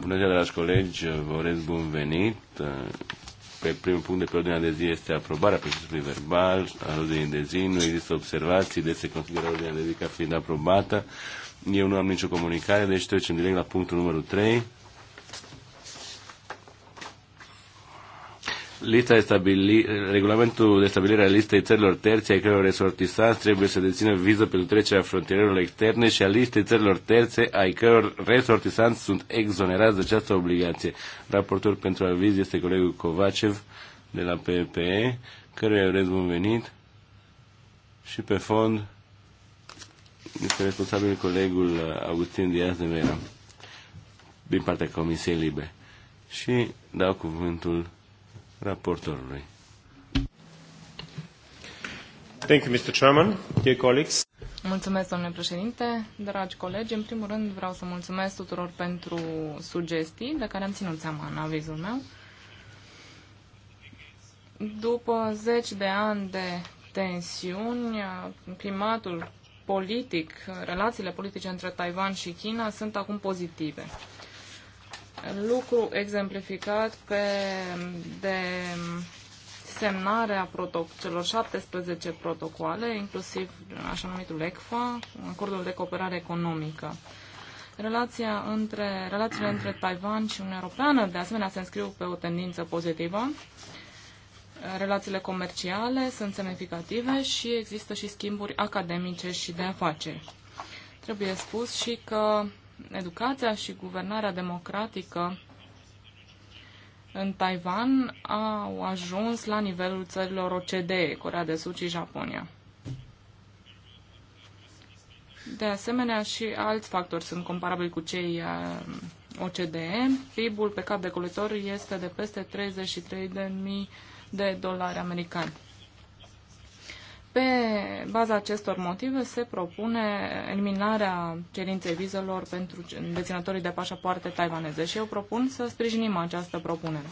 Bună ziua, dragi colegi, vă urez bun venit. Pe primul punct de pe ordinea de zi este aprobarea procesului verbal al ordinii de zi. Nu există observații, deci se consideră ordinea de zi ca fiind aprobată. Eu nu am nicio comunicare, deci trecem direct la punctul numărul 3. lista de stabili, regulamentul de stabilire a listei țărilor terțe ai căror resortisanți trebuie să dețină viză pentru trecerea frontierelor externe și a listei țărilor terțe ai căror resortisanți sunt exonerați de această obligație. Raportor pentru aviz este colegul Covacev de la PPE, căruia urez bun venit și pe fond este responsabil colegul Augustin Diaz de Vera din partea Comisiei Libe. Și dau cuvântul raportorului. Thank you, Mr. Chairman. Dear colleagues. Mulțumesc, domnule președinte, dragi colegi. În primul rând vreau să mulțumesc tuturor pentru sugestii de care am ținut seama în avizul meu. După zeci de ani de tensiuni, climatul politic, relațiile politice între Taiwan și China sunt acum pozitive lucru exemplificat pe de semnarea protoc- celor 17 protocoale, inclusiv așa numitul ECFA, acordul de cooperare economică. Relația între, relațiile între Taiwan și Uniunea Europeană, de asemenea, se înscriu pe o tendință pozitivă. Relațiile comerciale sunt semnificative și există și schimburi academice și de afaceri. Trebuie spus și că educația și guvernarea democratică în Taiwan au ajuns la nivelul țărilor OCDE, Corea de Sud și Japonia. De asemenea, și alți factori sunt comparabili cu cei uh, OCDE. PIB-ul pe cap de colector este de peste 33.000 de dolari americani. Pe baza acestor motive se propune eliminarea cerinței vizelor pentru deținătorii de pașapoarte taiwaneze și eu propun să sprijinim această propunere.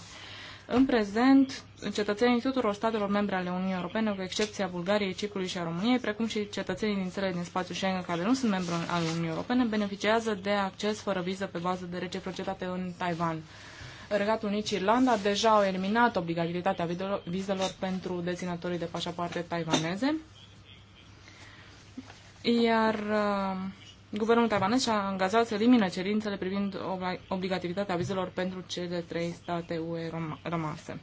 În prezent, cetățenii tuturor statelor membre ale Uniunii Europene, cu excepția Bulgariei, Ciprului și a României, precum și cetățenii din țările din spațiul Schengen care nu sunt membri al Uniunii Europene, beneficiază de acces fără viză pe bază de reciprocitate în Taiwan. Regatul Unit și Irlanda deja au eliminat obligativitatea vizelor pentru deținătorii de pașapoarte taiwaneze, iar uh, guvernul taiwanez și-a angajat să elimine cerințele privind obligativitatea vizelor pentru cele trei state UE rămase.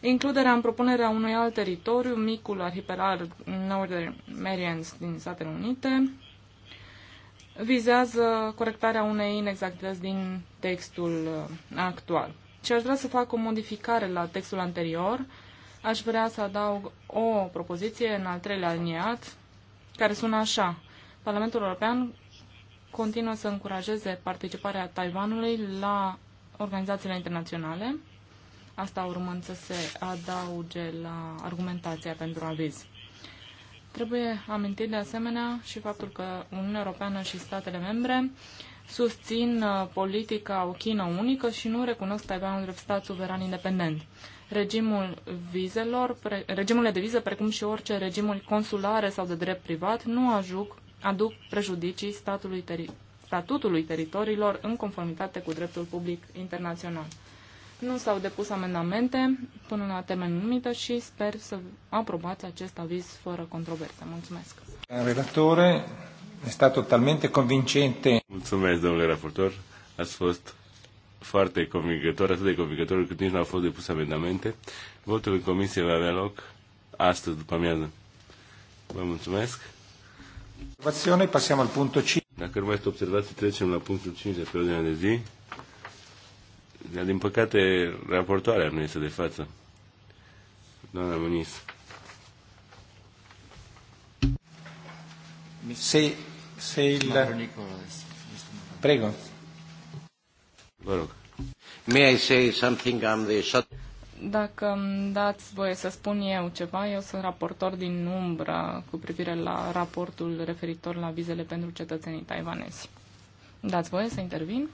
Includerea în propunerea unui alt teritoriu, micul arhipelag Northern Marians din Statele Unite, vizează corectarea unei inexactități din textul uh, actual. Și aș vrea să fac o modificare la textul anterior. Aș vrea să adaug o propoziție în al treilea aliniat, care sună așa. Parlamentul European continuă să încurajeze participarea Taiwanului la organizațiile internaționale, asta urmând să se adauge la argumentația pentru aviz. Trebuie amintit de asemenea și faptul că Uniunea Europeană și statele membre susțin uh, politica o chină unică și nu recunosc Taiwanul drept stat suveran independent. Regimul vizelor, pre, regimurile de viză, precum și orice regimuri consulare sau de drept privat, nu ajuc, aduc prejudicii statului teri, statutului teritoriilor în conformitate cu dreptul public internațional. Nu s-au depus amendamente până la termen numită și sper să aprobați acest aviz fără controverse. Mulțumesc. Relatore, este totalmente convincente. Mulțumesc, domnule raportor. Ați fost foarte convingător, atât de convingător cât nici nu au fost depus amendamente. Votul în comisie va avea loc astăzi după amiază. Vă mulțumesc. pasăm al punctul 5. Dacă este observație, trecem la punctul 5 de pe ordinea de zi. Dar, din păcate, raportoarea nu este de față. Doamna Muniz. Se, se il... Prego. Vă rog. May I say something on the dacă îmi dați voie să spun eu ceva, eu sunt raportor din umbră cu privire la raportul referitor la vizele pentru cetățenii taiwanezi. Dați voie să intervin?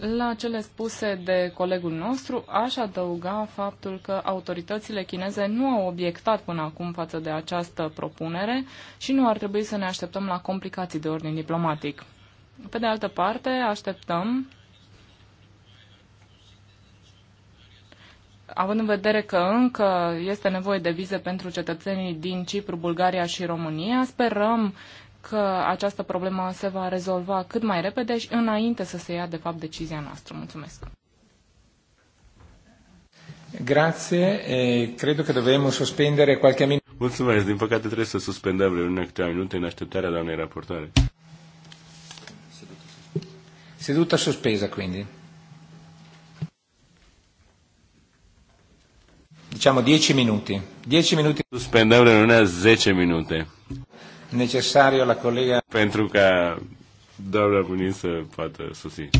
La cele spuse de colegul nostru, aș adăuga faptul că autoritățile chineze nu au obiectat până acum față de această propunere și nu ar trebui să ne așteptăm la complicații de ordin diplomatic. Pe de altă parte, așteptăm, având în vedere că încă este nevoie de vize pentru cetățenii din Cipru, Bulgaria și România, sperăm că această problemă se va rezolva cât mai repede și înainte să se ia, de fapt, decizia noastră. Mulțumesc! Grazie, e, credo che dovremmo sospendere qualche minuto. Mulțumesc, din păcate trebuie să suspendăm reuniunea câteva minute în așteptarea doamnei raportoare. Seduta sospesa quindi. Diciamo 10 minuti. 10 minuti. Suspendăm reuniunea 10 minute necesario la colega... Pentru ca doamna Bunin să poată susține.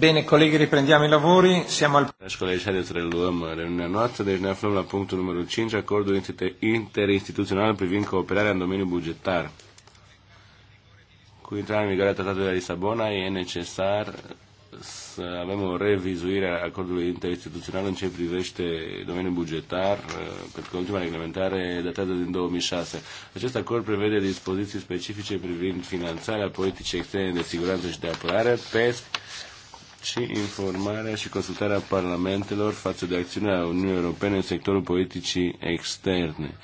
Bine, colegi, riprendiamo i lavori. Siamo al... Dragi colegi, haideți să reluăm reuniunea noastră. Deci ne aflăm la punctul numărul 5, acordul interinstituțional privind cooperarea în domeniul bugetar. Cu intrarea în vigoare a tratatului de la Lisabona e necesar să avem o revizuire a acordului interinstituțional în ce privește domeniul bugetar, eh, pentru că ultima reglementare datează din 2006. Acest acord prevede dispoziții specifice privind finanțarea politicii externe de siguranță și de apărare, PESC, și informarea și consultarea parlamentelor față de acțiunea Uniunii Europene în sectorul politicii externe.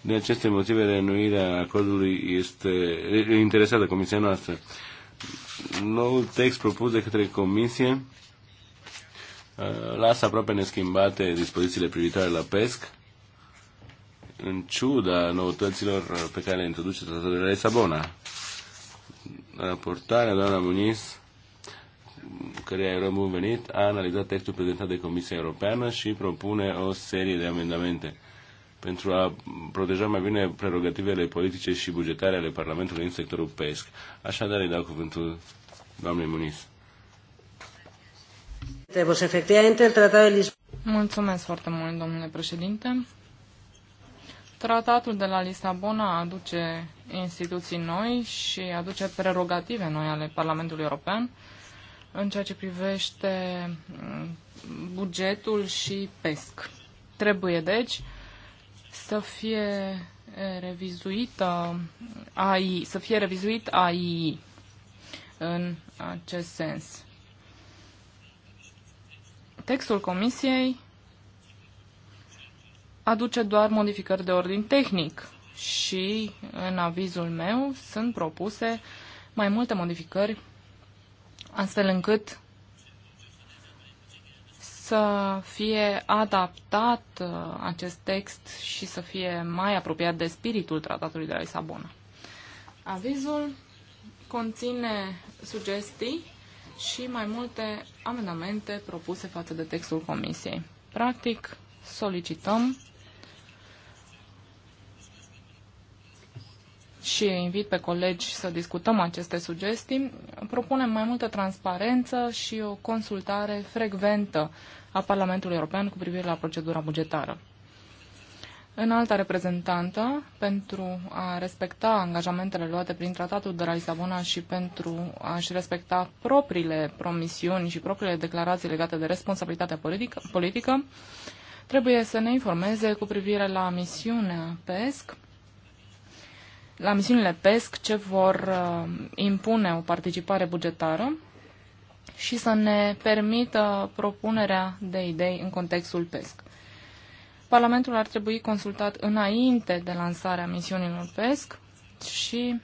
De aceste motive, renuirea acordului este interesată Comisia noastră. Noul text propus de către Comisie uh, lasă aproape neschimbate dispozițiile privitoare la PESC, în ciuda noutăților pe care le introduce tratatul de la Lisabona. Raportarea, doamna Muniz, căreia îi bun venit, a analizat textul prezentat de Comisia Europeană și propune o serie de amendamente pentru a proteja mai bine prerogativele politice și bugetare ale Parlamentului în sectorul pesc. Așadar îi dau cuvântul doamnei Muniz. Mulțumesc foarte mult, domnule președinte. Tratatul de la Lisabona aduce instituții noi și aduce prerogative noi ale Parlamentului European în ceea ce privește mm, bugetul și PESC. Trebuie, deci, să fie revizuită AI, să fie revizuit AI în acest sens. Textul comisiei aduce doar modificări de ordin tehnic și în avizul meu sunt propuse mai multe modificări astfel încât să fie adaptat uh, acest text și să fie mai apropiat de spiritul tratatului de la Lisabona. Avizul conține sugestii și mai multe amendamente propuse față de textul Comisiei. Practic, solicităm și invit pe colegi să discutăm aceste sugestii, propunem mai multă transparență și o consultare frecventă a Parlamentului European cu privire la procedura bugetară. În alta reprezentantă, pentru a respecta angajamentele luate prin tratatul de la Lisabona și pentru a-și respecta propriile promisiuni și propriile declarații legate de responsabilitatea politică, politică trebuie să ne informeze cu privire la misiunea PESC, la misiunile PESC ce vor uh, impune o participare bugetară și să ne permită propunerea de idei în contextul PESC. Parlamentul ar trebui consultat înainte de lansarea misiunilor PESC și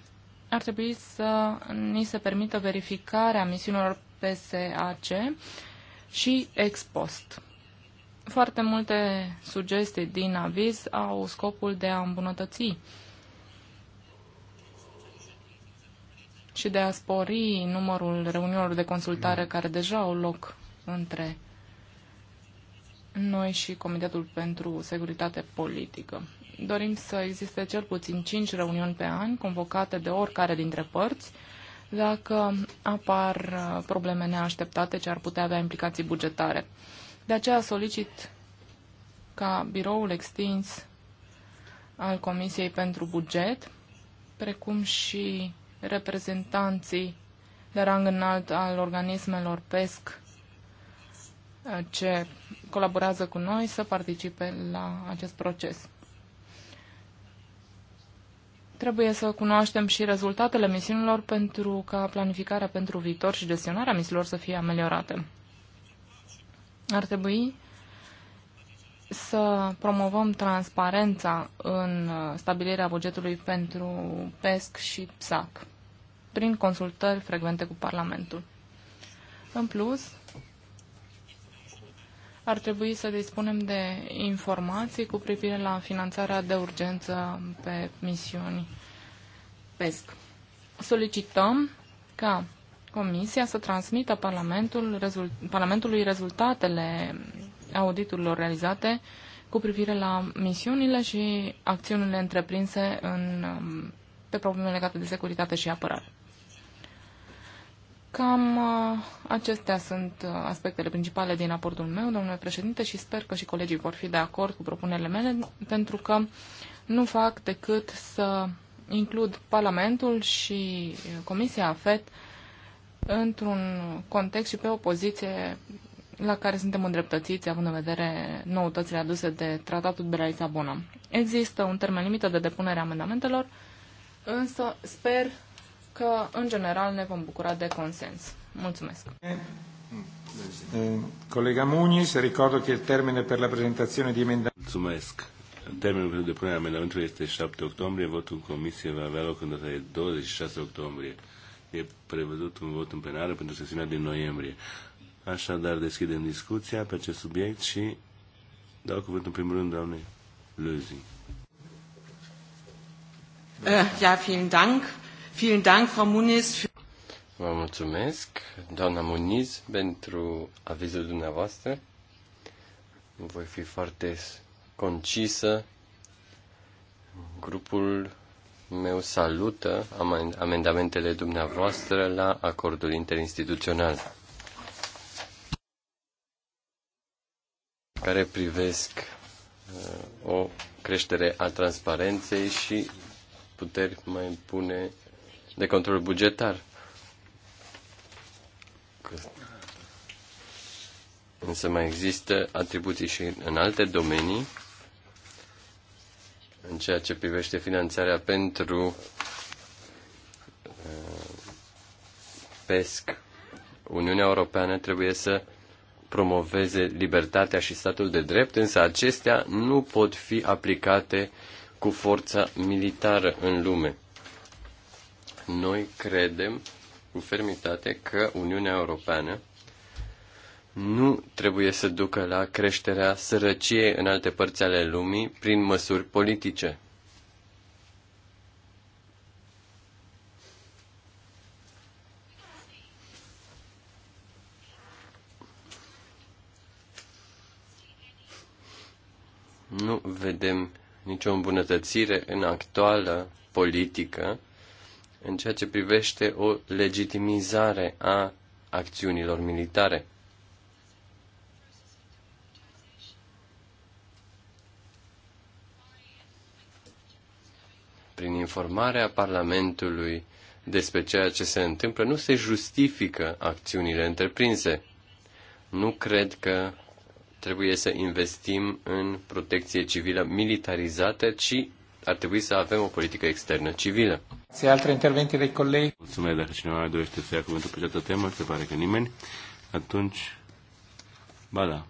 ar trebui să ni se permită verificarea misiunilor PSAC și ex post. Foarte multe sugestii din aviz au scopul de a îmbunătăți și de a spori numărul reuniunilor de consultare care deja au loc între noi și Comitetul pentru Securitate Politică. Dorim să existe cel puțin 5 reuniuni pe an, convocate de oricare dintre părți, dacă apar uh, probleme neașteptate ce ar putea avea implicații bugetare. De aceea solicit ca biroul extins al Comisiei pentru Buget, precum și reprezentanții de rang înalt al organismelor PESC eh, ce colaborează cu noi să participe la acest proces. Trebuie să cunoaștem și rezultatele misiunilor pentru ca planificarea pentru viitor și gestionarea misiilor să fie ameliorate. Ar trebui să promovăm transparența în eh, stabilirea bugetului pentru PESC și PSAC prin consultări frecvente cu Parlamentul. În plus, ar trebui să dispunem de informații cu privire la finanțarea de urgență pe misiuni PESC. Solicităm ca Comisia să transmită Parlamentul, rezult, Parlamentului rezultatele auditurilor realizate cu privire la misiunile și acțiunile întreprinse în, pe probleme legate de securitate și apărare. Cam uh, acestea sunt uh, aspectele principale din raportul meu, domnule președinte, și sper că și colegii vor fi de acord cu propunerile mele, pentru că nu fac decât să includ Parlamentul și uh, Comisia AFET într-un context și pe o poziție la care suntem îndreptățiți, având în vedere noutățile aduse de Tratatul de la Lisabona. Există un termen limită de depunere a amendamentelor, însă sper că, în general, ne vom bucura de consens. Mulțumesc! Colega Muniz, ricordo că termenul pentru la presentazione Mulțumesc! Termenul pentru depunerea amendamentului este 7 octombrie, votul în comisie va avea loc în data de 26 octombrie. E prevăzut un vot în plenară pentru sesiunea din noiembrie. Așadar, deschidem discuția pe acest subiect și dau cuvântul în primul rând doamnei Luzi. Äh, ja, vielen Dank. Vielen Dank, Frau Muniz. Vă mulțumesc, doamna Muniz, pentru avizul dumneavoastră. Voi fi foarte concisă. Grupul meu salută amendamentele dumneavoastră la acordul interinstituțional care privesc uh, o creștere a transparenței și puteri mai bune de control bugetar. Însă mai există atribuții și în alte domenii în ceea ce privește finanțarea pentru uh, PESC. Uniunea Europeană trebuie să promoveze libertatea și statul de drept, însă acestea nu pot fi aplicate cu forța militară în lume. Noi credem cu fermitate că Uniunea Europeană nu trebuie să ducă la creșterea sărăciei în alte părți ale lumii prin măsuri politice. Nu vedem nicio îmbunătățire în actuala politică în ceea ce privește o legitimizare a acțiunilor militare. Prin informarea Parlamentului despre ceea ce se întâmplă, nu se justifică acțiunile întreprinse. Nu cred că trebuie să investim în protecție civilă militarizată, ci ar trebui să avem o politică externă civilă. Se alte intervenții de colegi? Mulțumesc. Dacă cineva mai dorește să ia cuvântul pe această temă, se pare că nimeni, atunci... Ba da.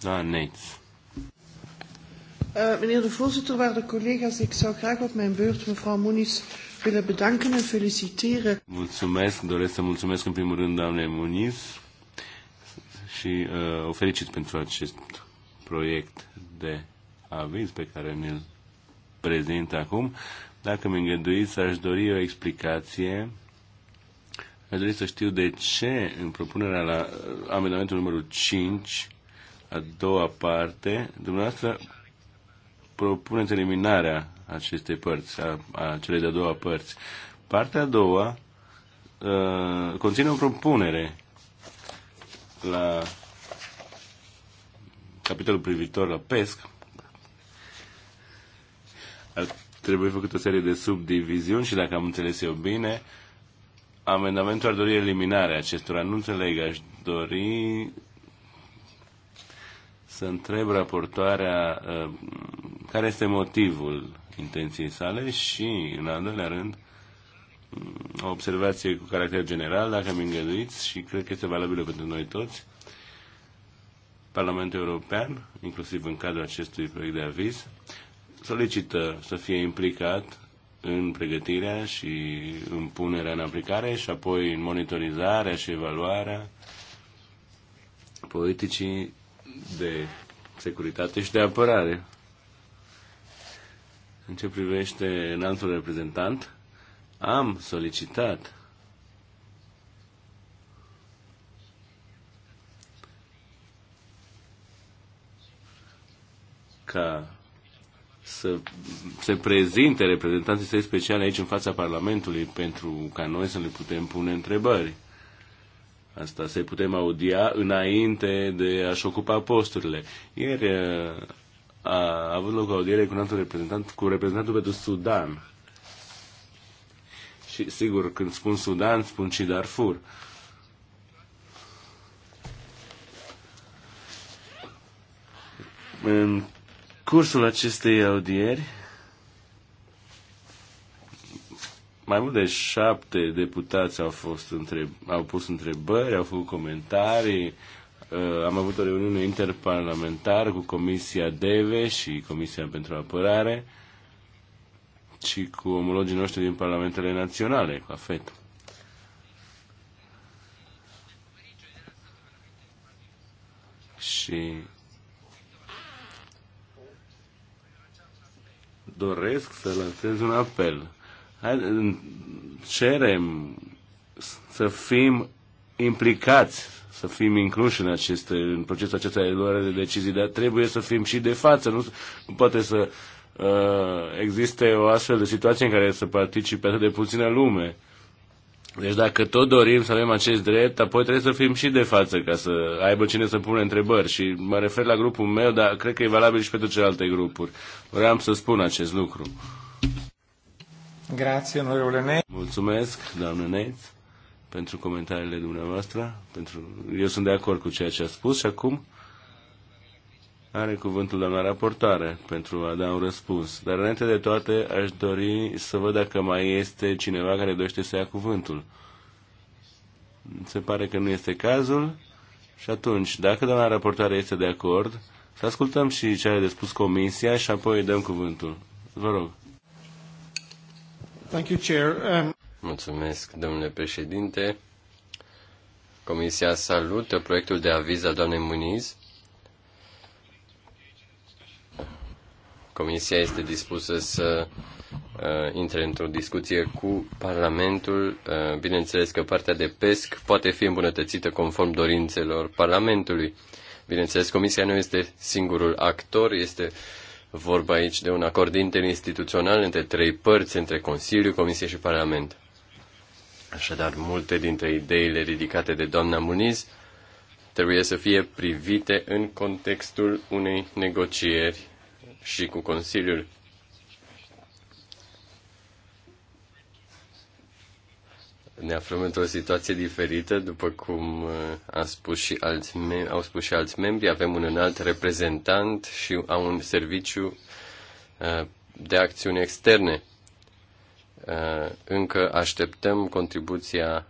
Da, Nates. Uh, meneer de voorzitter, waarde collega's, ik zou graag op mijn beurt mevrouw Moniz willen bedanken en feliciteren. Mulțumesc, doresc să mulțumesc în primul rând doamne Muniz și uh, o felicit pentru acest proiect de aviz pe care ne-l prezint acum. Dacă mi îngăduiți, aș dori o explicație. Aș dori să știu de ce în propunerea la uh, amendamentul numărul 5, a doua parte, dumneavoastră propuneți eliminarea acestei părți, a, a celei de-a doua părți. Partea a doua a, uh, conține o propunere la capitolul privitor la PESC, trebuie făcut o serie de subdiviziuni și, dacă am înțeles eu bine, amendamentul ar dori eliminarea acestora. Nu înțeleg, aș dori să întreb raportoarea uh, care este motivul intenției sale și, în al doilea rând, o observație cu caracter general, dacă mi îngăduiți, și cred că este valabilă pentru noi toți. Parlamentul European, inclusiv în cadrul acestui proiect de aviz, solicită să fie implicat în pregătirea și în punerea în aplicare și apoi în monitorizarea și evaluarea politicii de securitate și de apărare. În ce privește altul reprezentant, am solicitat ca să se prezinte reprezentanții săi speciale aici în fața Parlamentului pentru ca noi să le putem pune întrebări. Asta să putem audia înainte de a-și ocupa posturile. Ieri uh, a avut loc o audiere cu un alt reprezentant, cu reprezentantul pentru Sudan. Și sigur, când spun Sudan, spun și Darfur. În cursul acestei audieri, mai mult de șapte deputați au, fost întreb, au pus întrebări, au făcut comentarii. Uh, am avut o reuniune interparlamentară cu Comisia DEVE și Comisia pentru Apărare și cu omologii noștri din Parlamentele Naționale, cu AFET. Și doresc să lansez un apel. Hai, cerem să fim implicați, să fim incluși în, acest, în procesul acesta de luare de decizii, dar trebuie să fim și de față. Nu, nu poate să uh, existe o astfel de situație în care să participe atât de puțină lume. Uh, deci dacă tot dorim să avem acest drept, apoi trebuie să fim și de față ca să aibă cine să pune întrebări. Și mă refer la grupul meu, dar cred că e valabil și pentru celelalte grupuri. Vreau să spun acest lucru. Grație, onorevole Neț. Mulțumesc, doamne Neț, pentru comentariile dumneavoastră. Pentru... Eu sunt de acord cu ceea ce a spus și acum are cuvântul doamna raportoare pentru a da un răspuns. Dar înainte de toate aș dori să văd dacă mai este cineva care dorește să ia cuvântul. Se pare că nu este cazul. Și atunci, dacă doamna raportoare este de acord, să ascultăm și ce are de spus comisia și apoi dăm cuvântul. Vă rog. Thank you, Chair. Um... Mulțumesc, domnule președinte. Comisia salută proiectul de aviz al doamnei Muniz Comisia este dispusă să uh, intre într-o discuție cu Parlamentul. Uh, bineînțeles că partea de pesc poate fi îmbunătățită conform dorințelor Parlamentului. Bineînțeles, Comisia nu este singurul actor, este vorba aici de un acord interinstituțional între trei părți, între Consiliu, Comisie și Parlament. Așadar, multe dintre ideile ridicate de doamna Muniz trebuie să fie privite în contextul unei negocieri și cu Consiliul. Ne aflăm într-o situație diferită, după cum uh, a spus și alți au spus și alți membri. Avem un înalt reprezentant și au un serviciu uh, de acțiuni externe. Uh, încă așteptăm contribuția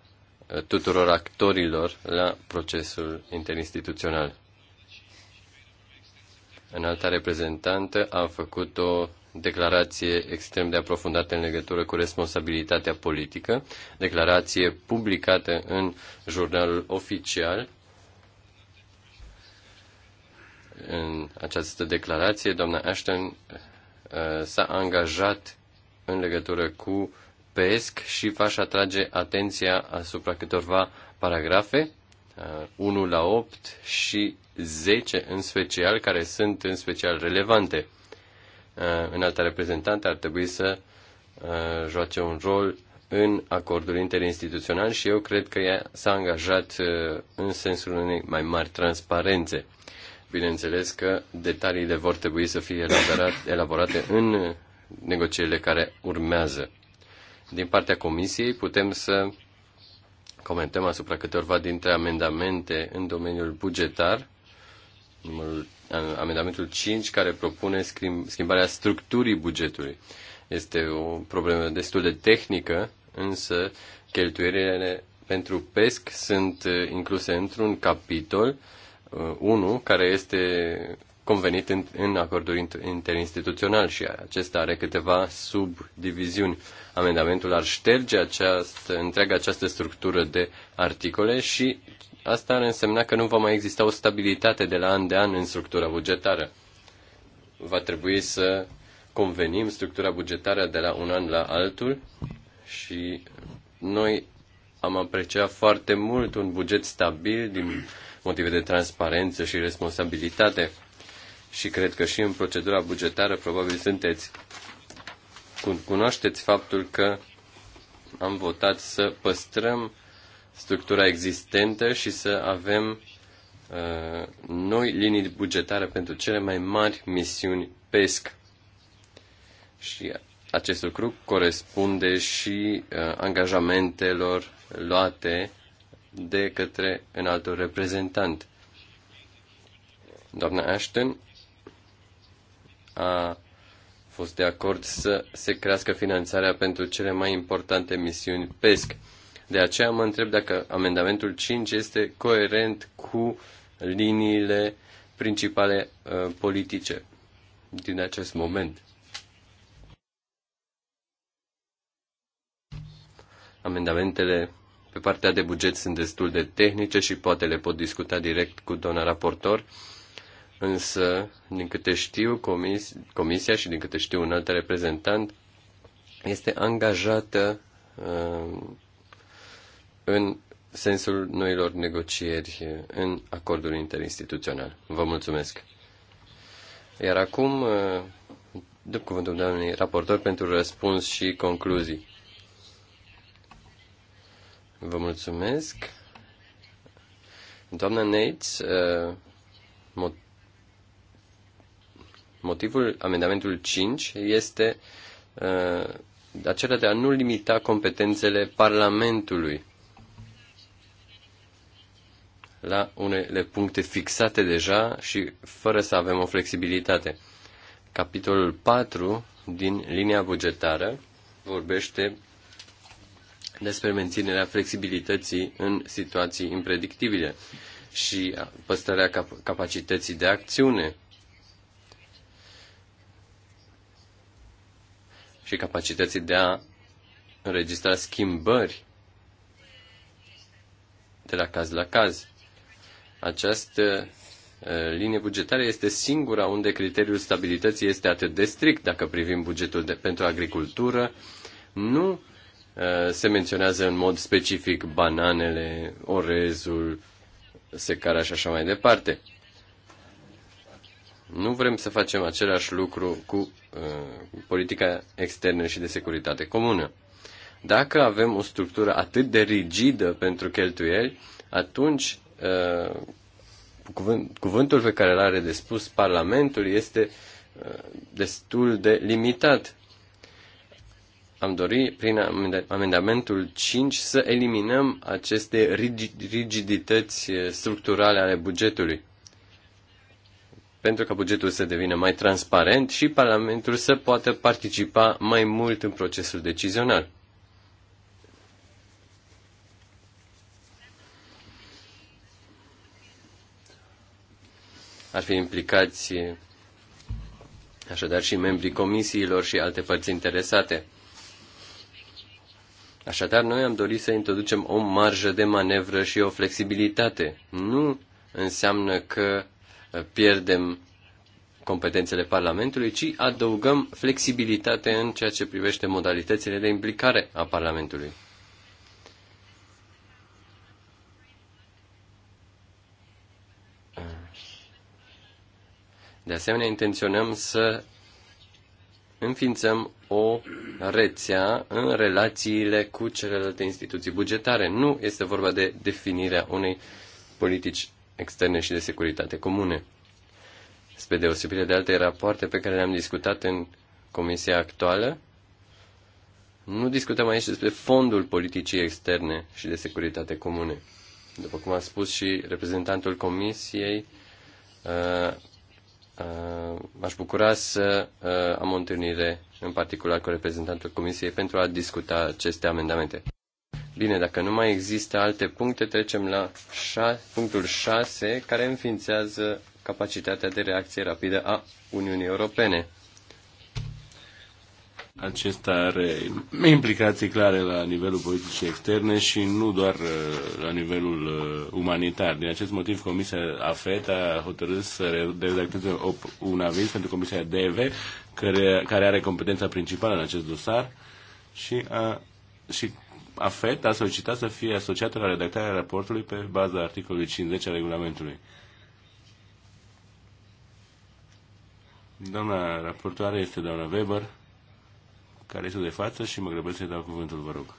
tuturor actorilor la procesul interinstituțional înalta reprezentantă a făcut o declarație extrem de aprofundată în legătură cu responsabilitatea politică, declarație publicată în jurnalul oficial. În această declarație, doamna Ashton uh, s-a angajat în legătură cu PESC și v-aș atrage atenția asupra câtorva paragrafe, 1 uh, la 8 și 10 în special, care sunt în special relevante. Uh, alta reprezentante ar trebui să uh, joace un rol în acordul interinstituțional și eu cred că ea s-a angajat uh, în sensul unei mai mari transparențe. Bineînțeles că detaliile vor trebui să fie elaborate în negocierile care urmează. Din partea Comisiei putem să comentăm asupra câteva dintre amendamente în domeniul bugetar numărul, uh, amendamentul 5, care propune schimbarea structurii bugetului. Este o problemă destul de tehnică, însă cheltuielile pentru pesc sunt uh, incluse într-un capitol 1 uh, care este convenit în, în acordul interinstituțional și acesta are câteva subdiviziuni. Amendamentul ar șterge această, întreaga această structură de articole și Asta ar însemna că nu va mai exista o stabilitate de la an de an în structura bugetară. Va trebui să convenim structura bugetară de la un an la altul și noi am apreciat foarte mult un buget stabil din motive de transparență și responsabilitate și cred că și în procedura bugetară probabil sunteți cunoașteți faptul că am votat să păstrăm structura existentă și să avem uh, noi linii bugetare pentru cele mai mari misiuni PESC. Și acest lucru corespunde și uh, angajamentelor luate de către un alt reprezentant. Doamna Ashton a fost de acord să se crească finanțarea pentru cele mai importante misiuni PESC de aceea mă întreb dacă amendamentul 5 este coerent cu liniile principale uh, politice din acest moment. Amendamentele pe partea de buget sunt destul de tehnice și poate le pot discuta direct cu doamna raportor, însă, din câte știu, comis, comisia și din câte știu un alt reprezentant este angajată uh, în sensul noilor negocieri în acordul interinstituțional. Vă mulțumesc. Iar acum, uh, după cuvântul doamnei raportor pentru răspuns și concluzii. Vă mulțumesc. Doamna Neitz, uh, motivul amendamentului 5 este uh, acela de a nu limita competențele Parlamentului la unele puncte fixate deja și fără să avem o flexibilitate. Capitolul 4 din linia bugetară vorbește despre menținerea flexibilității în situații impredictibile și păstrarea cap- capacității de acțiune și capacității de a înregistra schimbări de la caz la caz această linie bugetară este singura unde criteriul stabilității este atât de strict dacă privim bugetul de, pentru agricultură. Nu se menționează în mod specific bananele, orezul, secara și așa mai departe. Nu vrem să facem același lucru cu uh, politica externă și de securitate comună. Dacă avem o structură atât de rigidă pentru cheltuieli, atunci Uh, cuvânt, cuvântul pe care îl are de spus Parlamentul este uh, destul de limitat. Am dorit, prin amendamentul 5, să eliminăm aceste rigidități uh, structurale ale bugetului. Pentru ca bugetul să devină mai transparent și Parlamentul să poată participa mai mult în procesul decizional. Ar fi implicați așadar și membrii comisiilor și alte părți interesate. Așadar, noi am dorit să introducem o marjă de manevră și o flexibilitate. Nu înseamnă că pierdem competențele Parlamentului, ci adăugăm flexibilitate în ceea ce privește modalitățile de implicare a Parlamentului. De asemenea, intenționăm să înființăm o rețea în relațiile cu celelalte instituții bugetare. Nu este vorba de definirea unei politici externe și de securitate comune. Spre deosebire de alte rapoarte pe care le-am discutat în comisia actuală, nu discutăm aici despre fondul politicii externe și de securitate comune. După cum a spus și reprezentantul comisiei, uh, m-aș uh, bucura să uh, am o întâlnire, în particular cu reprezentantul Comisiei, pentru a discuta aceste amendamente. Bine, dacă nu mai există alte puncte, trecem la punctul 6, care înființează capacitatea de reacție rapidă a Uniunii Europene acesta are implicații clare la nivelul politicii externe și nu doar uh, la nivelul uh, umanitar. Din acest motiv, Comisia AFET a hotărât să redacteze un aviz pentru Comisia DV, care, care are competența principală în acest dosar și, a, și AFET a solicitat să fie asociată la redactarea raportului pe baza articolului 50 al regulamentului. Doamna raportoare este doamna Weber care este de față și mă grăbesc să-i dau cuvântul, vă rog.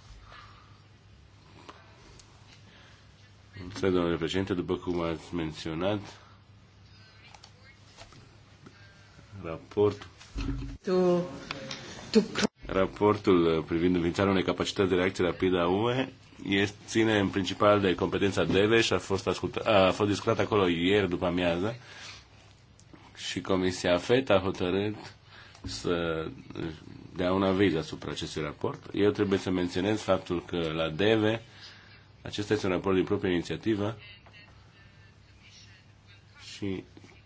Mulțumesc, domnule președinte, după cum ați menționat, raportul to, to... Raportul privind înființarea unei capacități de reacție rapidă a UE este, ține în principal de competența DEVE și a fost, asculta, a fost discutat acolo ieri după amiază și Comisia FET a hotărât să dea un aviz asupra acestui raport. Eu trebuie să menționez faptul că la DEVE, acesta este un raport din proprie inițiativă și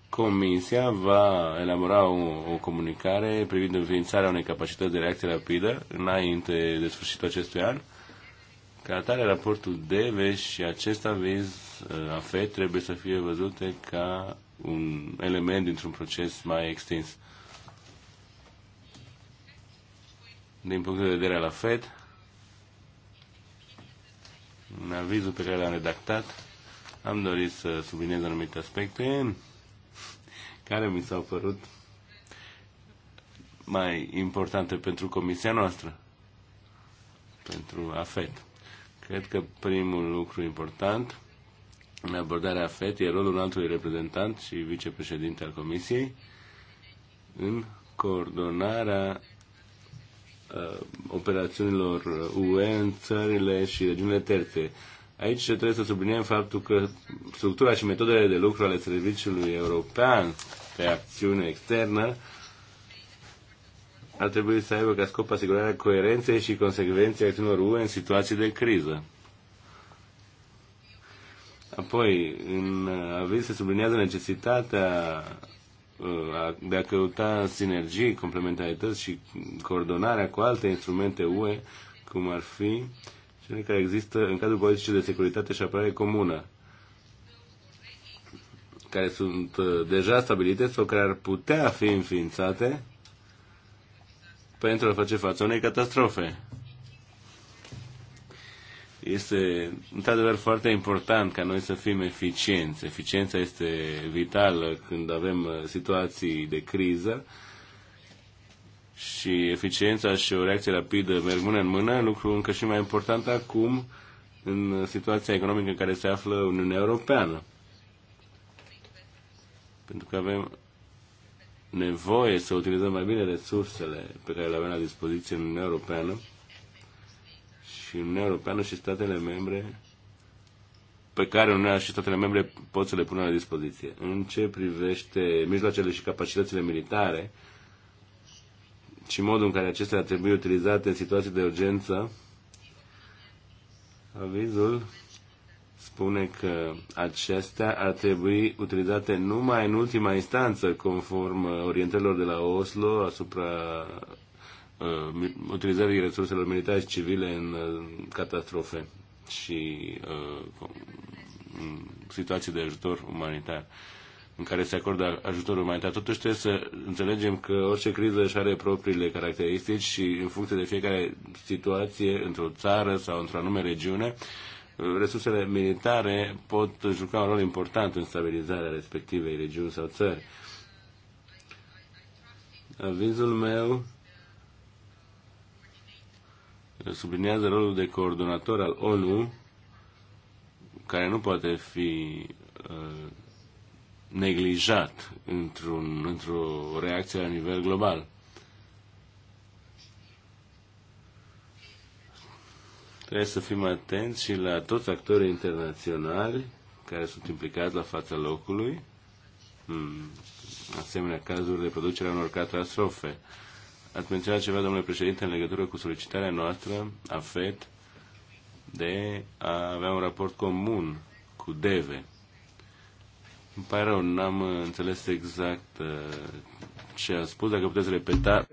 Comisia va elabora o, o comunicare privind înființarea unei capacități de reacție rapidă înainte de sfârșitul acestui an. Ca atare, raportul DEVE și acest aviz uh, FED trebuie să fie văzute ca un element dintr-un proces mai extins. din punct de vedere la FED, în avizul pe care l-am redactat, am dorit să subliniez anumite aspecte care mi s-au părut mai importante pentru comisia noastră, pentru AFET. Cred că primul lucru important în abordarea AFET e rolul altului reprezentant și vicepreședinte al comisiei în coordonarea Uh, operațiunilor UE în țările și regiunile terțe. Aici trebuie să subliniem faptul că structura și metodele de lucru ale Serviciului European de Acțiune Externă ar trebui să aibă ca scop asigurarea coerenței și consecvenței acțiunilor UE în situații de criză. Apoi, în aviz se subliniază necesitatea de a căuta sinergii, complementarități și coordonarea cu alte instrumente UE, cum ar fi cele care există în cadrul politicii de securitate și apărare comună, care sunt uh, deja stabilite sau care ar putea fi înființate pentru a face față unei catastrofe este într-adevăr foarte important ca noi să fim eficienți. Eficiența este vitală când avem uh, situații de criză și eficiența și o reacție rapidă merg mână în mână, lucru încă și mai important acum în situația economică în care se află Uniunea Europeană. Pentru că avem nevoie să utilizăm mai bine resursele pe care le avem la dispoziție în Uniunea Europeană și Uniunea Europeană și statele membre pe care Uniunea și statele membre pot să le pună la dispoziție. În ce privește mijloacele și capacitățile militare și modul în care acestea ar trebui utilizate în situații de urgență, avizul spune că acestea ar trebui utilizate numai în ultima instanță, conform orientărilor de la Oslo asupra uh, utilizării resurselor militare și civile în uh, catastrofe și uh, situații de ajutor umanitar în care se acordă ajutor umanitar. Totuși trebuie să înțelegem că orice criză își are propriile caracteristici și în funcție de fiecare situație într-o țară sau într-o anume regiune, uh, resursele militare pot juca un rol important în stabilizarea respectivei regiuni sau țări. Avizul meu subliniază rolul de coordonator al ONU, care nu poate fi uh, neglijat într-un, într-o reacție la nivel global. Trebuie să fim atenți și la toți actorii internaționali care sunt implicați la fața locului, în asemenea cazuri de a unor catastrofe. Uh, Ați menționat ceva, domnule președinte, în legătură cu solicitarea noastră a FED de a avea un raport comun cu DEVE. Îmi pare rău, n-am înțeles exact uh, ce a spus, dacă puteți repeta.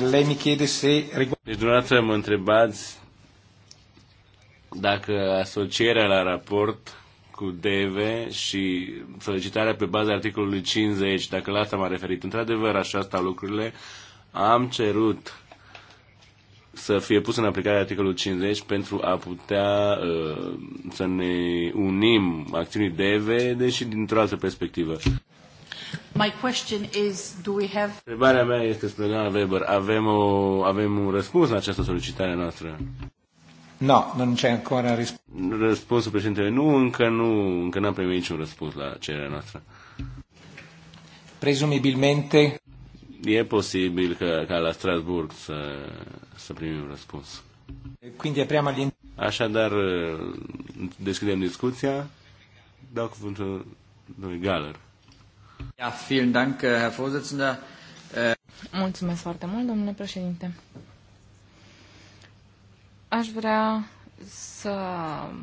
lei mi chiede se... Deci dumneavoastră mă întrebați dacă asocierea la raport cu DV și solicitarea pe baza articolului 50, dacă la asta m a referit, într-adevăr așa stau lucrurile, am cerut să fie pus în aplicare articolul 50 pentru a putea uh, să ne unim acțiunii DV, deși dintr-o altă perspectivă. My question is, do we have... Întrebarea mea este spre doamna Weber. Avem, o, avem un răspuns la această solicitare noastră? No, Nu ce ancora răspuns. Răspunsul președintele, nu, încă nu, încă n-am primit niciun răspuns la cererea noastră. Presumibilmente... E posibil că, ca la Strasburg să, să primim un răspuns. Quindi apriamo gli... Așadar, deschidem discuția. Dau cuvântul lui Galer. Ja, vielen Dank, äh, Herr Vorsitzender. Äh, Mulțumesc foarte mult, domnule președinte. Aș vrea să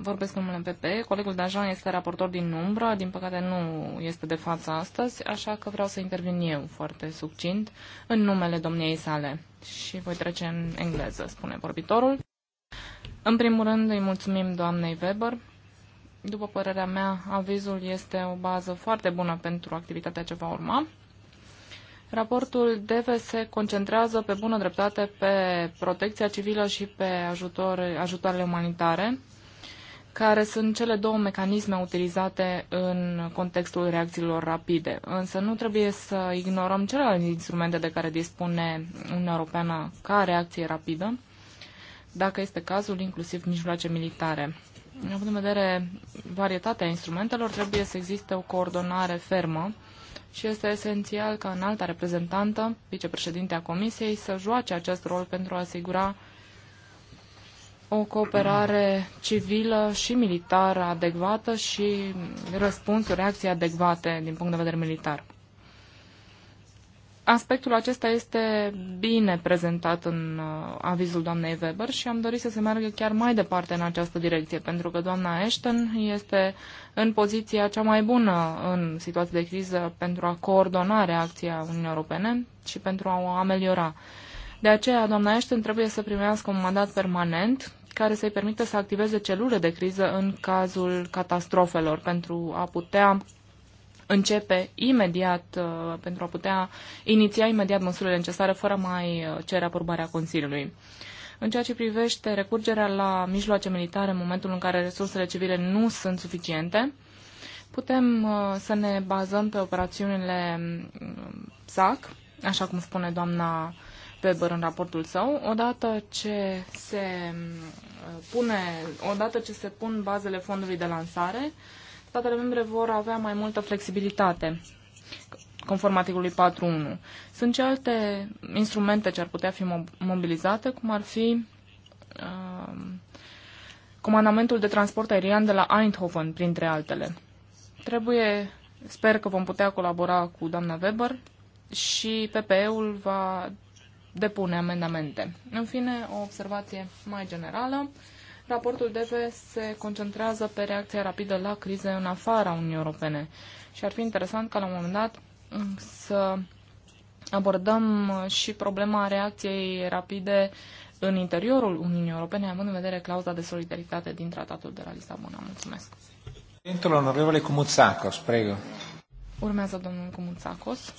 vorbesc în numele PP. Colegul Dajan este raportor din umbră, din păcate nu este de față astăzi, așa că vreau să intervin eu foarte succint în numele domniei sale. Și voi trece în engleză, spune vorbitorul. În primul rând îi mulțumim doamnei Weber după părerea mea, avizul este o bază foarte bună pentru activitatea ce va urma. Raportul DEVE se concentrează pe bună dreptate pe protecția civilă și pe ajutor, ajutoarele umanitare, care sunt cele două mecanisme utilizate în contextul reacțiilor rapide. Însă nu trebuie să ignorăm celelalte instrumente de care dispune Uniunea Europeană ca reacție rapidă, dacă este cazul, inclusiv mijloace militare. Având în vedere varietatea instrumentelor, trebuie să existe o coordonare fermă și este esențial ca înalta reprezentantă, vicepreședintea Comisiei, să joace acest rol pentru a asigura o cooperare civilă și militară adecvată și răspunsuri, reacții adecvate din punct de vedere militar. Aspectul acesta este bine prezentat în uh, avizul doamnei Weber și am dorit să se meargă chiar mai departe în această direcție, pentru că doamna Ashton este în poziția cea mai bună în situații de criză pentru a coordona reacția Uniunii Europene și pentru a o ameliora. De aceea, doamna Ashton trebuie să primească un mandat permanent care să-i permită să activeze celule de criză în cazul catastrofelor pentru a putea începe imediat uh, pentru a putea iniția imediat măsurile necesare fără mai uh, cere aprobarea Consiliului. În ceea ce privește recurgerea la mijloace militare în momentul în care resursele civile nu sunt suficiente, putem uh, să ne bazăm pe operațiunile mm, SAC, așa cum spune doamna Weber în raportul său, odată ce se mm, pune, odată ce se pun bazele fondului de lansare, uh, statele membre vor avea mai multă flexibilitate conform articolului 4.1. Sunt și alte instrumente ce ar putea fi mobilizate, cum ar fi uh, comandamentul de transport aerian de la Eindhoven, printre altele. Trebuie, sper că vom putea colabora cu doamna Weber și PPE-ul va depune amendamente. În fine, o observație mai generală. Raportul DEVE se concentrează pe reacția rapidă la crize în afara Uniunii Europene și ar fi interesant ca la un moment dat mm, să abordăm și problema reacției rapide în interiorul Uniunii Europene, având în vedere clauza de solidaritate din Tratatul de la Lisabona. Mulțumesc. Urmează domnul Cumuțacos.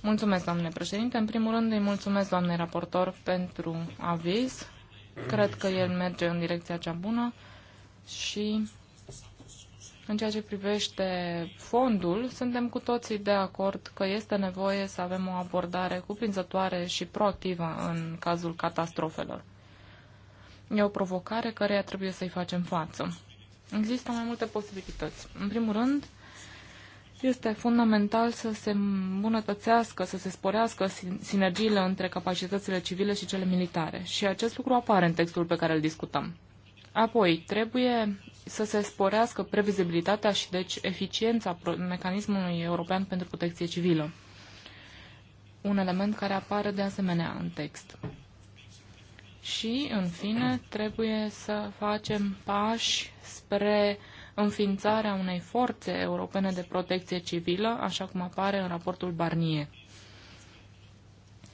Mulțumesc, domnule președinte. În primul rând îi mulțumesc, doamne raportor, pentru aviz. Cred că el merge în direcția cea bună și în ceea ce privește fondul, suntem cu toții de acord că este nevoie să avem o abordare cuprinzătoare și proactivă în cazul catastrofelor. E o provocare care trebuie să-i facem față. Există mai multe posibilități. În primul rând, este fundamental să se îmbunătățească, să se sporească sinergiile între capacitățile civile și cele militare. Și acest lucru apare în textul pe care îl discutăm. Apoi, trebuie să se sporească previzibilitatea și deci eficiența mecanismului european pentru protecție civilă. Un element care apare de asemenea în text. Și, în fine, trebuie să facem pași spre uh, înființarea unei forțe europene de protecție civilă, așa cum apare în raportul Barnier.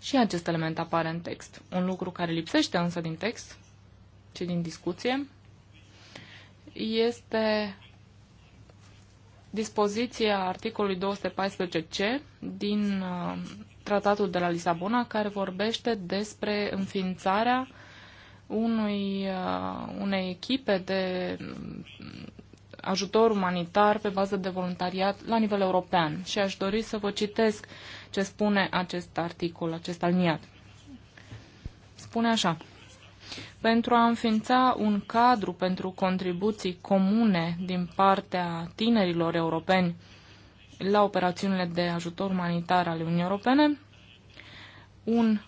Și acest element apare în text. Un lucru care lipsește însă din text, ci din discuție, este dispoziția articolului 214c din uh, Tratatul de la Lisabona, care vorbește despre înființarea unui, uh, unei echipe de ajutor umanitar pe bază de voluntariat la nivel european. Și aș dori să vă citesc ce spune acest articol, acest aliniat. Spune așa. Pentru a înființa un cadru pentru contribuții comune din partea tinerilor europeni la operațiunile de ajutor umanitar ale Uniunii Europene, un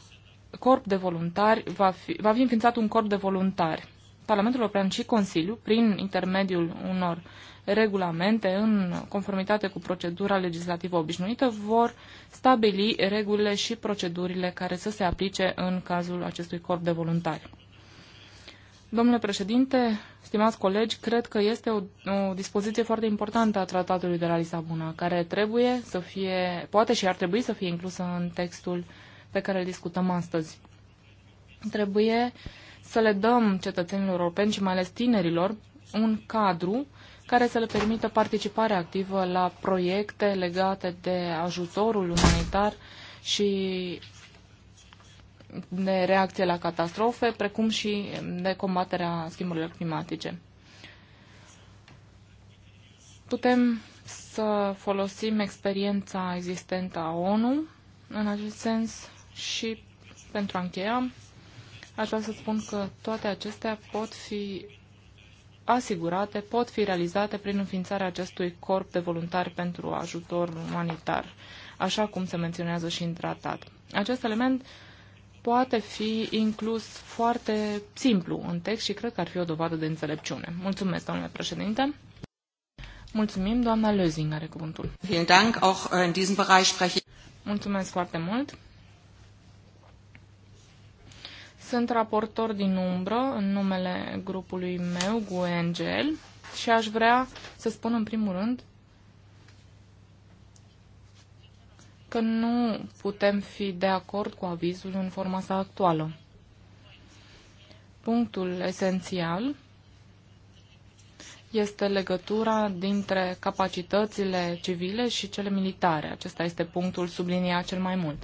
corp de voluntari va fi, va fi înființat un corp de voluntari Parlamentul European și Consiliu, prin intermediul unor regulamente, în conformitate cu procedura legislativă obișnuită, vor stabili regulile și procedurile care să se aplice în cazul acestui corp de voluntari. Domnule președinte, stimați colegi, cred că este o, o dispoziție foarte importantă a tratatului de la Lisabona, care trebuie să fie, poate și ar trebui să fie inclusă în textul pe care îl discutăm astăzi. Trebuie să le dăm cetățenilor europeni și mai ales tinerilor un cadru care să le permită participare activă la proiecte legate de ajutorul umanitar și de reacție la catastrofe, precum și de combaterea schimburilor climatice. Putem să folosim experiența existentă a ONU în acest sens și pentru a încheia, Aș vrea să spun că toate acestea pot fi asigurate, pot fi realizate prin înființarea acestui corp de voluntari pentru ajutor umanitar, așa cum se menționează și în tratat. Acest element poate fi inclus foarte simplu în text și cred că ar fi o dovadă de înțelepciune. Mulțumesc, domnule președinte. Mulțumim, doamna Lözing are cuvântul. Äh, Mulțumesc foarte mult. Sunt raportor din umbră în numele grupului meu, Guengel, și aș vrea să spun în primul rând că nu putem fi de acord cu avizul în forma sa actuală. Punctul esențial este legătura dintre capacitățile civile și cele militare. Acesta este punctul subliniat cel mai mult.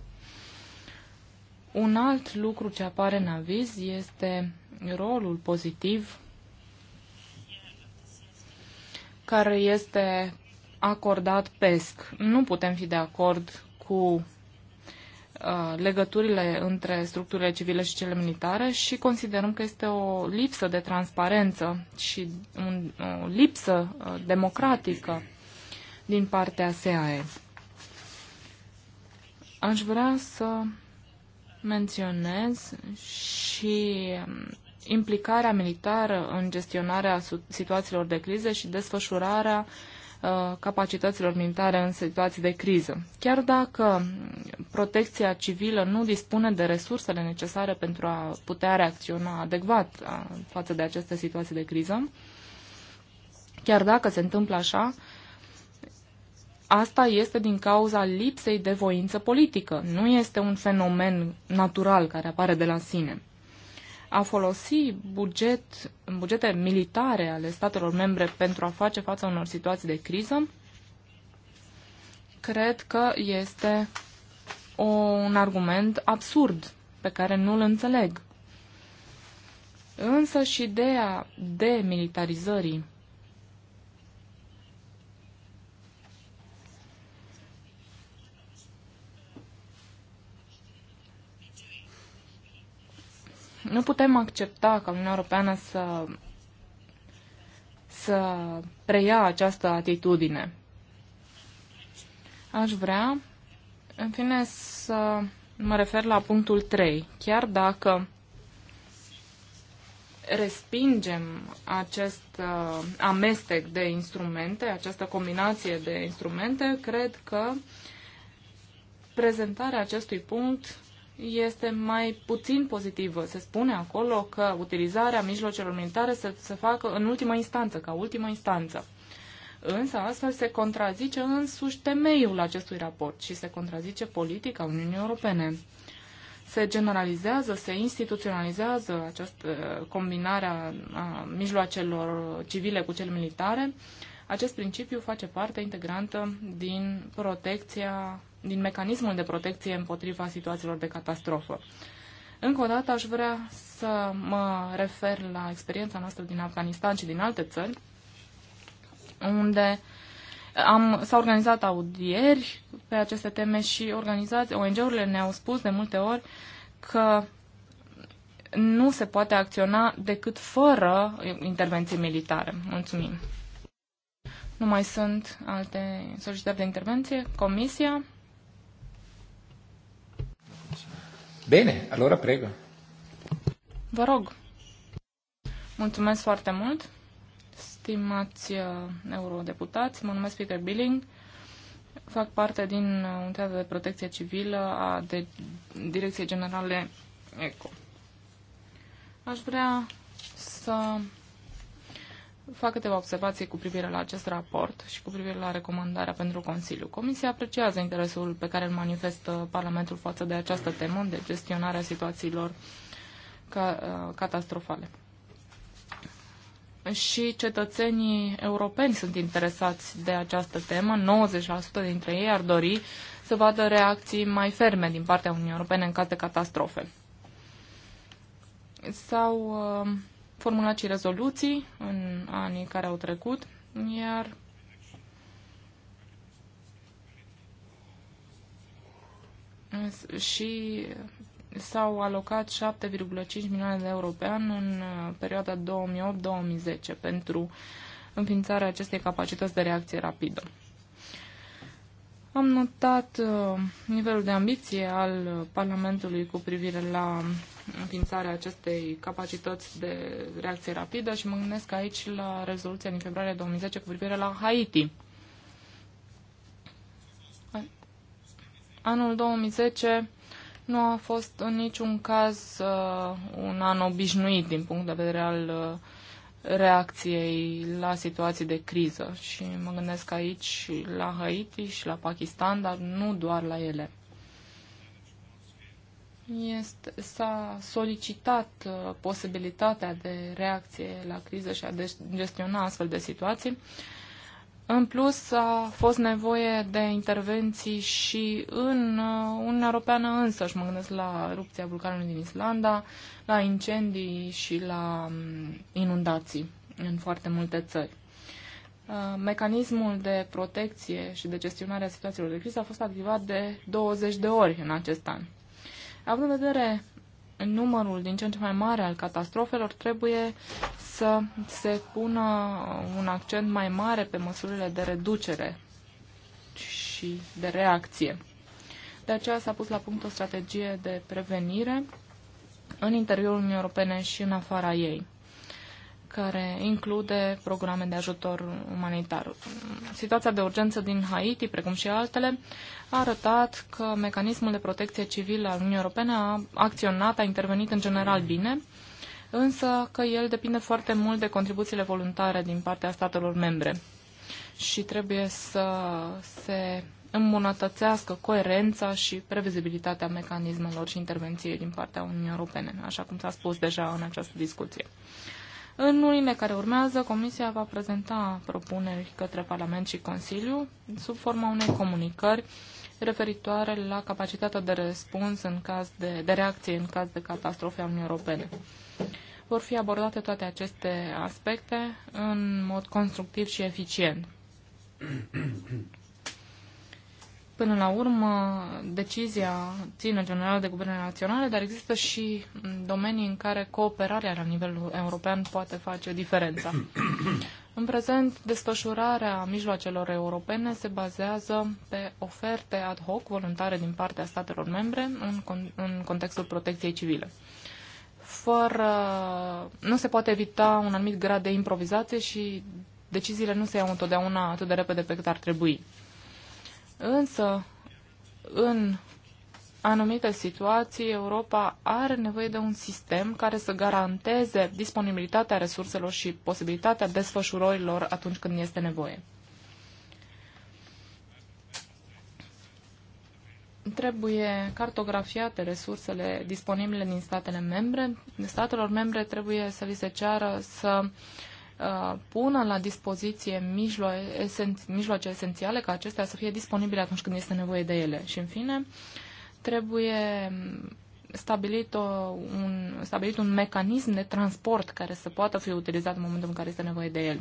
Un alt lucru ce apare în aviz este rolul pozitiv care este acordat PESC. Nu putem fi de acord cu uh, legăturile între structurile civile și cele militare și considerăm că este o lipsă de transparență și o lipsă uh, democratică din partea SAE. Aș vrea să menționez și um, implicarea militară în gestionarea situațiilor de criză și desfășurarea uh, capacităților militare în situații de criză. Chiar dacă um, protecția civilă nu dispune de resursele necesare pentru a putea reacționa adecvat uh, față de aceste situații de criză, chiar dacă se întâmplă așa, asta este din cauza lipsei de voință politică. Nu este un fenomen natural care apare de la sine. A folosi buget, bugete militare ale statelor membre pentru a face față unor situații de criză, cred că este o, un argument absurd pe care nu-l înțeleg. Însă și ideea de militarizării Nu putem accepta ca Uniunea Europeană să, să preia această atitudine. Aș vrea, în fine, să mă refer la punctul 3. Chiar dacă respingem acest uh, amestec de instrumente, această combinație de instrumente, cred că prezentarea acestui punct este mai puțin pozitivă. Se spune acolo că utilizarea mijloacelor militare se, se facă în ultima instanță, ca ultima instanță. Însă astfel se contrazice însuși temeiul acestui raport și se contrazice politica Uniunii Europene. Se generalizează, se instituționalizează această uh, combinare a uh, mijloacelor civile cu cele militare. Acest principiu face parte integrantă din protecția din mecanismul de protecție împotriva situațiilor de catastrofă. Încă o dată aș vrea să mă refer la experiența noastră din Afganistan și din alte țări, unde am, s-au organizat audieri pe aceste teme și ONG-urile ne-au spus de multe ori că nu se poate acționa decât fără intervenție militară, Mulțumim. Nu mai sunt alte solicitări de intervenție. Comisia. Bine, allora prego. Vă rog. Mulțumesc foarte mult, stimați uh, eurodeputați. Mă numesc Peter Billing. Fac parte din uh, Unitatea de Protecție Civilă a de Direcției Generale ECO. Aș vrea să fac câteva observații cu privire la acest raport și cu privire la recomandarea pentru Consiliu. Comisia apreciază interesul pe care îl manifestă Parlamentul față de această temă de gestionarea situațiilor ca, uh, catastrofale. Și cetățenii europeni sunt interesați de această temă. 90% dintre ei ar dori să vadă reacții mai ferme din partea Uniunii Europene în caz de catastrofe. Sau uh, formulat și rezoluții în anii care au trecut, iar și s-au alocat 7,5 milioane de euro pe an în uh, perioada 2008-2010 pentru înființarea acestei capacități de reacție rapidă. Am notat uh, nivelul de ambiție al Parlamentului cu privire la înființarea acestei capacități de reacție rapidă și mă gândesc aici la rezoluția din februarie 2010 cu privire la Haiti. Anul 2010 nu a fost în niciun caz uh, un an obișnuit din punct de vedere al uh, reacției la situații de criză și mă gândesc aici la Haiti și la Pakistan, dar nu doar la ele este, s-a solicitat uh, posibilitatea de reacție la criză și a gestiona astfel de situații. În plus, a fost nevoie de intervenții și în uh, Uniunea Europeană însă, și mă gândesc la erupția vulcanului din Islanda, la incendii și la um, inundații în foarte multe țări. Uh, mecanismul de protecție și de gestionare a situațiilor de criză a fost activat de 20 de ori în acest an. Având în vedere numărul din ce în ce mai mare al catastrofelor, trebuie să se pună un accent mai mare pe măsurile de reducere și de reacție. De aceea s-a pus la punct o strategie de prevenire în interiorul Uniunii Europene și în afara ei care include programe de ajutor umanitar. Situația de urgență din Haiti, precum și altele, a arătat că mecanismul de protecție civilă al Uniunii Europene a acționat, a intervenit în general bine, însă că el depinde foarte mult de contribuțiile voluntare din partea statelor membre și trebuie să se îmbunătățească coerența și previzibilitatea mecanismelor și intervenției din partea Uniunii Europene, așa cum s-a spus deja în această discuție. În lunile care urmează, Comisia va prezenta propuneri către Parlament și Consiliu sub forma unei comunicări referitoare la capacitatea de răspuns în caz de, de reacție în caz de catastrofe a Uniunii Europene. Vor fi abordate toate aceste aspecte în mod constructiv și eficient. Până la urmă, decizia ține general de guvernele naționale, dar există și domenii în care cooperarea la nivel european poate face diferența. În prezent, desfășurarea mijloacelor europene se bazează pe oferte ad hoc voluntare din partea statelor membre în, con- în contextul protecției civile. Fără, nu se poate evita un anumit grad de improvizație și deciziile nu se iau întotdeauna atât de repede pe cât ar trebui. Însă, în anumite situații, Europa are nevoie de un sistem care să garanteze disponibilitatea resurselor și posibilitatea desfășurărilor atunci când este nevoie. Trebuie cartografiate resursele disponibile din statele membre. Statelor membre trebuie să li se ceară să uh, Uh, pună la dispoziție mijlo esen mijloace esențiale ca acestea să fie disponibile atunci când este nevoie de ele. Și, în fine, trebuie stabilit, o, un, stabilit un mecanism de transport care să poată fi utilizat în momentul în care este nevoie de el.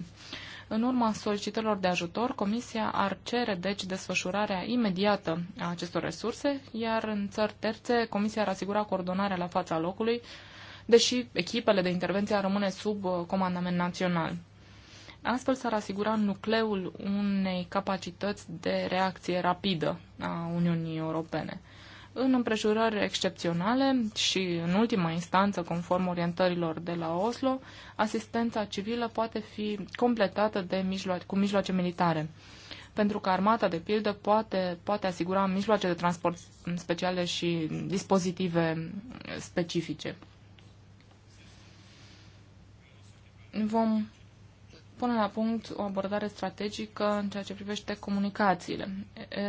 În urma solicitărilor de ajutor, Comisia ar cere, deci, desfășurarea imediată a acestor resurse, iar în țări terțe, Comisia ar asigura coordonarea la fața locului deși echipele de intervenție rămâne sub uh, comandament național. Astfel s-ar asigura nucleul unei capacități de reacție rapidă a Uniunii Europene. În împrejurări excepționale și, în ultima instanță, conform orientărilor de la Oslo, asistența civilă poate fi completată de mijloace, cu mijloace militare, pentru că armata, de pildă, poate, poate asigura mijloace de transport speciale și dispozitive specifice. vom pune la punct o abordare strategică în ceea ce privește comunicațiile.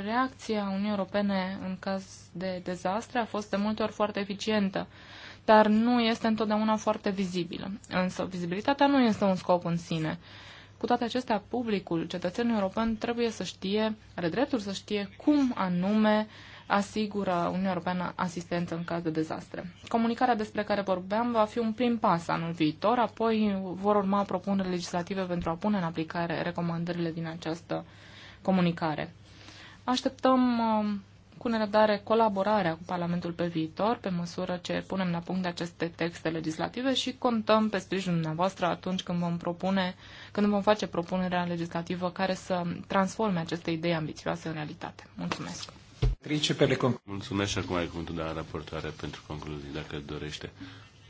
Reacția Uniunii Europene în caz de dezastre a fost de multe ori foarte eficientă, dar nu este întotdeauna foarte vizibilă. Însă vizibilitatea nu este un scop în sine. Cu toate acestea, publicul, cetățenilor europeni trebuie să știe, are dreptul să știe cum anume uh, asigură Uniunea Europeană asistență în caz de dezastre. Comunicarea despre care vorbeam va fi un prim pas anul viitor, apoi vor urma propuneri legislative pentru a pune în aplicare recomandările din această comunicare. Așteptăm um, cu nerăbdare colaborarea cu Parlamentul pe viitor, pe măsură ce punem la punct de aceste texte legislative și contăm pe sprijinul dumneavoastră atunci când vom propune, când vom face propunerea legislativă care să transforme aceste idei ambițioase în realitate. Mulțumesc! Mulțumesc și acum ai cuvântul de la raportoare pentru concluzii, dacă dorește.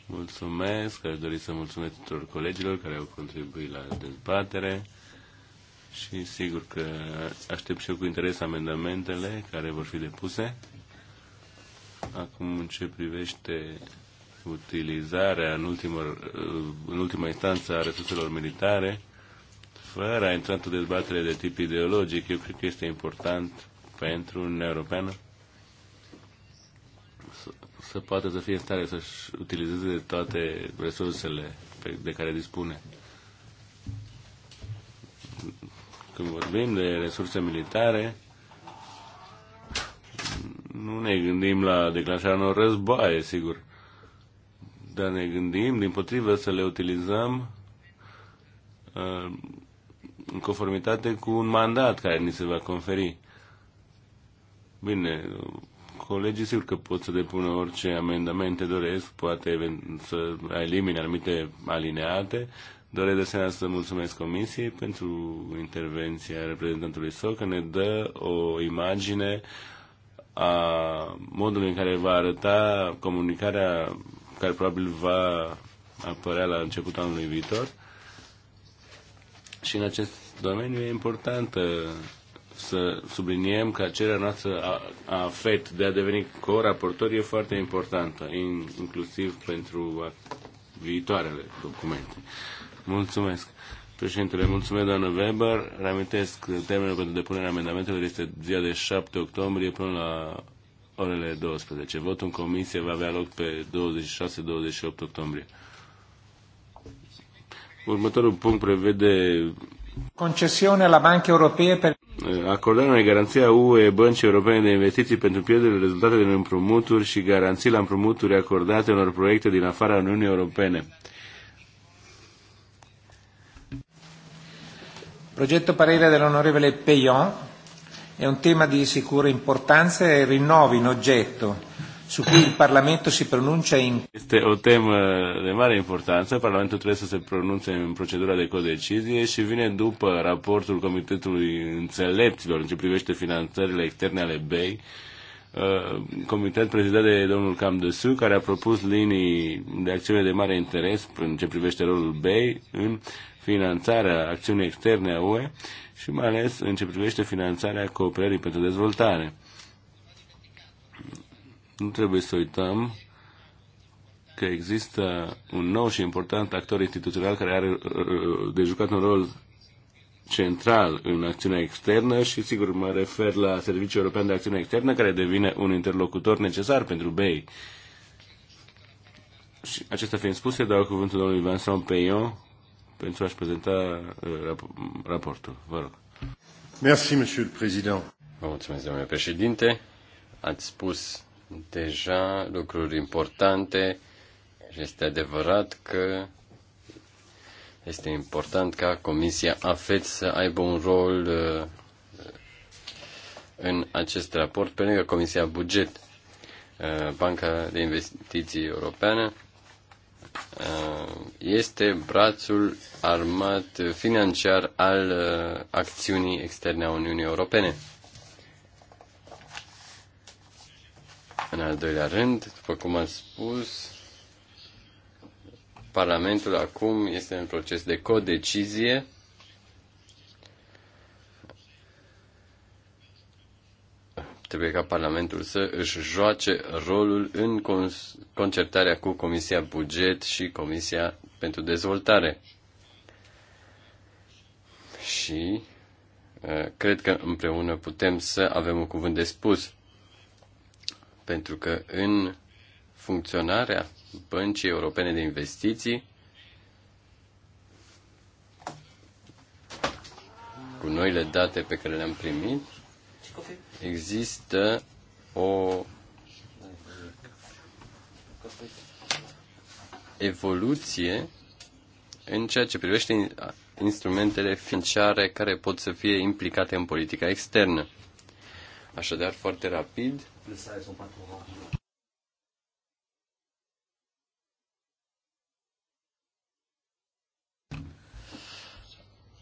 Mulțumesc, aș dori să mulțumesc tuturor colegilor care au contribuit la dezbatere și sigur că aștept și eu cu interes amendamentele care vor fi depuse. Acum, în ce privește utilizarea în, ultimă, în ultima instanță a resurselor militare, fără a intra într-o dezbatere de tip ideologic, eu cred că este important pentru Uniunea Europeană să, să poată să fie în stare să-și utilizeze toate resursele pe, de care dispune. Când vorbim de resurse militare, nu ne gândim la declanșarea unor războaie, sigur, dar ne gândim, din potrivă, să le utilizăm uh, în conformitate cu un mandat care ni se va conferi. Bine, colegii sigur că pot să depună orice amendamente doresc, poate să elimine anumite alineate. Doresc de asemenea să mulțumesc Comisiei pentru intervenția reprezentantului său, că ne dă o imagine a modului în care va arăta comunicarea care probabil va apărea la începutul anului viitor. Și în acest domeniu e importantă să subliniem că cererea noastră a, a FET de a deveni co-raportor e foarte importantă, in, inclusiv pentru viitoarele documente. Mulțumesc. Președintele, mulțumesc, doamnă Weber. Reamintesc, termenul pentru depunerea amendamentelor este ziua de 7 octombrie până la orele 12. Votul în comisie va avea loc pe 26-28 octombrie. Următorul punct prevede concesiune la Banca europeană pe acordarea unei garanții a UE Băncii Europene de Investiții pentru pierderile rezultate din împrumuturi și garanții la împrumuturi acordate unor proiecte din afara Uniunii Europene. Progetto parere dell'onorevole Peillon è un tema di sicura importanza e rinnovo in oggetto su cui il Parlamento si pronuncia in... Este o temă de mare importanță. Parlamentul trebuie să se pronunțe în procedura de codecizie și vine după raportul Comitetului Înțelepților în ce privește finanțările externe ale BEI, uh, comitet prezidat de domnul Cam de Su, care a propus linii de acțiune de mare interes în ce privește rolul BEI în finanțarea acțiunii externe a UE și mai ales în ce privește finanțarea cooperării pentru dezvoltare nu trebuie să uităm că există un nou și important actor instituțional care are uh, uh, de jucat un rol central în acțiunea externă și, sigur, mă refer la Serviciul European de Acțiune Externă, care devine un interlocutor necesar pentru BEI. Și acestea fiind spuse, dau cuvântul domnului Vincent Peillon pentru a-și prezenta uh, rap- raportul. Vă rog. Merci, monsieur le président. Vă mulțumesc, domnule președinte. Ați spus deja lucruri importante și este adevărat că este important ca Comisia AFET să aibă un rol uh, în acest raport, pe lângă Comisia Buget, uh, Banca de Investiții Europeană, uh, este brațul armat financiar al acțiunii externe a Uniunii Europene. În al doilea rând, după cum am spus, Parlamentul acum este în proces de codecizie. Trebuie ca Parlamentul să își joace rolul în concertarea cu Comisia Buget și Comisia pentru Dezvoltare. Și uh, cred că împreună putem să avem un cuvânt de spus pentru că în funcționarea Băncii Europene de Investiții cu noile date pe care le-am primit, există o evoluție în ceea ce privește instrumentele financiare care pot să fie implicate în politica externă. Așadar, foarte rapid, Les ça, elles sont pas trop rares.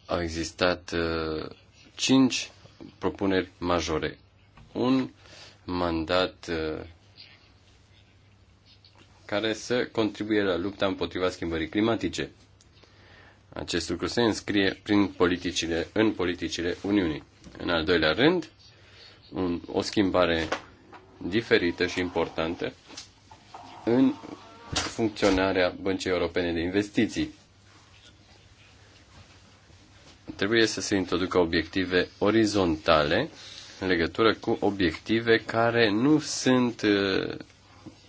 Au existat uh, cinci propuneri majore. Un mandat uh, care să contribuie la lupta împotriva schimbării climatice. Acest lucru se înscrie prin politicile, în politicile Uniunii. În al doilea rând, un, o schimbare diferite și importante în funcționarea Băncii Europene de Investiții. Trebuie să se introducă obiective orizontale în legătură cu obiective care nu sunt uh,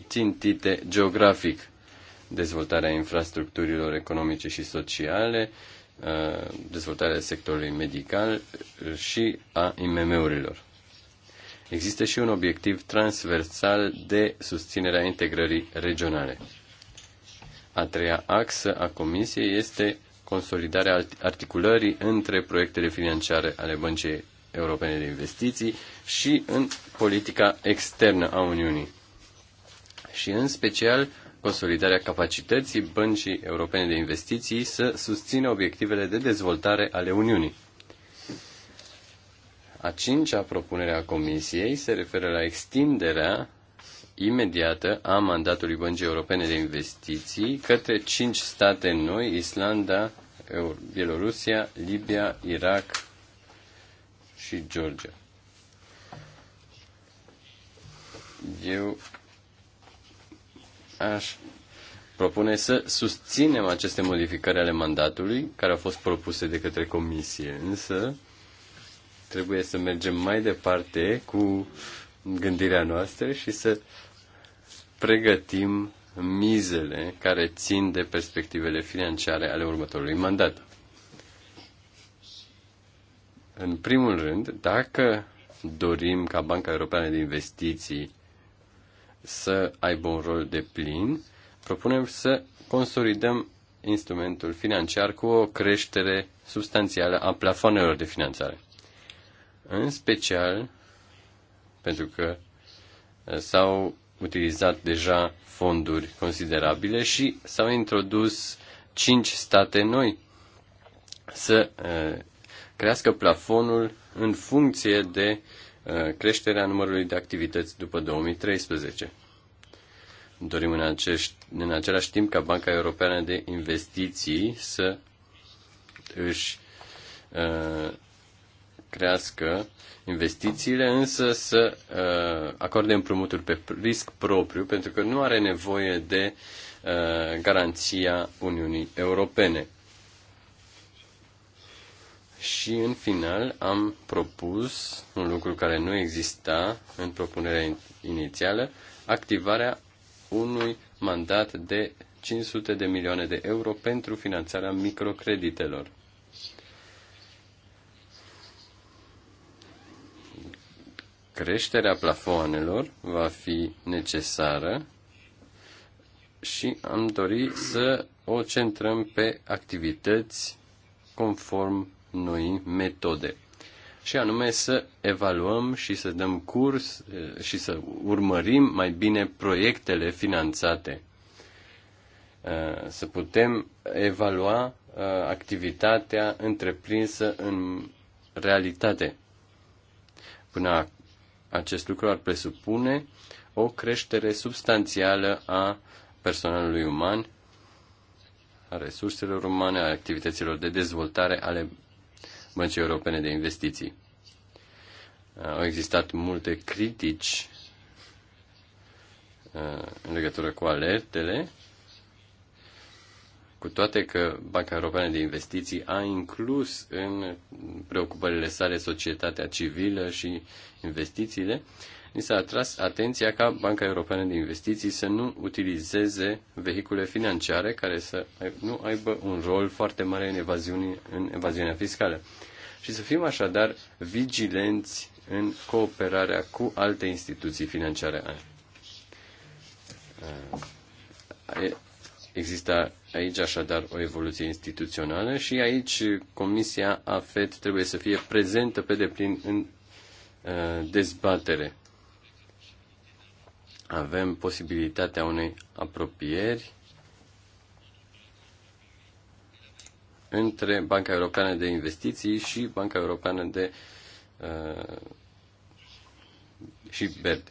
țintite geografic. Dezvoltarea infrastructurilor economice și sociale, uh, dezvoltarea sectorului medical și a IMM-urilor. Există și un obiectiv transversal de susținere a integrării regionale. A treia axă a Comisiei este consolidarea articulării între proiectele financiare ale Băncii Europene de Investiții și în politica externă a Uniunii. Și în special consolidarea capacității Băncii Europene de Investiții să susțină obiectivele de dezvoltare ale Uniunii. A cincea propunere a Comisiei se referă la extinderea imediată a mandatului Băncii Europene de Investiții către cinci state noi, Islanda, Bielorusia, Libia, Irak și Georgia. Eu aș propune să susținem aceste modificări ale mandatului care au fost propuse de către Comisie, însă Trebuie să mergem mai departe cu gândirea noastră și să pregătim mizele care țin de perspectivele financiare ale următorului mandat. În primul rând, dacă dorim ca Banca Europeană de Investiții să aibă un rol de plin, propunem să consolidăm instrumentul financiar cu o creștere substanțială a plafonelor de finanțare în special pentru că uh, s-au utilizat deja fonduri considerabile și s-au introdus cinci state noi să uh, crească plafonul în funcție de uh, creșterea numărului de activități după 2013. Dorim în, acești, în același timp ca Banca Europeană de Investiții să își crească investițiile, însă să uh, acorde împrumuturi pe risc propriu, pentru că nu are nevoie de uh, garanția Uniunii Europene. Și în final am propus un lucru care nu exista în propunerea inițială, activarea unui mandat de 500 de milioane de euro pentru finanțarea microcreditelor. creșterea plafoanelor va fi necesară și am dori să o centrăm pe activități conform noi metode. Și anume să evaluăm și să dăm curs și să urmărim mai bine proiectele finanțate. Să putem evalua activitatea întreprinsă în realitate. Până acest lucru ar presupune o creștere substanțială a personalului uman, a resurselor umane, a activităților de dezvoltare ale Băncii Europene de Investiții. Au existat multe critici uh, în legătură cu alertele cu toate că Banca Europeană de Investiții a inclus în preocupările sale societatea civilă și investițiile, ni s-a atras atenția ca Banca Europeană de Investiții să nu utilizeze vehicule financiare care să nu aibă un rol foarte mare în, în evaziunea fiscală. Și să fim așadar vigilenți în cooperarea cu alte instituții financiare. Există aici așadar o evoluție instituțională și aici Comisia AFET trebuie să fie prezentă pe deplin în uh, dezbatere. Avem posibilitatea unei apropieri între Banca Europeană de Investiții și Banca Europeană de uh, și BERD.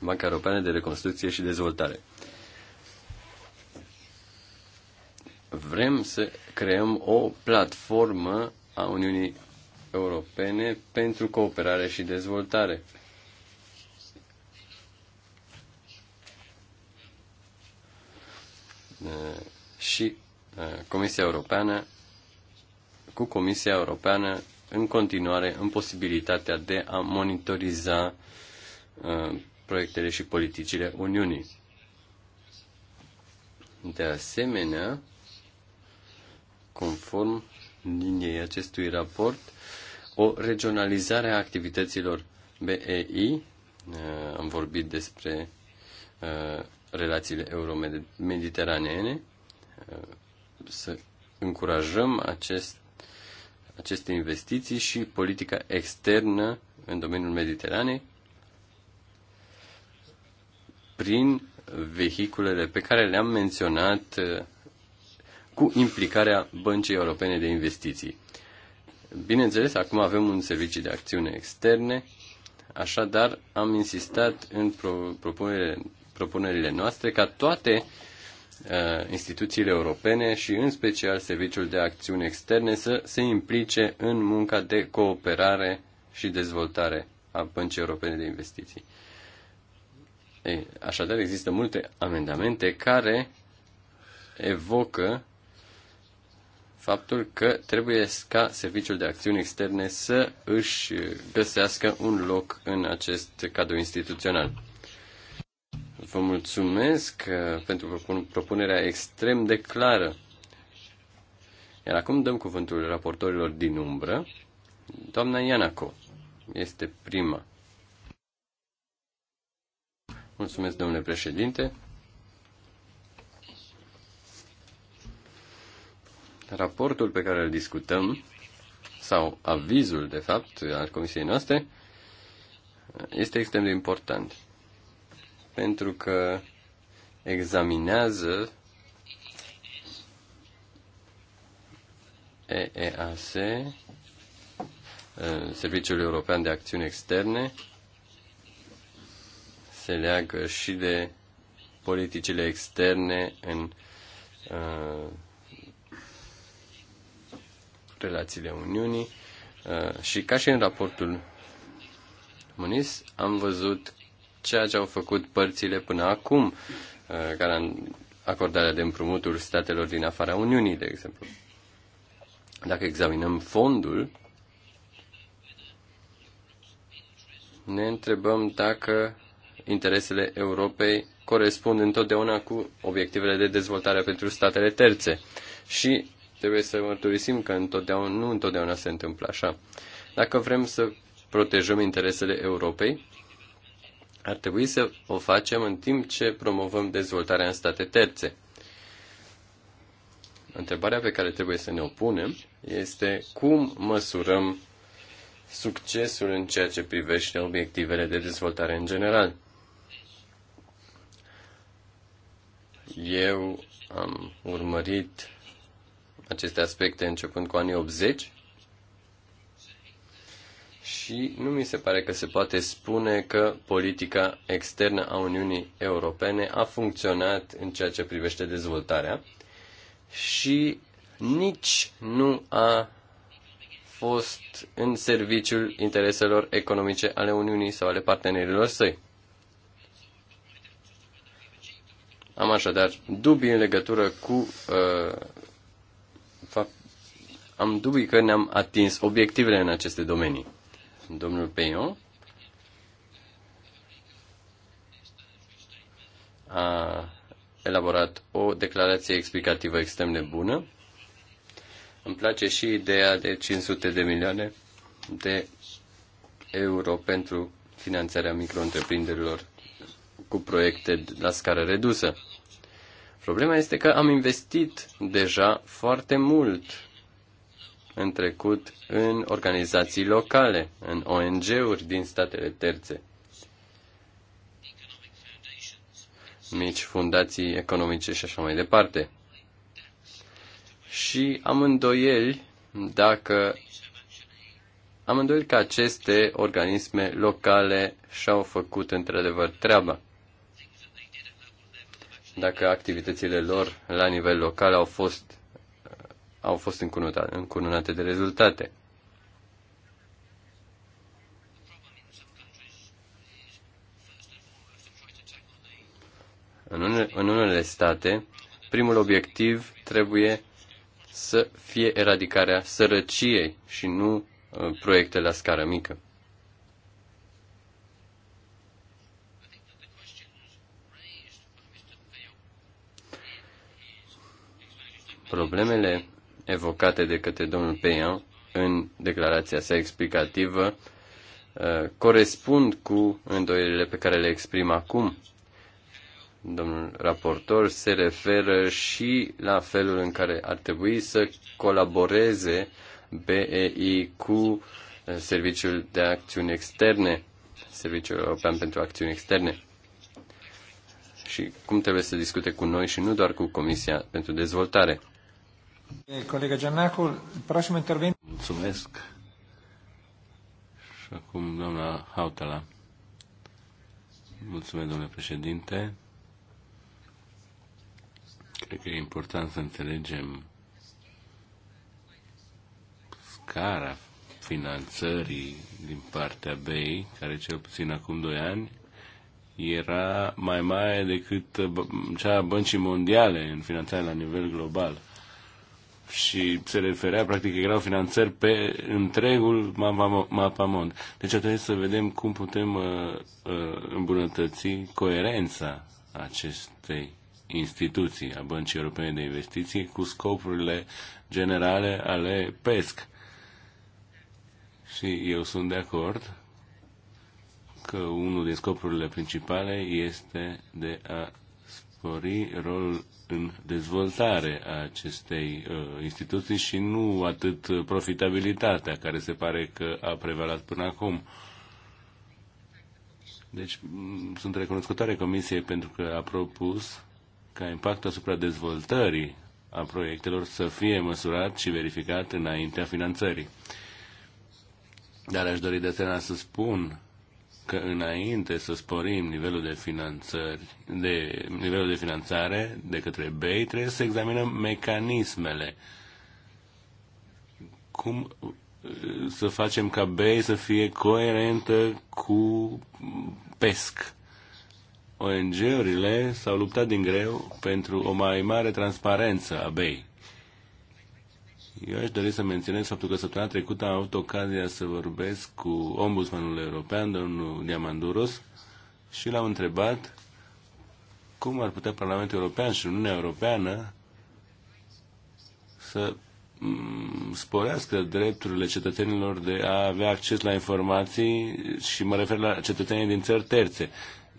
Banca Europeană de Reconstrucție și Dezvoltare. Vrem să creăm o platformă a Uniunii Europene pentru cooperare și dezvoltare. Și uh, Comisia Europeană, cu Comisia Europeană, în continuare, în posibilitatea de a monitoriza uh, proiectele și politicile Uniunii. De asemenea, conform liniei acestui raport, o regionalizare a activităților BEI, uh, am vorbit despre uh, relațiile euro-mediteraneene, uh, să încurajăm acest, aceste investiții și politica externă în domeniul Mediteranei prin vehiculele pe care le-am menționat uh, cu implicarea Băncii Europene de Investiții. Bineînțeles, acum avem un serviciu de acțiune externe, așadar am insistat în pro- propunerile, propunerile noastre ca toate uh, instituțiile europene și în special serviciul de acțiune externe să se implice în munca de cooperare și dezvoltare a Băncii Europene de Investiții așadar, există multe amendamente care evocă faptul că trebuie ca Serviciul de Acțiuni Externe să își găsească un loc în acest cadru instituțional. Vă mulțumesc uh, pentru propunerea extrem de clară. Iar acum dăm cuvântul raportorilor din umbră. Doamna Ianaco este prima. Mulțumesc, domnule președinte. Raportul pe care îl discutăm, sau avizul, de fapt, al comisiei noastre, este extrem de important. Pentru că examinează EEAS, Serviciul European de Acțiuni Externe, se leagă și de politicile externe în uh, relațiile Uniunii uh, și ca și în raportul Munis am văzut ceea ce au făcut părțile până acum, uh, care acordarea de împrumuturi statelor din afara Uniunii, de exemplu. Dacă examinăm fondul, ne întrebăm dacă interesele Europei corespund întotdeauna cu obiectivele de dezvoltare pentru statele terțe. Și trebuie să mărturisim că întotdeauna, nu întotdeauna se întâmplă așa. Dacă vrem să protejăm interesele Europei, ar trebui să o facem în timp ce promovăm dezvoltarea în state terțe. Întrebarea pe care trebuie să ne opunem este cum măsurăm succesul în ceea ce privește obiectivele de dezvoltare în general. Eu am urmărit aceste aspecte începând cu anii 80 și nu mi se pare că se poate spune că politica externă a Uniunii Europene a funcționat în ceea ce privește dezvoltarea și nici nu a fost în serviciul intereselor economice ale Uniunii sau ale partenerilor săi. Am așadar dubii în legătură cu uh, fapt, am dubii că ne-am atins obiectivele în aceste domenii. Domnul Peion a elaborat o declarație explicativă extrem de bună. Îmi place și ideea de 500 de milioane de euro pentru finanțarea micro cu proiecte la scară redusă. Problema este că am investit deja foarte mult în trecut în organizații locale, în ONG-uri din statele terțe. mici fundații economice și așa mai departe. Și am îndoieli dacă am îndoieli că aceste organisme locale și-au făcut într-adevăr treaba dacă activitățile lor la nivel local au fost, au fost încununate de rezultate. În unele, în unele state, primul obiectiv trebuie să fie eradicarea sărăciei și nu uh, proiecte la scară mică. Problemele evocate de către domnul Peian în declarația sa explicativă uh, corespund cu îndoielile pe care le exprim acum. Domnul raportor se referă și la felul în care ar trebui să colaboreze BEI cu uh, Serviciul de Acțiuni Externe, Serviciul European pentru Acțiuni Externe și cum trebuie să discute cu noi și nu doar cu Comisia pentru Dezvoltare. Colega Giannacul, prossimo intervento. Mulțumesc. Și acum doamna Hautala. Mulțumesc, domnule președinte. Cred că e important să înțelegem scara finanțării din partea BEI, care cel puțin acum 2 ani era mai mare decât cea a băncii mondiale în finanțare la nivel global și se referea, practic, erau finanțări pe întregul mapamond. Deci atunci să vedem cum putem uh, uh, îmbunătăți coerența acestei instituții a Băncii Europene de Investiții cu scopurile generale ale PESC. Și eu sunt de acord că unul din scopurile principale este de a spori rolul în dezvoltare a acestei uh, instituții și nu atât profitabilitatea care se pare că a prevalat până acum. Deci sunt recunoscătoare Comisiei pentru că a propus ca impactul asupra dezvoltării a proiectelor să fie măsurat și verificat înaintea finanțării. Dar aș dori de asemenea să spun că înainte să sporim nivelul de finanțări, de nivelul de finanțare de către BEI, trebuie să examinăm mecanismele. Cum să facem ca BEI să fie coerentă cu PESC. ONG-urile s-au luptat din greu pentru o mai mare transparență a BEI. Eu aș dori să menționez faptul că săptămâna trecută am avut ocazia să vorbesc cu ombudsmanul european, domnul Diamanduros, și l-am întrebat cum ar putea Parlamentul European și Uniunea Europeană să mm, sporească drepturile cetățenilor de a avea acces la informații și mă refer la cetățenii din țări terțe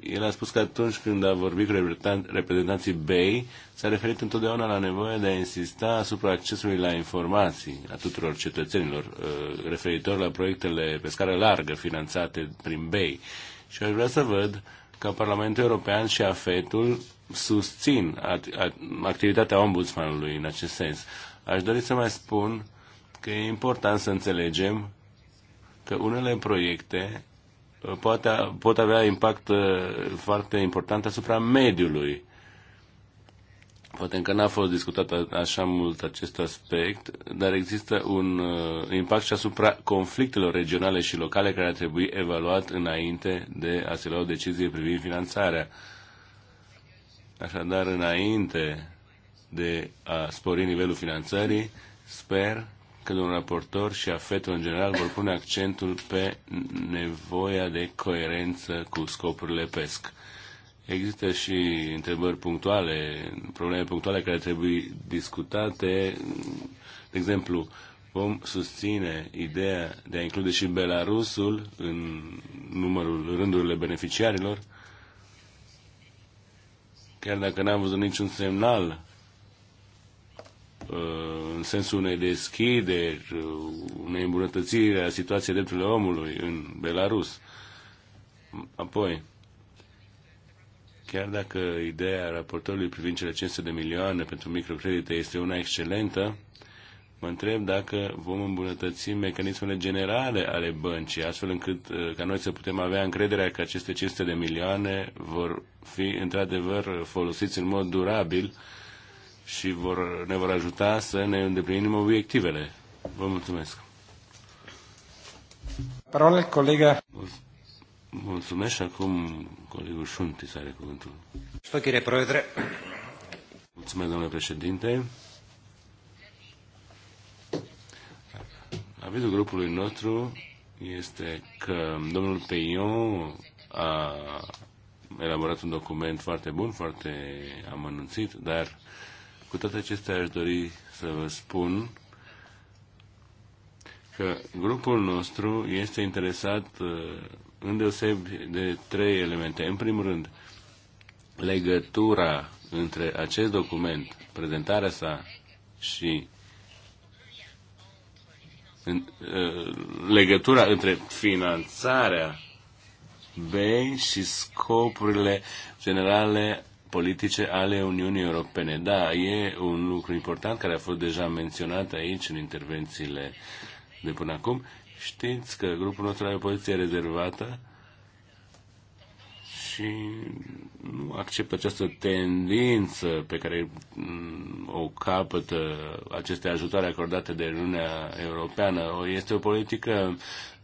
el a spus că atunci când a vorbit cu reprezentanții BEI, s-a referit întotdeauna la nevoia de a insista asupra accesului la informații a tuturor cetățenilor uh, referitor la proiectele pe scară largă finanțate prin BEI. Și aș vrea să văd că Parlamentul European și AFET-ul susțin activitatea ombudsmanului în acest sens. Aș dori să mai spun că e important să înțelegem că unele proiecte poate, pot avea impact uh, foarte important asupra mediului. Poate încă n-a fost discutat așa mult acest aspect, dar există un uh, impact și asupra conflictelor regionale și locale care ar trebui evaluat înainte de a se lua o decizie privind finanțarea. Așadar, înainte de a spori nivelul finanțării, sper că domnul raportor și afetul în general vor pune accentul pe nevoia de coerență cu scopurile PESC. Există și întrebări punctuale, probleme punctuale care trebuie discutate. De exemplu, vom susține ideea de a include și Belarusul în numărul rândurile beneficiarilor, chiar dacă n-am văzut niciun semnal Uh, în sensul unei deschideri, uh, unei îmbunătățiri a situației drepturilor omului în Belarus. Apoi, chiar dacă ideea raportorului privind cele 500 de milioane pentru microcredite este una excelentă, mă întreb dacă vom îmbunătăți mecanismele generale ale băncii, astfel încât uh, ca noi să putem avea încrederea că aceste 500 de milioane vor fi într-adevăr folosiți în mod durabil și vor, ne vor ajuta să ne îndeplinim obiectivele. Vă mulțumesc. Parole, colega. Mulțumesc și acum colegul Șunti să are cuvântul. Mulțumesc, domnule președinte. Avizul grupului nostru este că domnul Peion a elaborat un document foarte bun, foarte amănunțit, dar uh, cu toate acestea aș dori să vă spun că grupul nostru este interesat uh, în de trei elemente. În primul rând, legătura între acest document, prezentarea sa și în, uh, legătura între finanțarea B și scopurile generale politice ale Uniunii Europene. Da, e un lucru important care a fost deja menționat aici în intervențiile de până acum. Știți că grupul nostru are o poziție rezervată și nu acceptă această tendință pe care mm, o capătă aceste ajutoare acordate de Uniunea Europeană. Este o politică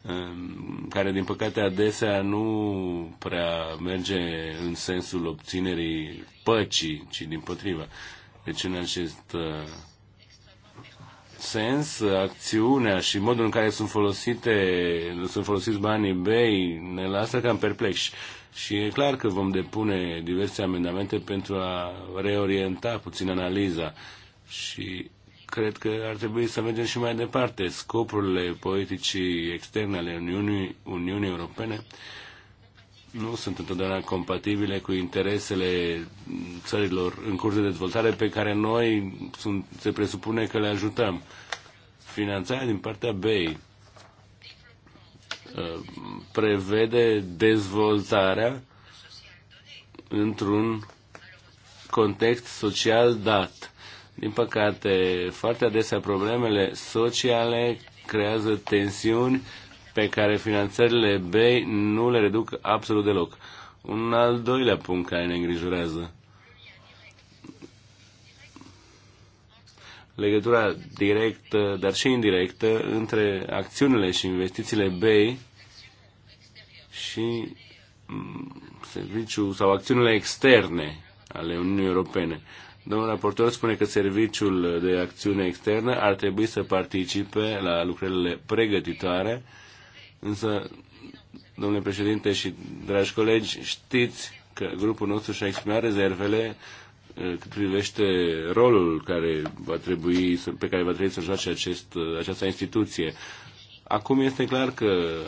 Ehm, care din păcate adesea nu prea merge în sensul obținerii păcii, ci din potrivă. Deci în acest uh, sens, acțiunea și modul în care sunt folosite, sunt folosiți banii bei ne lasă cam perplexi. Și e clar că vom depune diverse amendamente pentru a reorienta puțin analiza și cred că ar trebui să mergem și mai departe. Scopurile politicii externe ale Uniunii, Uniunii Europene nu sunt întotdeauna compatibile cu interesele țărilor în curs de dezvoltare pe care noi sunt, se presupune că le ajutăm. Finanțarea din partea BEI uh, prevede dezvoltarea într-un context social dat din păcate, foarte adesea problemele sociale creează tensiuni pe care finanțările BEI nu le reduc absolut deloc. Un al doilea punct care ne îngrijorează. Legătura directă, dar și indirectă, între acțiunile și investițiile BEI și mm, serviciul sau acțiunile externe ale Uniunii Europene. Domnul raportor spune că Serviciul de Acțiune Externă ar trebui să participe la lucrările pregătitoare, însă, domnule președinte și dragi colegi, știți că grupul nostru și-a exprimat rezervele uh, cât privește rolul care va trebui, pe care va trebui să joace acest, această instituție. Acum este clar că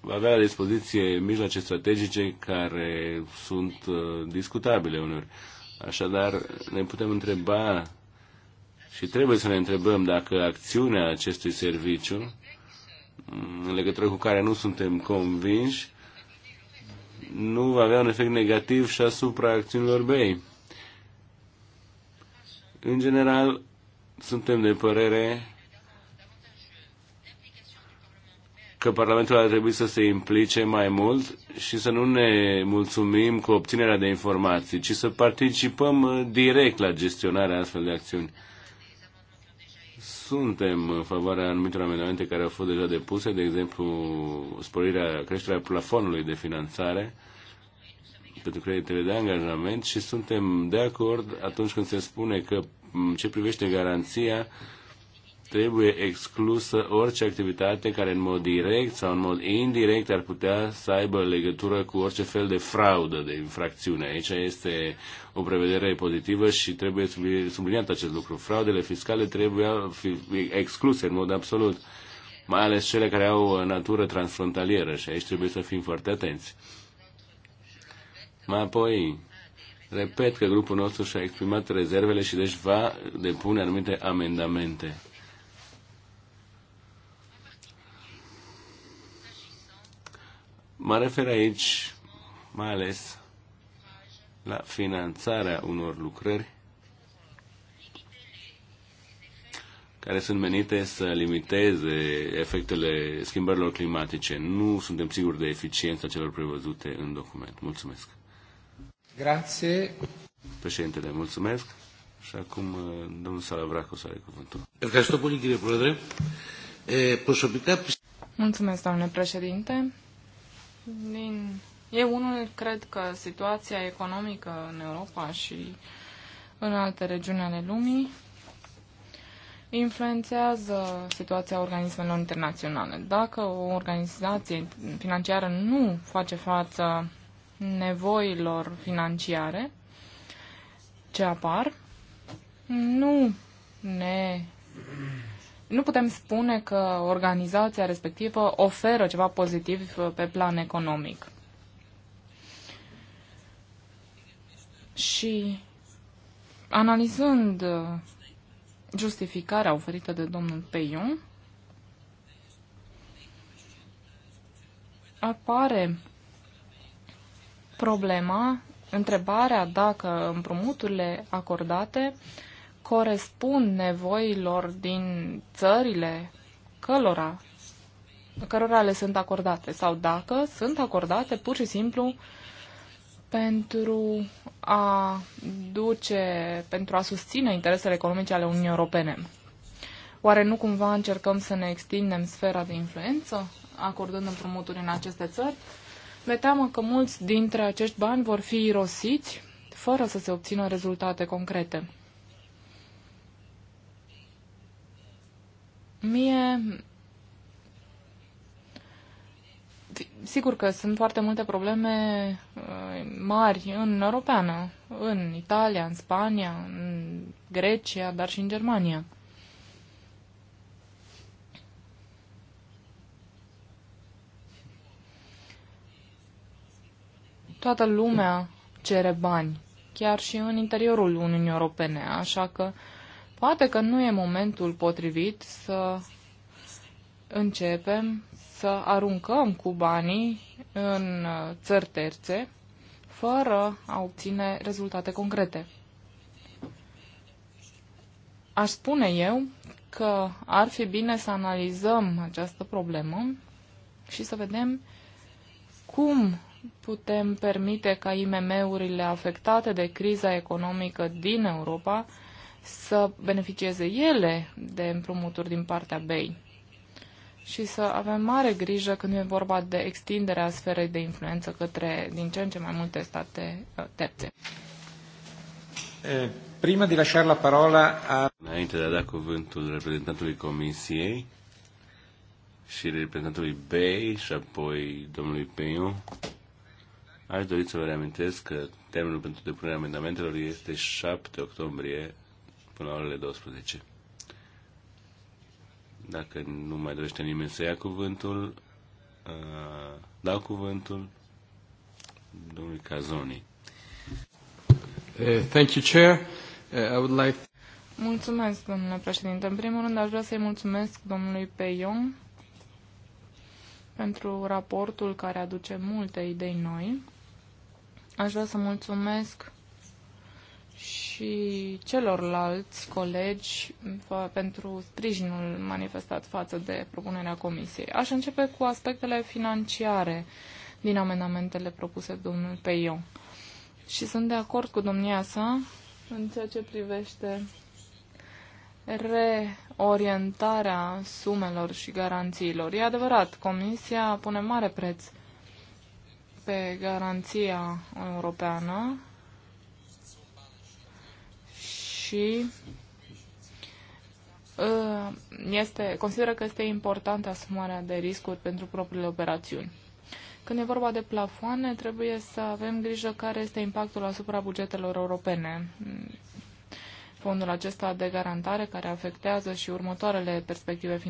va avea la dispoziție mijloace strategice care sunt uh, discutabile uneori. Așadar, ne putem întreba și trebuie să ne întrebăm dacă acțiunea acestui serviciu, în legătură cu care nu suntem convinși, nu va avea un efect negativ și asupra acțiunilor BEI. În general, suntem de părere că Parlamentul ar trebui să se implice mai mult și să nu ne mulțumim cu obținerea de informații, ci să participăm uh, direct la gestionarea astfel de acțiuni. Suntem în favoarea anumitor amendamente care au fost deja depuse, de exemplu, sporirea, creșterea plafonului de finanțare pentru creditele de angajament și suntem de acord atunci când se spune că mm, ce privește garanția, trebuie exclusă orice activitate care în mod direct sau în mod indirect ar putea să aibă legătură cu orice fel de fraudă, de infracțiune. Aici este o prevedere pozitivă și trebuie subliniat acest lucru. Fraudele fiscale trebuie excluse în mod absolut, mai ales cele care au natură transfrontalieră și aici trebuie să fim foarte atenți. Mai apoi, repet că grupul nostru și-a exprimat rezervele și deci va depune anumite amendamente Mă refer aici mai ales la finanțarea unor lucrări care sunt menite să limiteze efectele schimbărilor climatice. Nu suntem siguri de eficiența celor prevăzute în document. Mulțumesc. Grație. Președintele, mulțumesc. Și acum uh, domnul să are cuvântul. Mulțumesc, domnule președinte din... Eu unul cred că situația economică în Europa și în alte regiuni ale lumii influențează situația organismelor internaționale. Dacă o organizație financiară nu face față nevoilor financiare ce apar, nu ne nu putem spune că organizația respectivă oferă ceva pozitiv uh, pe plan economic. Și analizând uh, justificarea oferită de domnul Peion, apare problema, întrebarea dacă împrumuturile acordate uh, corespund nevoilor din țările călora, cărora le sunt acordate sau dacă sunt acordate pur și simplu pentru a duce, pentru a susține interesele economice ale Uniunii Europene. Oare nu cumva încercăm să ne extindem sfera de influență, acordând împrumuturi în aceste țări? Mi-e teamă că mulți dintre acești bani vor fi irosiți fără să se obțină rezultate concrete. Mie sigur că sunt foarte multe probleme uh, mari în Europeană, în Italia, în Spania, în Grecia, dar și în Germania. Toată lumea cere bani, chiar și în interiorul Uniunii Europene, așa că uh, Poate că nu e momentul potrivit să începem să aruncăm cu banii în țări terțe fără a obține rezultate concrete. Aș spune eu că ar fi bine să analizăm această problemă și să vedem cum putem permite ca IMM-urile afectate de criza economică din Europa să beneficieze ele de împrumuturi din partea BEI și să avem mare grijă când e vorba de extinderea sferei de influență către din ce în ce mai multe state uh, terțe. Prima de lasciare la parola a... Înainte de a da cuvântul reprezentantului Comisiei și reprezentantului BEI și apoi domnului Peiu, aș dori să vă reamintesc că termenul pentru depunerea amendamentelor este 7 octombrie până la orele 12. Dacă nu mai dorește nimeni să ia cuvântul, uh, dau cuvântul domnului Cazoni. Eh, thank you, Chair. Eh, I would like... Mulțumesc, domnule președinte. În primul rând, aș vrea să-i mulțumesc domnului Peion pentru raportul care aduce multe idei noi. Aș vrea să mulțumesc și celorlalți colegi pentru sprijinul manifestat față de propunerea Comisiei. Aș începe cu aspectele financiare din amendamentele propuse domnul Peio. Și sunt de acord cu domnia sa în ceea ce privește reorientarea sumelor și garanțiilor. E adevărat, Comisia pune mare preț pe garanția europeană și uh, este, consideră că este importantă asumarea de riscuri pentru propriile operațiuni. Când e vorba de plafoane, trebuie să avem grijă care este impactul asupra bugetelor europene. Fondul acesta de garantare care afectează și următoarele perspective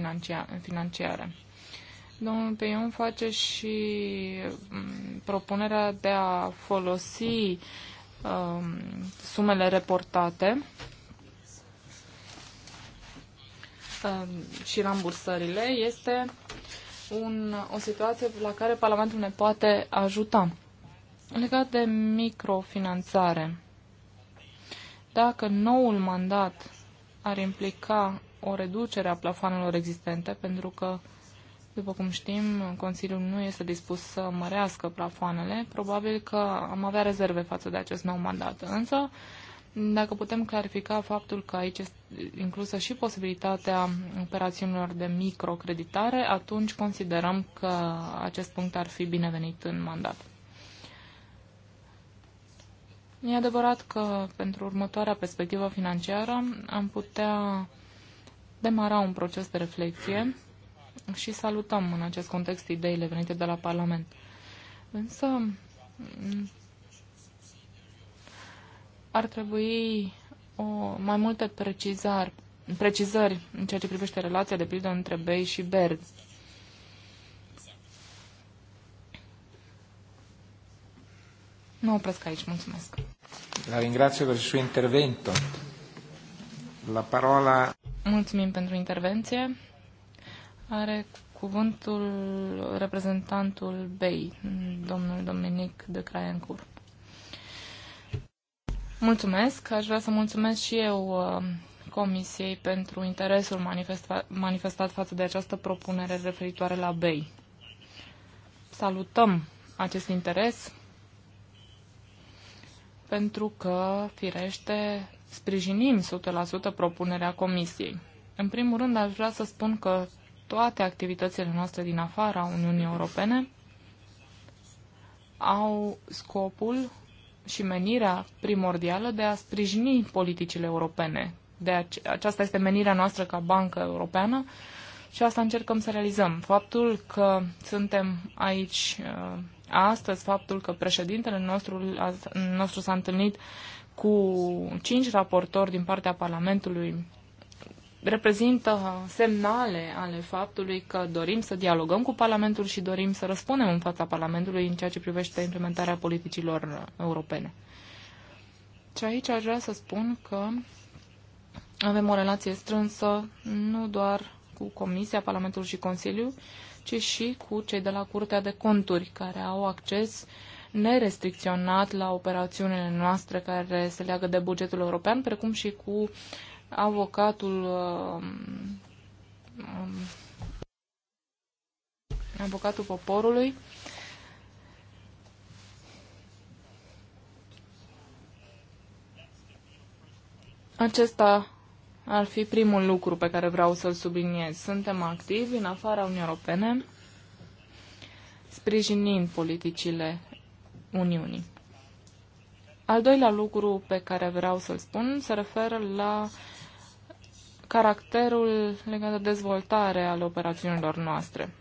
financiare. Domnul Peion face și mm, propunerea de a folosi Um, sumele reportate um, și rambursările este un, o situație la care Parlamentul ne poate ajuta. Legat de microfinanțare, dacă noul mandat ar implica o reducere a plafanelor existente, pentru că după cum știm, Consiliul nu este dispus să mărească plafoanele. Probabil că am avea rezerve față de acest nou mandat. Însă, dacă putem clarifica faptul că aici este inclusă și posibilitatea operațiunilor de microcreditare, atunci considerăm că acest punct ar fi binevenit în mandat. E adevărat că pentru următoarea perspectivă financiară am putea demara un proces de reflexie și salutăm în acest context ideile venite de la Parlament. Însă ar trebui o, mai multe precizar, precizări în ceea ce privește relația de pildă între Bay și berg. Nu, opresc aici, mulțumesc. La ringrazio per il suo intervento. La parola... Mulțumim pentru intervenție. Are cuvântul reprezentantul BEI, domnul Dominic de Craiencur. Mulțumesc. Aș vrea să mulțumesc și eu uh, Comisiei pentru interesul manifestat, manifestat față de această propunere referitoare la BEI. Salutăm acest interes pentru că, firește, sprijinim 100% propunerea Comisiei. În primul rând, aș vrea să spun că toate activitățile noastre din afara Uniunii Europene au scopul și menirea primordială de a sprijini politicile europene. De ace- aceasta este menirea noastră ca bancă europeană și asta încercăm să realizăm. Faptul că suntem aici uh, astăzi, faptul că președintele nostru, nostru s-a întâlnit cu cinci raportori din partea Parlamentului reprezintă semnale ale faptului că dorim să dialogăm cu Parlamentul și dorim să răspundem în fața Parlamentului în ceea ce privește implementarea politicilor europene. Și aici aș vrea să spun că avem o relație strânsă nu doar cu Comisia, Parlamentul și Consiliu, ci și cu cei de la Curtea de Conturi, care au acces nerestricționat la operațiunile noastre care se leagă de bugetul european, precum și cu avocatul uh, um, avocatul poporului Acesta ar fi primul lucru pe care vreau să-l subliniez. Suntem activi în afara Uniunii Europene, sprijinind politicile Uniunii. Al doilea lucru pe care vreau să-l spun se referă la caracterul legat de dezvoltare al operațiunilor noastre.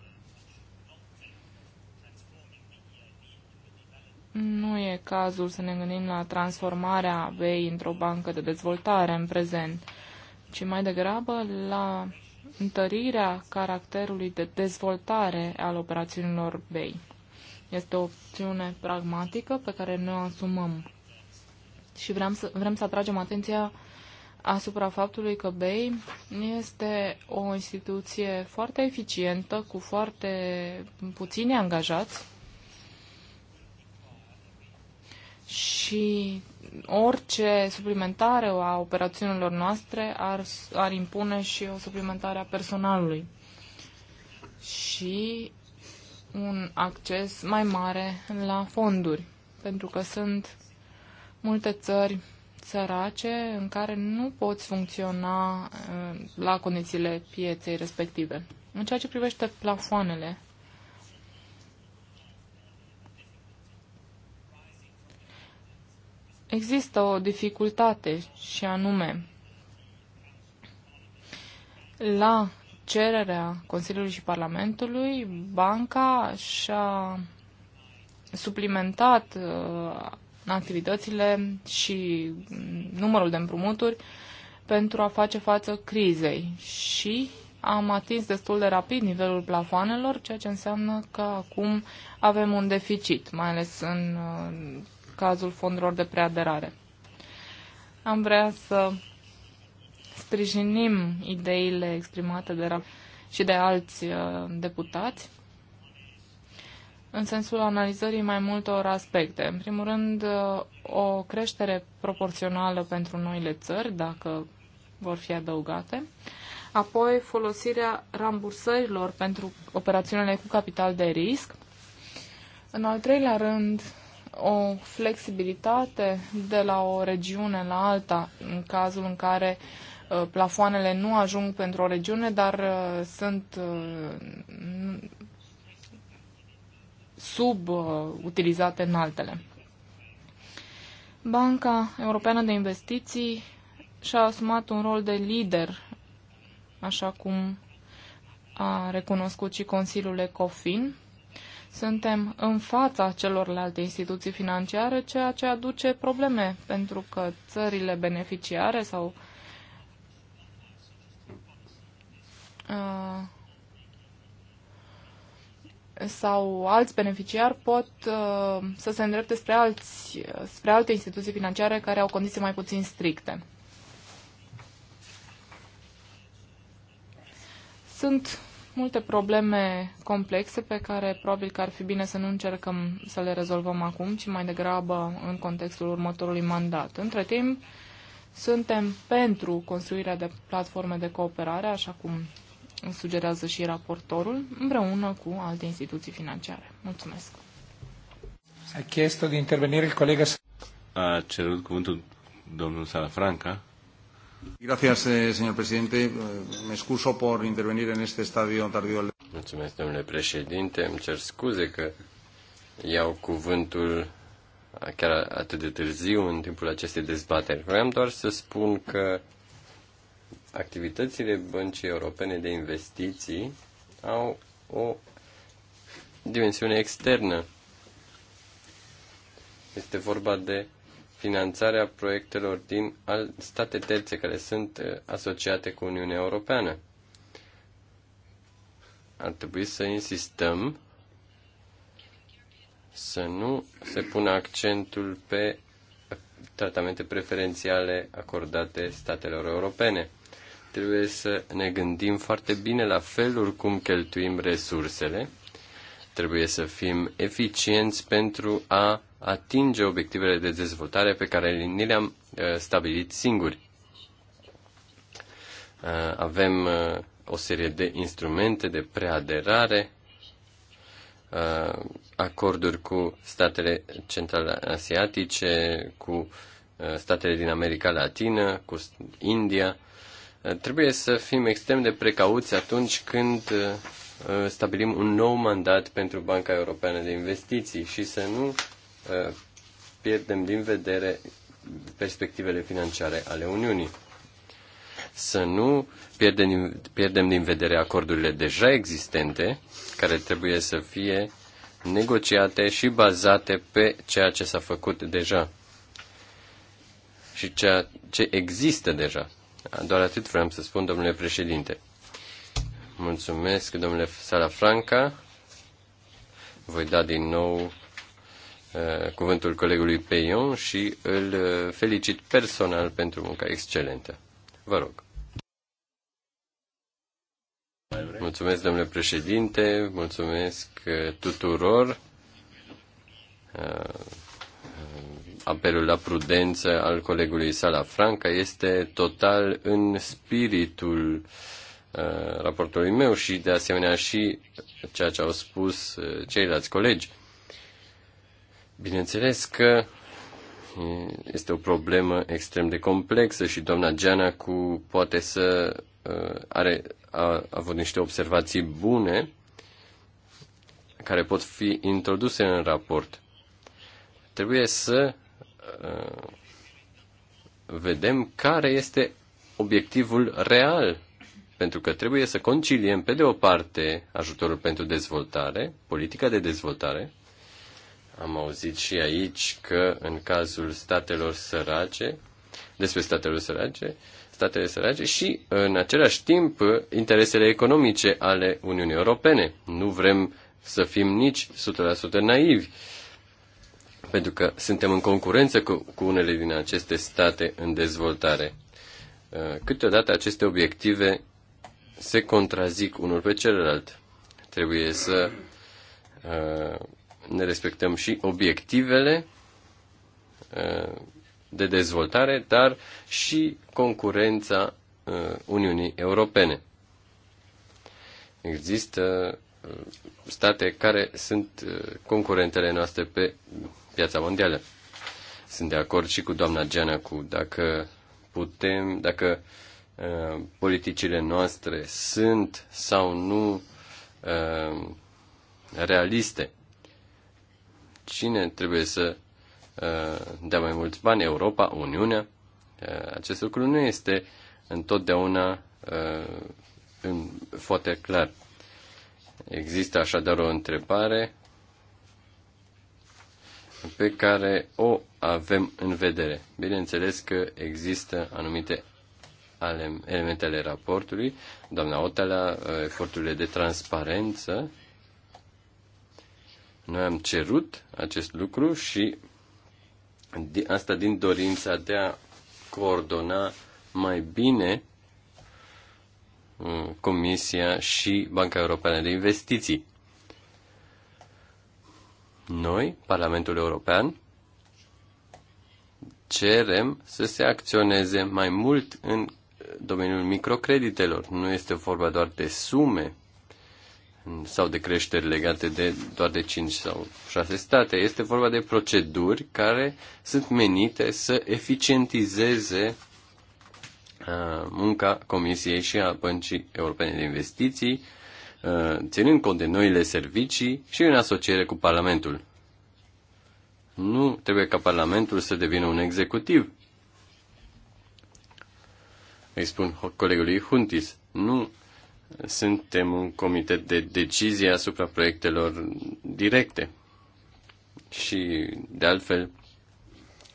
Nu e cazul să ne gândim la transformarea BEI într-o bancă de dezvoltare în prezent, ci mai degrabă la întărirea caracterului de dezvoltare al operațiunilor BEI. Este o opțiune pragmatică pe care noi o asumăm și vrem să, vrem să atragem atenția asupra faptului că BEI este o instituție foarte eficientă, cu foarte puțini angajați și orice suplimentare a operațiunilor noastre ar, ar impune și o suplimentare a personalului și un acces mai mare la fonduri, pentru că sunt multe țări sărace în care nu poți funcționa uh, la condițiile pieței respective. În ceea ce privește plafoanele, există o dificultate și anume la cererea Consiliului și Parlamentului, banca și-a suplimentat uh, activitățile și numărul de împrumuturi pentru a face față crizei și am atins destul de rapid nivelul plafoanelor, ceea ce înseamnă că acum avem un deficit, mai ales în uh, cazul fondurilor de preaderare. Am vrea să sprijinim ideile exprimate de și de alți uh, deputați în sensul analizării mai multor aspecte. În primul rând, o creștere proporțională pentru noile țări, dacă vor fi adăugate, apoi folosirea rambursărilor pentru operațiunile cu capital de risc, în al treilea rând, o flexibilitate de la o regiune la alta, în cazul în care uh, plafoanele nu ajung pentru o regiune, dar uh, sunt uh, subutilizate în altele. Banca Europeană de Investiții și-a asumat un rol de lider, așa cum a recunoscut și Consiliul ECOFIN. Suntem în fața celorlalte instituții financiare, ceea ce aduce probleme, pentru că țările beneficiare sau uh, sau alți beneficiari pot uh, să se îndrepte spre, alți, spre alte instituții financiare care au condiții mai puțin stricte. Sunt multe probleme complexe pe care probabil că ar fi bine să nu încercăm să le rezolvăm acum, ci mai degrabă în contextul următorului mandat. Între timp, suntem pentru construirea de platforme de cooperare, așa cum sugerează și raportorul, împreună cu alte instituții financiare. Mulțumesc. A de intervenire il colega... A cerut cuvântul domnul Salafranca. Gracias, eh, señor presidente. Eh, me excuso por intervenir en este estadio tardío. Mulțumesc, domnule președinte. Îmi cer scuze că iau cuvântul chiar atât de târziu în timpul acestei dezbateri. Vreau doar să spun că activitățile Băncii Europene de Investiții au o dimensiune externă. Este vorba de finanțarea proiectelor din state terțe care sunt uh, asociate cu Uniunea Europeană. Ar trebui să insistăm să nu se pună accentul pe tratamente preferențiale acordate statelor europene trebuie să ne gândim foarte bine la felul cum cheltuim resursele. Trebuie să fim eficienți pentru a atinge obiectivele de dezvoltare pe care ni le-am uh, stabilit singuri. Uh, avem uh, o serie de instrumente de preaderare, acorduri cu statele centrale asiatice, cu statele din America Latină, cu India Trebuie să fim extrem de precauți atunci când uh, stabilim un nou mandat pentru Banca Europeană de Investiții și să nu uh, pierdem din vedere perspectivele financiare ale Uniunii. Să nu pierdem, pierdem din vedere acordurile deja existente, care trebuie să fie negociate și bazate pe ceea ce s-a făcut deja și ceea ce există deja. Doar atât vreau să spun, domnule președinte. Mulțumesc, domnule Salafranca. Voi da din nou uh, cuvântul colegului Peion și îl uh, felicit personal pentru munca excelentă. Vă rog. Mulțumesc, domnule președinte, mulțumesc uh, tuturor apelul la prudență al colegului Sala Franca este total în spiritul uh, raportului meu și de asemenea și ceea ce au spus uh, ceilalți colegi. Bineînțeles că este o problemă extrem de complexă și doamna Geana cu poate să uh, are, a, a avut niște observații bune care pot fi introduse în raport. Trebuie să Uh, vedem care este obiectivul real, pentru că trebuie să conciliem, pe de o parte, ajutorul pentru dezvoltare, politica de dezvoltare. Am auzit și aici că în cazul statelor sărace, despre statele sărace, statele sărace și, în același timp, interesele economice ale Uniunii Europene. Nu vrem să fim nici 100% naivi. Uh, pentru că suntem în concurență cu, cu unele din aceste state în dezvoltare. Uh, câteodată aceste obiective se contrazic unul pe celălalt. Trebuie să uh, ne respectăm și obiectivele uh, de dezvoltare, dar și concurența Uniunii Europene. Există state care sunt concurentele noastre pe piața mondială. Sunt de acord și cu doamna cu dacă putem, dacă uh, politicile noastre sunt sau nu uh, realiste. Cine trebuie să uh, dea mai mulți bani? Europa? Uniunea? Uh, acest lucru nu este întotdeauna uh, în, foarte clar. Există așadar o întrebare pe care o avem în vedere. Bineînțeles că există anumite elemente ale raportului, doamna Otala, uh, eforturile de transparență. Noi am cerut acest lucru și asta din dorința de a coordona mai bine uh, Comisia și Banca Europeană de Investiții. Noi, Parlamentul European, cerem să se acționeze mai mult în domeniul microcreditelor. Nu este vorba doar de sume sau de creșteri legate de doar de 5 sau 6 state. Este vorba de proceduri care sunt menite să eficientizeze uh, munca Comisiei și a Băncii Europene de Investiții Uh, ținând cont de noile servicii și în asociere cu Parlamentul. Nu trebuie ca Parlamentul să devină un executiv. Îi spun colegului Huntis, nu suntem un comitet de decizie asupra proiectelor directe. Și, de altfel,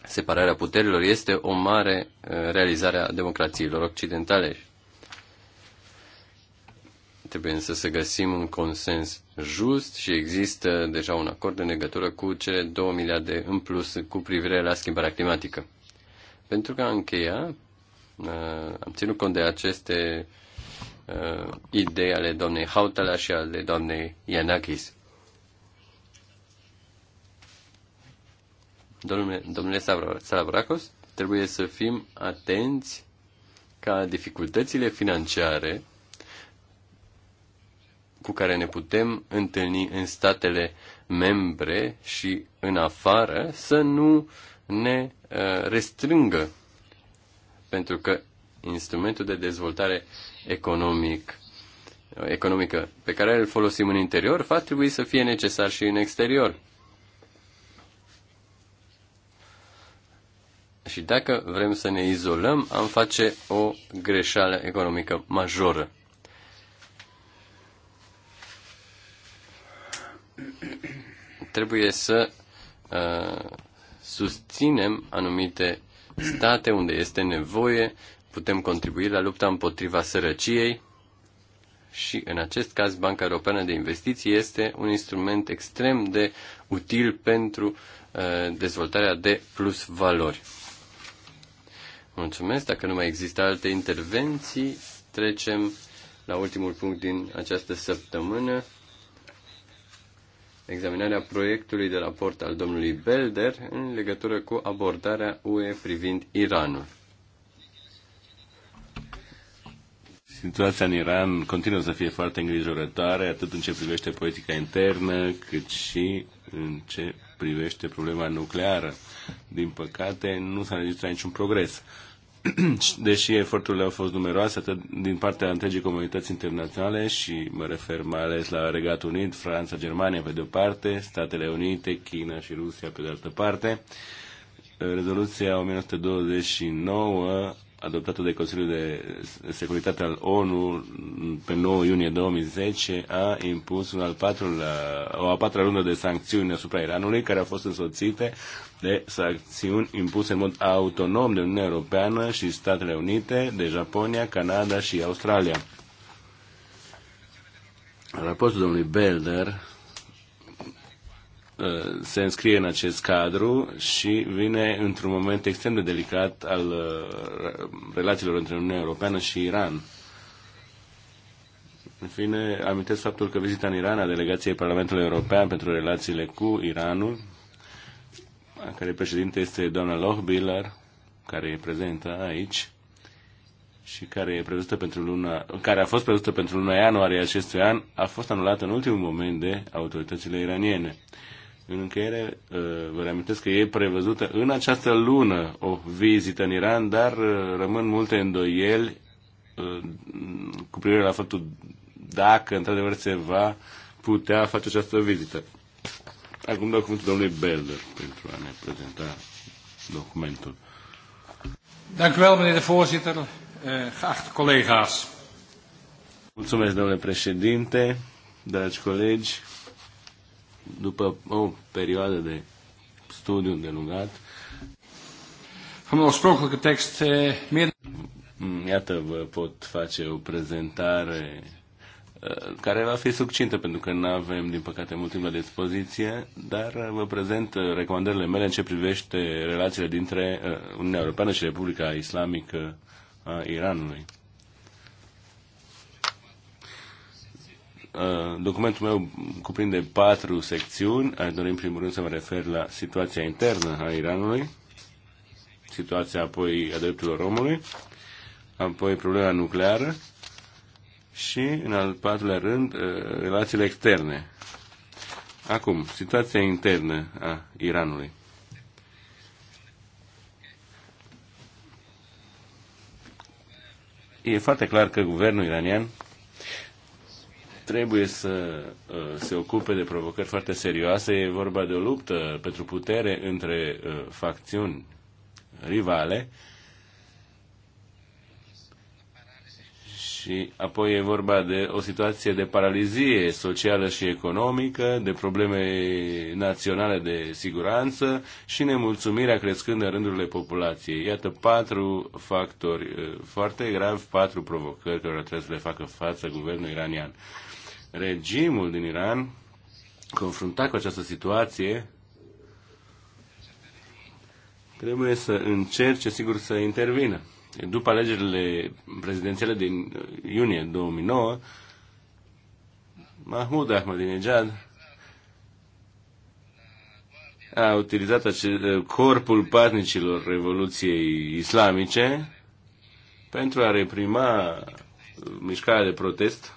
separarea puterilor este o mare uh, realizare a democrațiilor occidentale Trebuie însă să găsim un consens just și există deja un acord în legătură cu cele 2 miliarde în plus cu privire la schimbarea climatică. Pentru că a încheia, uh, am ținut cont de aceste uh, idei ale doamnei Hautala și ale doamnei Ianakis. Domnule, domnule Salavracos, trebuie să fim atenți ca dificultățile financiare cu care ne putem întâlni în statele membre și în afară să nu ne uh, restrângă, pentru că instrumentul de dezvoltare economic, economică pe care îl folosim în interior va trebui să fie necesar și în exterior. Și dacă vrem să ne izolăm, am face o greșeală economică majoră. trebuie să uh, susținem anumite state unde este nevoie, putem contribui la lupta împotriva sărăciei și în acest caz Banca Europeană de Investiții este un instrument extrem de util pentru uh, dezvoltarea de plus valori. Mulțumesc. Dacă nu mai există alte intervenții, trecem la ultimul punct din această săptămână examinarea proiectului de raport al domnului Belder în legătură cu abordarea UE privind Iranul. Situația în Iran continuă să fie foarte îngrijorătoare, atât în ce privește politica internă, cât și în ce privește problema nucleară. Din păcate, nu s-a înregistrat niciun progres. deși eforturile au fost numeroase atât din partea întregii comunități internaționale și mă refer mai ales la Regatul Unit, Franța, Germania pe de-o parte, Statele Unite, China și Rusia pe de altă parte, rezoluția 1929 adoptată de Consiliul de Securitate al ONU pe 9 iunie 2010 a impus un al patrulea, o a patra rundă de sancțiuni asupra Iranului, care au fost însoțite de sancțiuni impuse în mod autonom de Uniunea Europeană și Statele Unite, de Japonia, Canada și Australia. Raportul domnului Belder Uh, se înscrie în acest cadru și vine într-un moment extrem de delicat al uh, relațiilor între Uniunea Europeană și Iran. În fine, amintesc faptul că vizita în Iran a delegației Parlamentului European pentru relațiile cu Iranul, a care președinte este doamna Biller, care e prezentă aici și care e prevăzută pentru luna, care a fost prevăzută pentru luna ianuarie acestui an, a fost anulată în ultimul moment de autoritățile iraniene. În încheiere, uh, vă reamintesc că e prevăzută în această lună o vizită în Iran, dar uh, rămân multe îndoieli uh, cu privire la faptul dacă într-adevăr se va putea face această vizită. Acum dau cuvântul domnului Belder pentru a ne prezenta documentul. Eh, Mulțumesc, domnule președinte, dragi colegi după o perioadă de studiu îndelungat. Am o că text. Mm, iată, vă pot face o prezentare care va fi succintă pentru că nu avem, din păcate, mult timp la dispoziție, dar vă prezent recomandările mele în ce privește relațiile dintre Uniunea Europeană și Republica Islamică a Iranului. Uh, documentul meu cuprinde patru secțiuni. Aș dori în primul rând să mă refer la situația internă a Iranului, situația apoi a drepturilor omului, apoi problema nucleară și, în al patrulea rând, uh, relațiile externe. Acum, situația internă a Iranului. E foarte clar că guvernul iranian trebuie să uh, se ocupe de provocări foarte serioase. E vorba de o luptă pentru putere între uh, facțiuni rivale și apoi e vorba de o situație de paralizie socială și economică, de probleme naționale de siguranță și nemulțumirea crescând în rândurile populației. Iată patru factori uh, foarte gravi, patru provocări care trebuie să le facă față guvernul iranian regimul din Iran, confruntat cu această situație, trebuie să încerce, sigur, să intervină. După alegerile prezidențiale din uh, iunie 2009, Mahmoud Ahmadinejad a utilizat acest uh, corpul patnicilor Revoluției Islamice pentru a reprima uh, mișcarea de protest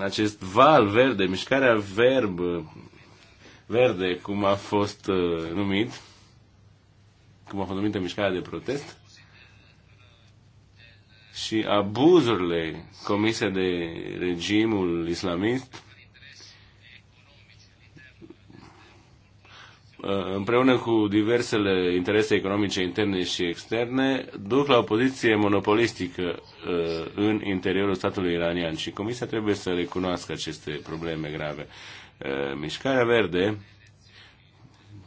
acest val verde, mișcarea verb verde, cum a fost uh, numit, cum a fost numită mișcarea de protest, și abuzurile comise de regimul islamist Eh, împreună cu diversele interese economice interne și externe, duc la o poziție monopolistică eh, în interiorul statului iranian și Comisia trebuie să recunoască aceste probleme grave. Eh, mișcarea Verde,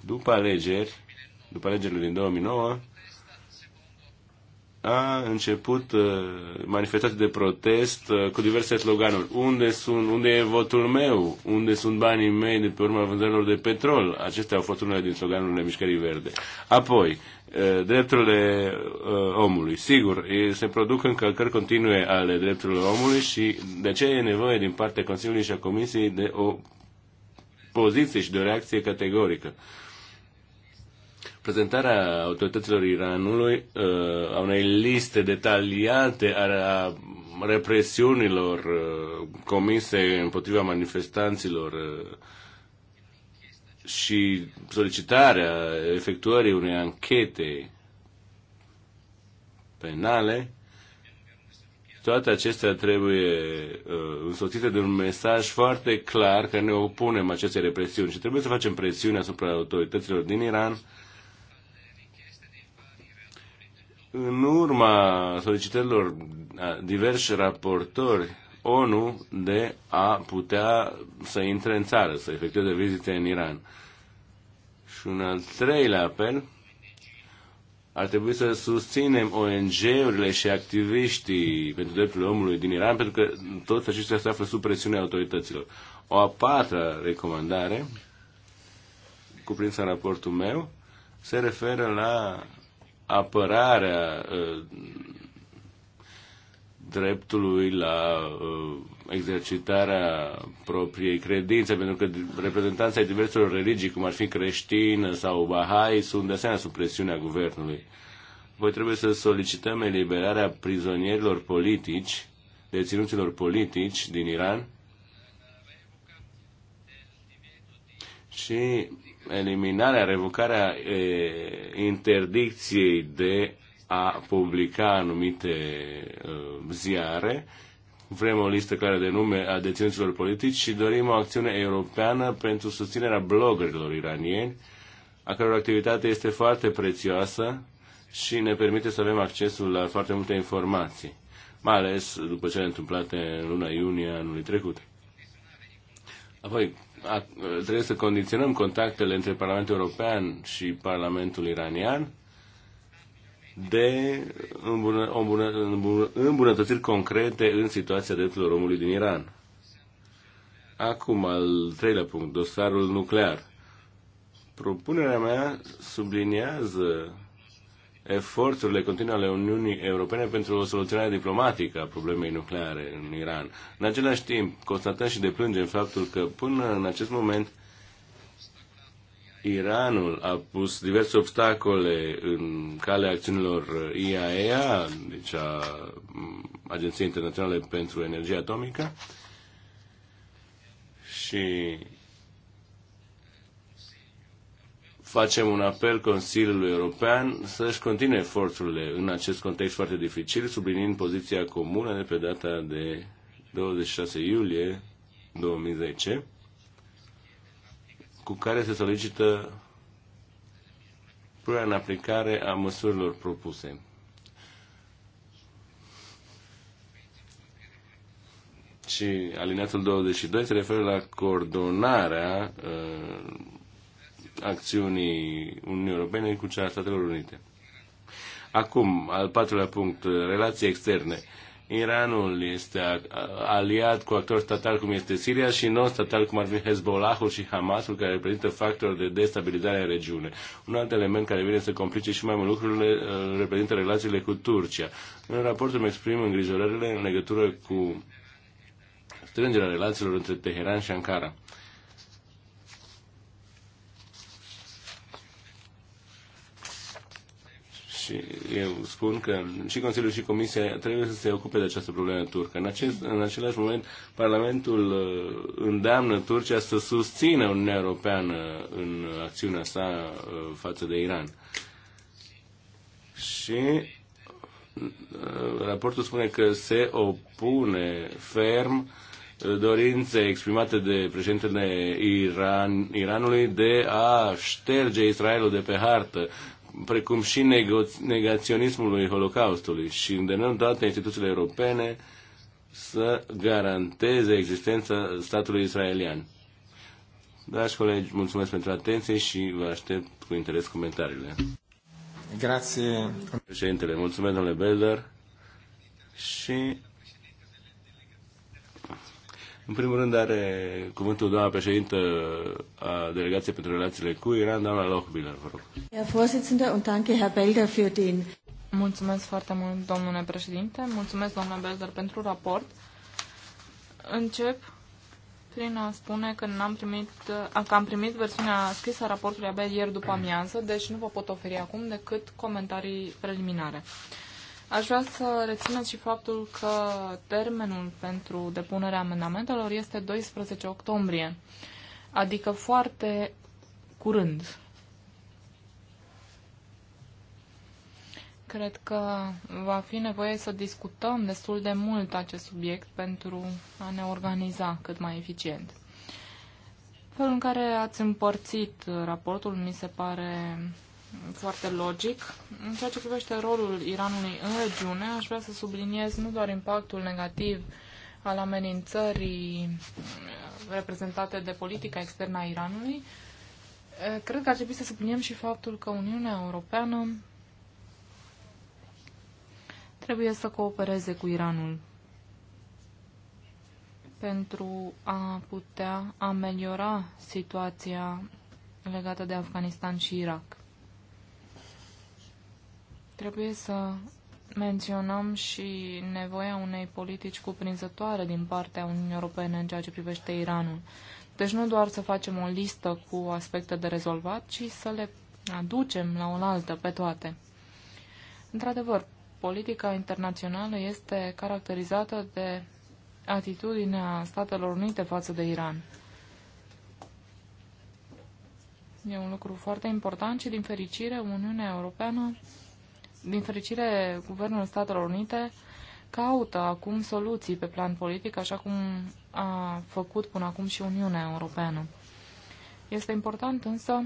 după alegeri, după alegerile din 2009, a început uh, manifestații de protest uh, cu diverse sloganuri. Unde, sunt, unde e votul meu? Unde sunt banii mei de pe urma vânzărilor de petrol? Acestea au fost unele din sloganurile Mișcării Verde. Apoi, uh, drepturile omului. Sigur, se produc încălcări continue ale drepturilor omului și de ce e nevoie din partea Consiliului și a Comisiei de o poziție și de o reacție categorică prezentarea autorităților Iranului uh, a unei liste detaliate a represiunilor uh, comise împotriva manifestanților uh, și solicitarea efectuării unei anchete penale, toate acestea trebuie uh, însoțite de un mesaj foarte clar că ne opunem aceste represiuni și trebuie să facem presiune asupra autorităților din Iran În urma solicitărilor diversi raportori ONU de a putea să intre în țară, să efectueze vizite în Iran. Și un al treilea apel, ar trebui să susținem ONG-urile și activiștii pentru drepturile omului din Iran, pentru că toți aceștia se află sub presiunea autorităților. O a patra recomandare, cuprinsă în raportul meu, se referă la apărarea ă, dreptului la ă, exercitarea propriei credințe, pentru că reprezentanții ai diverselor religii, cum ar fi creștin sau bahai, sunt de asemenea sub presiunea guvernului. Voi trebuie să solicităm eliberarea prizonierilor politici, deținuților politici din Iran și eliminarea, revocarea interdicției de a publica anumite ziare. Vrem o listă clară de nume a deținuților politici și dorim o acțiune europeană pentru susținerea bloggerilor iranieni, a căror activitate este foarte prețioasă și ne permite să avem accesul la foarte multe informații, mai ales după cele întâmplate în luna iunie anului trecut. Apoi, trebuie să condiționăm contactele între Parlamentul European și Parlamentul Iranian de îmbunătățiri concrete în situația drepturilor omului din Iran. Acum, al treilea punct, dosarul nuclear. Propunerea mea subliniază eforturile continue ale Uniunii Europene pentru o soluționare diplomatică a problemei nucleare în Iran. În același timp, constatăm și deplângem faptul că până în acest moment Iranul a pus diverse obstacole în calea acțiunilor IAEA, deci a mm, Agenției Internaționale pentru Energie Atomică, și facem un apel Consiliului European să-și continue eforturile în acest context foarte dificil, sublinind poziția comună de pe data de 26 iulie 2010, cu care se solicită punerea în aplicare a măsurilor propuse. Și alineatul 22 se referă la coordonarea uh, acțiunii Uniunii Europene cu cea a Statelor Unite. Acum, al patrulea punct, relații externe. Iranul este aliat cu actori statali cum este Siria și non statal cum ar fi Hezbollahul și Hamasul, care reprezintă factori de destabilizare în regiune. Un alt element care vine să complice și mai mult lucrurile uh, reprezintă relațiile cu Turcia. În raportul îmi exprim îngrijorările în legătură cu strângerea relațiilor între Teheran și Ankara. Și eu spun că și Consiliul și Comisia trebuie să se ocupe de această problemă turcă. În, acest, în același moment, Parlamentul uh, îndeamnă Turcia să susțină Uniunea Europeană în acțiunea sa uh, față de Iran. Și uh, raportul spune că se opune ferm dorințe exprimate de președintele Iran, Iranului de a șterge Israelul de pe hartă precum și negaționismul Holocaustului și îndemnăm toate instituțiile europene să garanteze existența statului israelian. Dragi colegi, mulțumesc pentru atenție și vă aștept cu interes comentariile. Grație. Președintele, mulțumesc, domnule Belder. Și în primul rând are cuvântul doamna președintă a Delegației pentru Relațiile cu Iran, doamna Lochbiller, vă rog. Mulțumesc foarte mult, domnule președinte. Mulțumesc, doamna Belzer, pentru raport. Încep prin a spune că, am primit, că am primit versiunea scrisă a raportului abia ieri după amiază, deci nu vă pot oferi acum decât comentarii preliminare. Uh, Aș vrea să rețineți și faptul că termenul pentru depunerea amendamentelor este 12 octombrie, adică foarte curând. Cred că va fi nevoie să discutăm destul de mult acest subiect pentru a ne organiza cât mai eficient. Felul în care ați împărțit raportul mi se pare foarte logic. În ceea ce privește rolul Iranului în regiune, aș vrea să subliniez nu doar impactul negativ al amenințării reprezentate de politica externă a Iranului, cred că ar trebui să subliniem și faptul că Uniunea Europeană trebuie să coopereze cu Iranul pentru a putea ameliora situația legată de Afganistan și Irak. Trebuie să menționăm și nevoia unei politici cuprinzătoare din partea Uniunii Europene în ceea ce privește Iranul. Deci nu doar să facem o listă cu aspecte de rezolvat, ci să le aducem la oaltă pe toate. Într-adevăr, politica internațională este caracterizată de atitudinea Statelor Unite față de Iran. E un lucru foarte important și, din fericire, Uniunea Europeană din fericire, Guvernul Statelor Unite caută acum soluții pe plan politic, așa cum a făcut până acum și Uniunea Europeană. Este important însă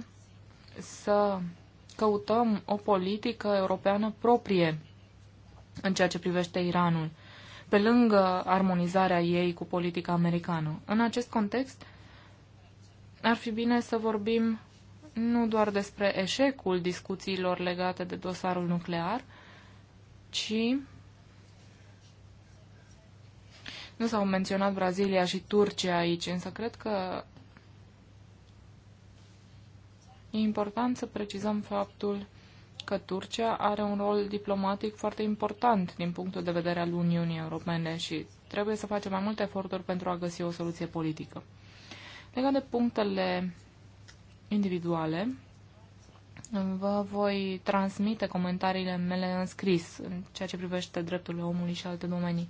să căutăm o politică europeană proprie în ceea ce privește Iranul, pe lângă armonizarea ei cu politica americană. În acest context, ar fi bine să vorbim nu doar despre eșecul discuțiilor legate de dosarul nuclear, ci nu s-au menționat Brazilia și Turcia aici, însă cred că e important să precizăm faptul că Turcia are un rol diplomatic foarte important din punctul de vedere al Uniunii Europene și trebuie să facem mai multe eforturi pentru a găsi o soluție politică. Legat de punctele individuale, vă voi transmite comentariile mele în scris în ceea ce privește drepturile omului și alte domenii.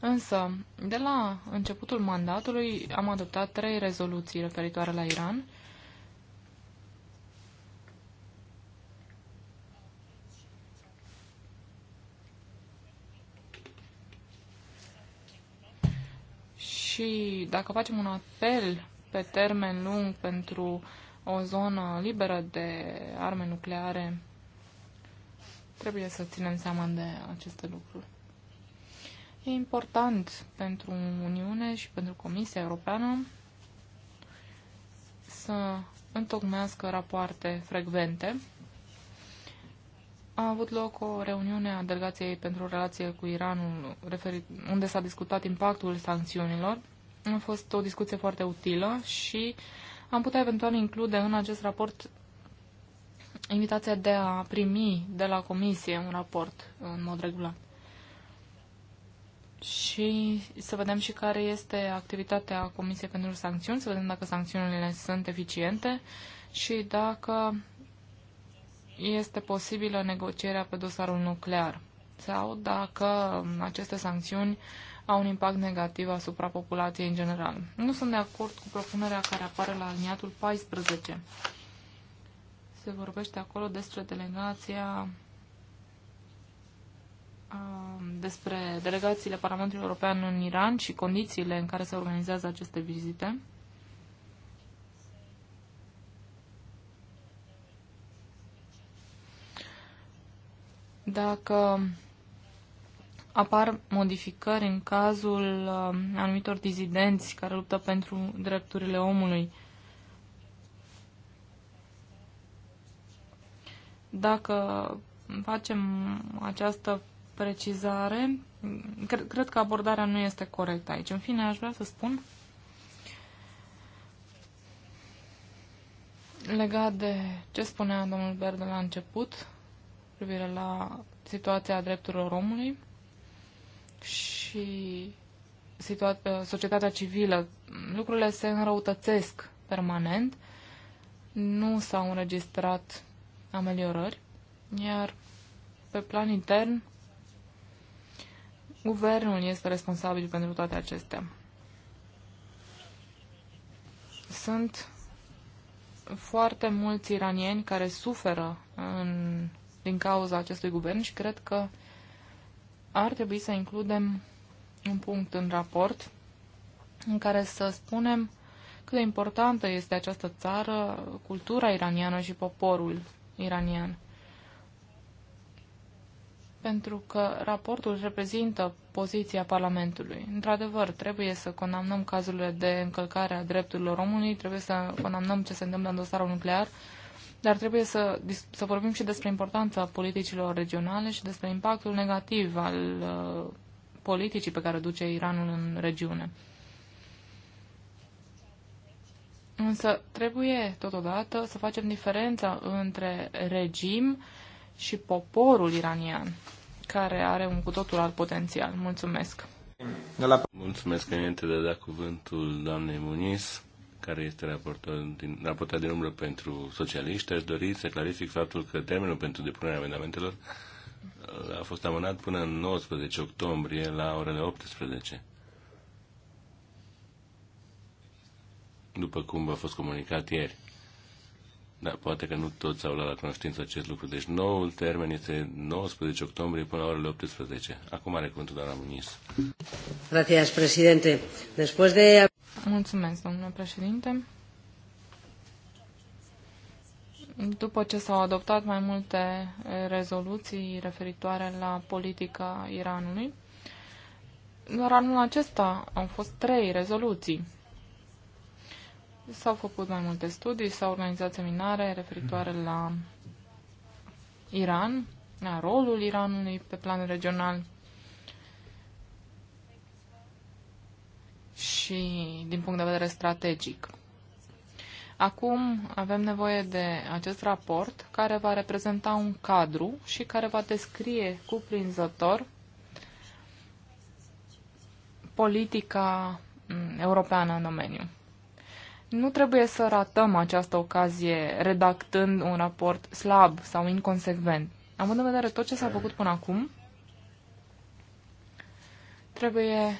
Însă, de la începutul mandatului am adoptat trei rezoluții referitoare la Iran. Și dacă facem un apel pe termen lung pentru uh, o zonă liberă de arme nucleare, trebuie să ținem seama de aceste lucruri. E important pentru Uniune și pentru Comisia Europeană să întocmească rapoarte frecvente. A avut loc o reuniune a Delegației pentru Relație cu Iranul, referit, unde s-a discutat impactul sancțiunilor. A fost o discuție foarte utilă și uh, am putea eventual include în acest raport invitația de a primi de la comisie un raport în mod regulat. Și să vedem și care este activitatea Comisiei pentru Sancțiuni, să vedem dacă sancțiunile sunt eficiente și dacă este posibilă negocierea pe dosarul nuclear sau dacă aceste sancțiuni uh, au un impact negativ asupra populației în general. Nu sunt de acord cu propunerea care apare la aliniatul 14. Se vorbește acolo despre delegația despre delegațiile Parlamentului European în Iran și condițiile în care se organizează aceste vizite. Dacă apar modificări în cazul um, anumitor dizidenți care luptă pentru drepturile omului. Dacă facem această precizare, cred, cred că abordarea nu este corectă aici. În fine, aș vrea să spun legat de ce spunea domnul Berde la început, privire la situația drepturilor omului, și ă, societatea civilă. Lucrurile se înrăutățesc permanent, nu s-au înregistrat ameliorări, iar pe plan intern, guvernul este responsabil pentru toate acestea. Sunt foarte mulți iranieni care suferă în, din cauza acestui guvern și cred că ar trebui să includem un punct în raport în care să spunem cât de importantă este această țară, cultura iraniană și poporul iranian. Pentru că raportul reprezintă poziția Parlamentului. Într-adevăr, trebuie să condamnăm cazurile de încălcare a drepturilor omului, trebuie să condamnăm ce se întâmplă în dosarul nuclear, dar trebuie să, să vorbim și despre importanța politicilor regionale și despre impactul negativ al uh, politicii pe care o duce Iranul în regiune. Însă trebuie totodată să facem diferența între regim și poporul iranian, care are un cu totul alt potențial. Mulțumesc! Mulțumesc înainte de a da cuvântul doamnei Muniz care este raportor din, raportat din umbră pentru socialiști, aș dori să clarific faptul că termenul pentru depunerea amendamentelor uh, a fost amânat până în 19 octombrie la orele 18. După cum a fost comunicat ieri. Dar poate că nu toți au luat la cunoștință acest lucru. Deci noul termen este 19 octombrie până la orele 18. Acum are cuvântul doamna Muniz. Gracias, presidente. Después de... Mulțumesc, domnule președinte. După ce s-au adoptat mai multe rezoluții referitoare la politica Iranului, doar anul acesta au fost trei rezoluții. S-au făcut mai multe studii, s-au organizat seminare referitoare la Iran, la rolul Iranului pe plan regional, și din punct de vedere strategic. Acum avem nevoie de acest raport care va reprezenta un cadru și care va descrie cuprinzător politica mm, europeană în domeniu. Nu trebuie să ratăm această ocazie redactând un raport slab sau inconsecvent. Având în vedere tot ce s-a făcut până acum, trebuie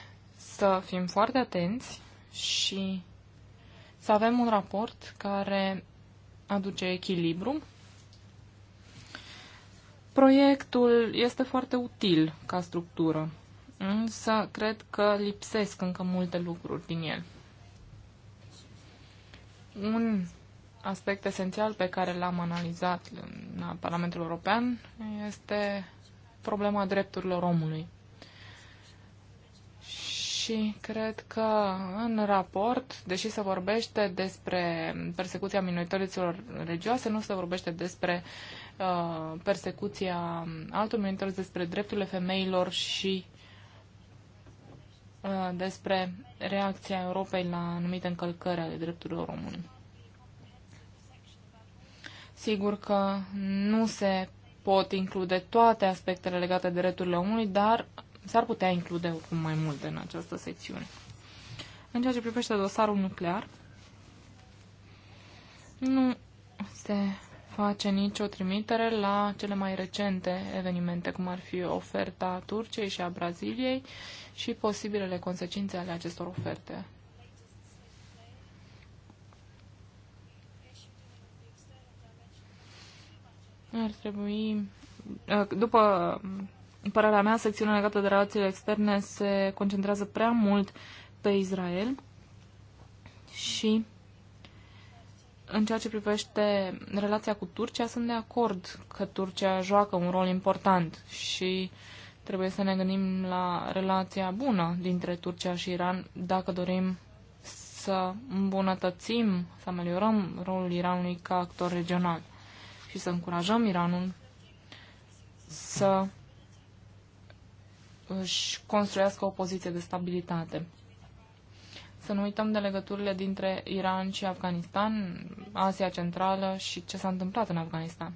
să fim foarte atenți și să avem un raport care aduce echilibru. Proiectul este foarte util ca structură, însă cred că lipsesc încă multe lucruri din el. Un aspect esențial pe care l-am analizat la Parlamentul European este problema drepturilor omului și cred că în raport, deși se vorbește despre persecuția minorităților religioase, nu se vorbește despre uh, persecuția altor minorități, despre drepturile femeilor și uh, despre reacția Europei la anumite încălcări ale drepturilor române. Sigur că nu se pot include toate aspectele legate de drepturile omului, dar s-ar putea include oricum mai multe în această secțiune. În ceea ce privește dosarul nuclear, nu se face nicio trimitere la cele mai recente evenimente, cum ar fi oferta Turciei și a Braziliei și posibilele consecințe ale acestor oferte. Ar trebui, după în părerea mea, secțiunea legată de relațiile externe se concentrează prea mult pe Israel și în ceea ce privește relația cu Turcia, sunt de acord că Turcia joacă un rol important și trebuie să ne gândim la relația bună dintre Turcia și Iran dacă dorim să îmbunătățim, să ameliorăm rolul Iranului ca actor regional și să încurajăm Iranul să își construiască o poziție de stabilitate. Să nu uităm de legăturile dintre Iran și Afganistan, Asia Centrală și ce s-a întâmplat în Afganistan.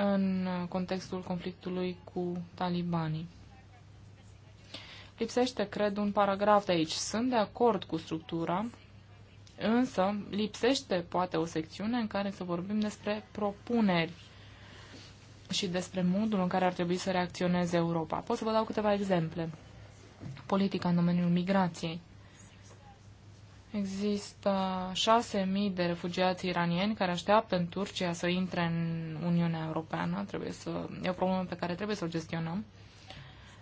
în contextul conflictului cu talibanii. Lipsește, cred, un paragraf de aici. Sunt de acord cu structura, însă lipsește poate o secțiune în care să vorbim despre propuneri și despre modul în care ar trebui să reacționeze Europa. Pot să vă dau câteva exemple. Politica în domeniul migrației. Există 6.000 de refugiați iranieni care așteaptă în Turcia să intre în Uniunea Europeană. Trebuie să, e o problemă pe care trebuie să o gestionăm.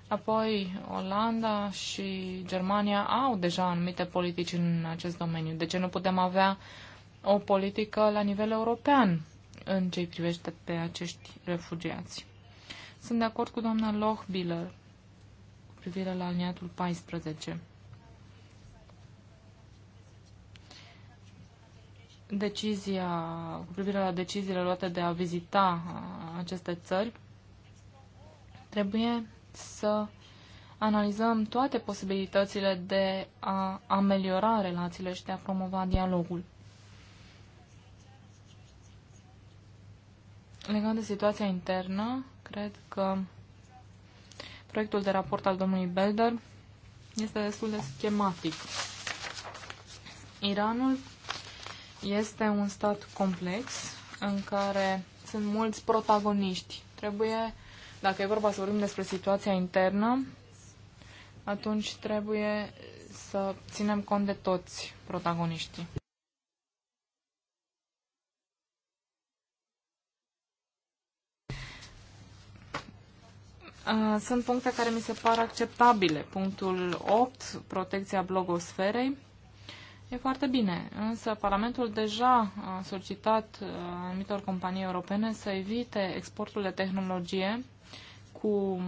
Apoi, Olanda și Germania au deja anumite politici în acest domeniu. De ce nu putem avea o politică la nivel european în ce privește pe acești refugiați. Sunt de acord cu doamna Lochbiller cu privire la aliniatul 14. Decizia, cu privire la deciziile luate de a vizita aceste țări, trebuie să analizăm toate posibilitățile de a ameliora relațiile și de a promova dialogul. Legat de situația internă, cred că proiectul de raport al domnului Belder este destul de schematic. Iranul este un stat complex în care sunt mulți protagoniști. Trebuie, dacă e vorba să vorbim despre situația internă, atunci trebuie să ținem cont de toți protagoniștii. sunt puncte care mi se par acceptabile. Punctul 8, protecția blogosferei, e foarte bine, însă Parlamentul deja a solicitat anumitor companii europene să evite exportul de tehnologie cu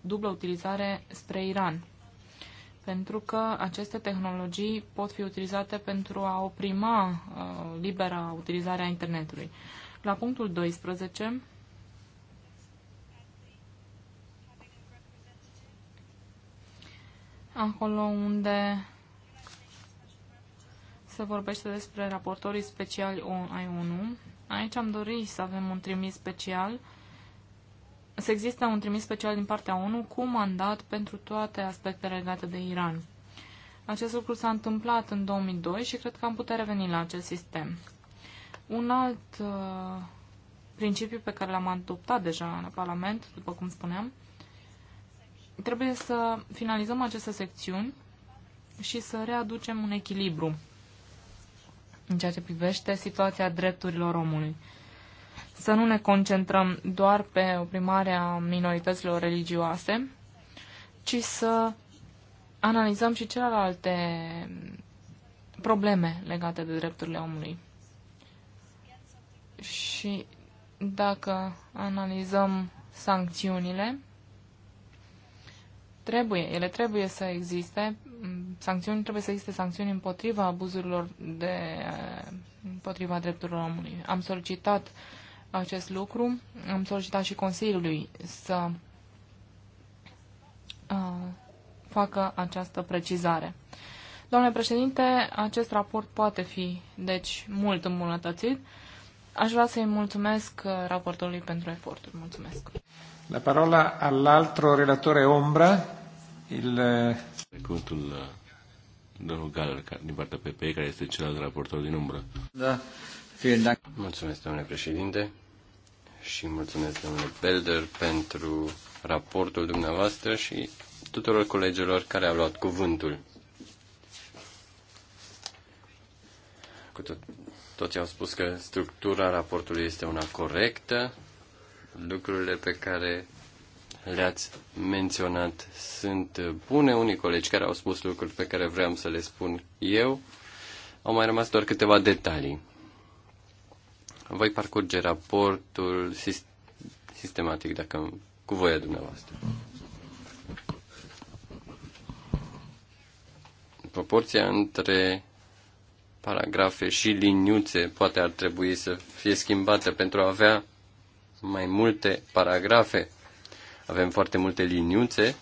dublă utilizare spre Iran pentru că aceste tehnologii pot fi utilizate pentru a oprima libera utilizarea internetului. La punctul 12 acolo unde se vorbește despre raportorii speciali ai ONU. Aici am dorit să avem un trimis special, să existe un trimis special din partea ONU cu mandat pentru toate aspectele legate de Iran. Acest lucru s-a întâmplat în 2002 și cred că am putea reveni la acest sistem. Un alt uh, principiu pe care l-am adoptat deja la Parlament, după cum spuneam, Trebuie să finalizăm aceste secțiuni și să readucem un echilibru în ceea ce privește situația drepturilor omului. Să nu ne concentrăm doar pe oprimarea minorităților religioase, ci să analizăm și celelalte probleme legate de drepturile omului. Și dacă analizăm sancțiunile, Trebuie, ele trebuie să existe, mm, sancțiuni, trebuie să existe sancțiuni împotriva abuzurilor de, eh, împotriva drepturilor omului. Am solicitat acest lucru, am solicitat și Consiliului să a, eh, facă această precizare. Doamne președinte, acest raport poate fi, deci, mult îmbunătățit. Aș vrea să-i mulțumesc eh, raportului pentru efortul. Mulțumesc. La parola all'altro relatore Ombra. Il... Cuvântul uh, domnul Galer, din partea PPE, care este celălalt raportor din umbră. Da. Vielen Mulțumesc, domnule președinte, și mulțumesc, domnule Belder, pentru raportul dumneavoastră și tuturor colegilor care au luat cuvântul. Cu tot, toți au spus că structura raportului este una corectă, lucrurile pe care le-ați menționat sunt bune. Unii colegi care au spus lucruri pe care vreau să le spun eu. Au mai rămas doar câteva detalii. Voi parcurge raportul sistematic, dacă cu voia dumneavoastră. Proporția între paragrafe și liniuțe poate ar trebui să fie schimbată pentru a avea mai multe paragrafe avem foarte multe liniuțe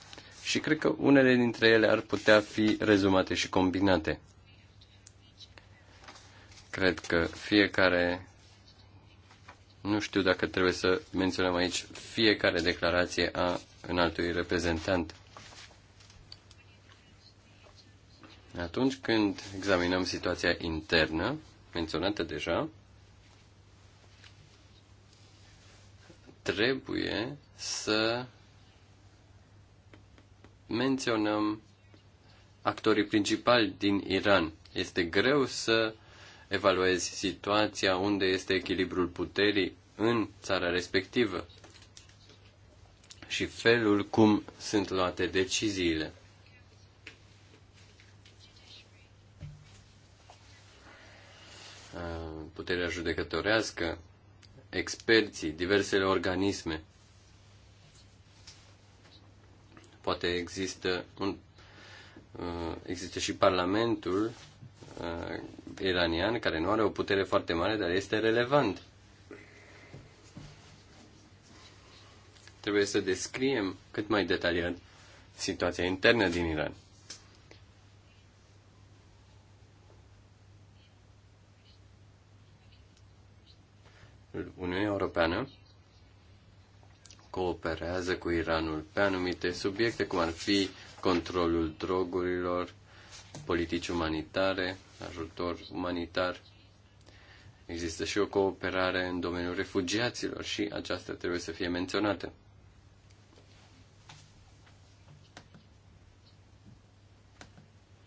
și cred că unele dintre ele ar putea fi rezumate și combinate. Cred că fiecare nu știu dacă trebuie să menționăm aici fiecare declarație a înaltui reprezentant. Atunci când examinăm situația internă, menționată deja, trebuie să menționăm actorii principali din Iran. Este greu să evaluezi situația unde este echilibrul puterii în țara respectivă și felul cum sunt luate deciziile. Puterea judecătorească experții, diversele organisme. Poate există un, uh, există și Parlamentul uh, iranian, care nu are o putere foarte mare, dar este relevant. Trebuie să descriem cât mai detaliat situația internă din Iran. Uniunea Europeană cooperează cu Iranul pe anumite subiecte, cum ar fi controlul drogurilor, politici umanitare, ajutor umanitar. Există și o cooperare în domeniul refugiaților și aceasta trebuie să fie menționată.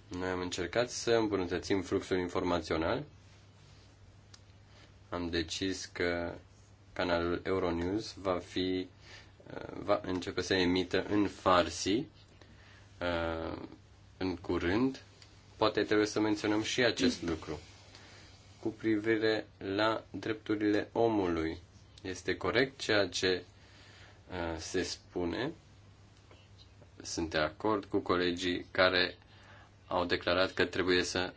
Noi am încercat să îmbunătățim fluxul informațional am decis că canalul Euronews va fi uh, va începe să emită în farsi uh, în curând. Poate trebuie să menționăm și acest lucru. Cu privire la drepturile omului, este corect ceea ce uh, se spune. Sunt de acord cu colegii care au declarat că trebuie să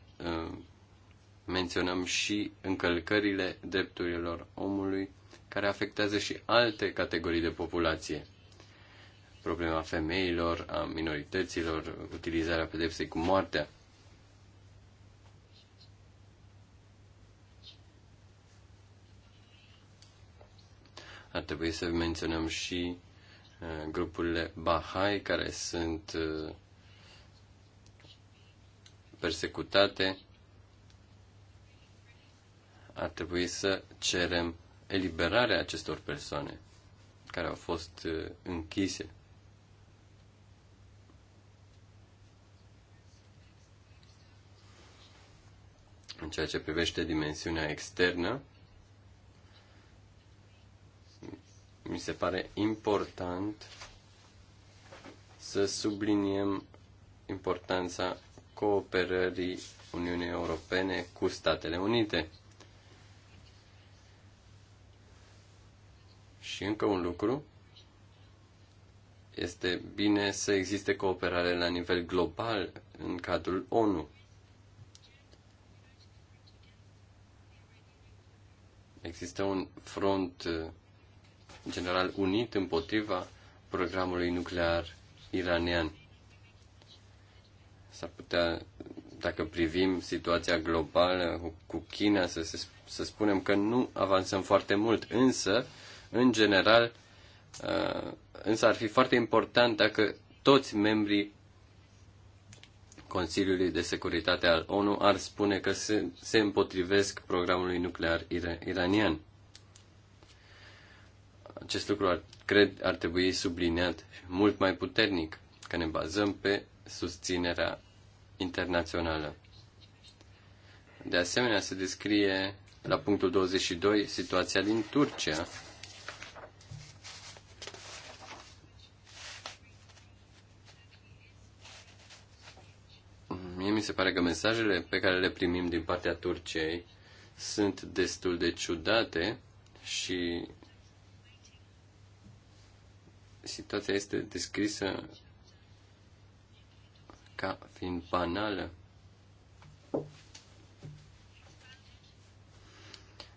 menționăm și încălcările drepturilor omului, care afectează și alte categorii de populație. Problema femeilor, a minorităților, utilizarea pedepsei cu moartea. Ar trebui să menționăm și uh, grupurile Bahai care sunt uh, persecutate ar trebui să cerem eliberarea acestor persoane care au fost uh, închise. În ceea ce privește dimensiunea externă, mi se pare important să subliniem importanța cooperării Uniunii Europene cu Statele Unite. Și încă un lucru, este bine să existe cooperare la nivel global în cadrul ONU. Există un front uh, general unit împotriva programului nuclear iranian. S-ar putea, dacă privim situația globală cu China, să, să spunem că nu avansăm foarte mult, însă în general, uh, însă ar fi foarte important dacă toți membrii Consiliului de Securitate al ONU ar spune că se, se împotrivesc programului nuclear iranian. Acest lucru ar, cred ar trebui subliniat mult mai puternic, că ne bazăm pe susținerea internațională. De asemenea, se descrie la punctul 22 situația din Turcia, mi se pare că mesajele pe care le primim din partea Turciei sunt destul de ciudate și situația este descrisă ca fiind banală.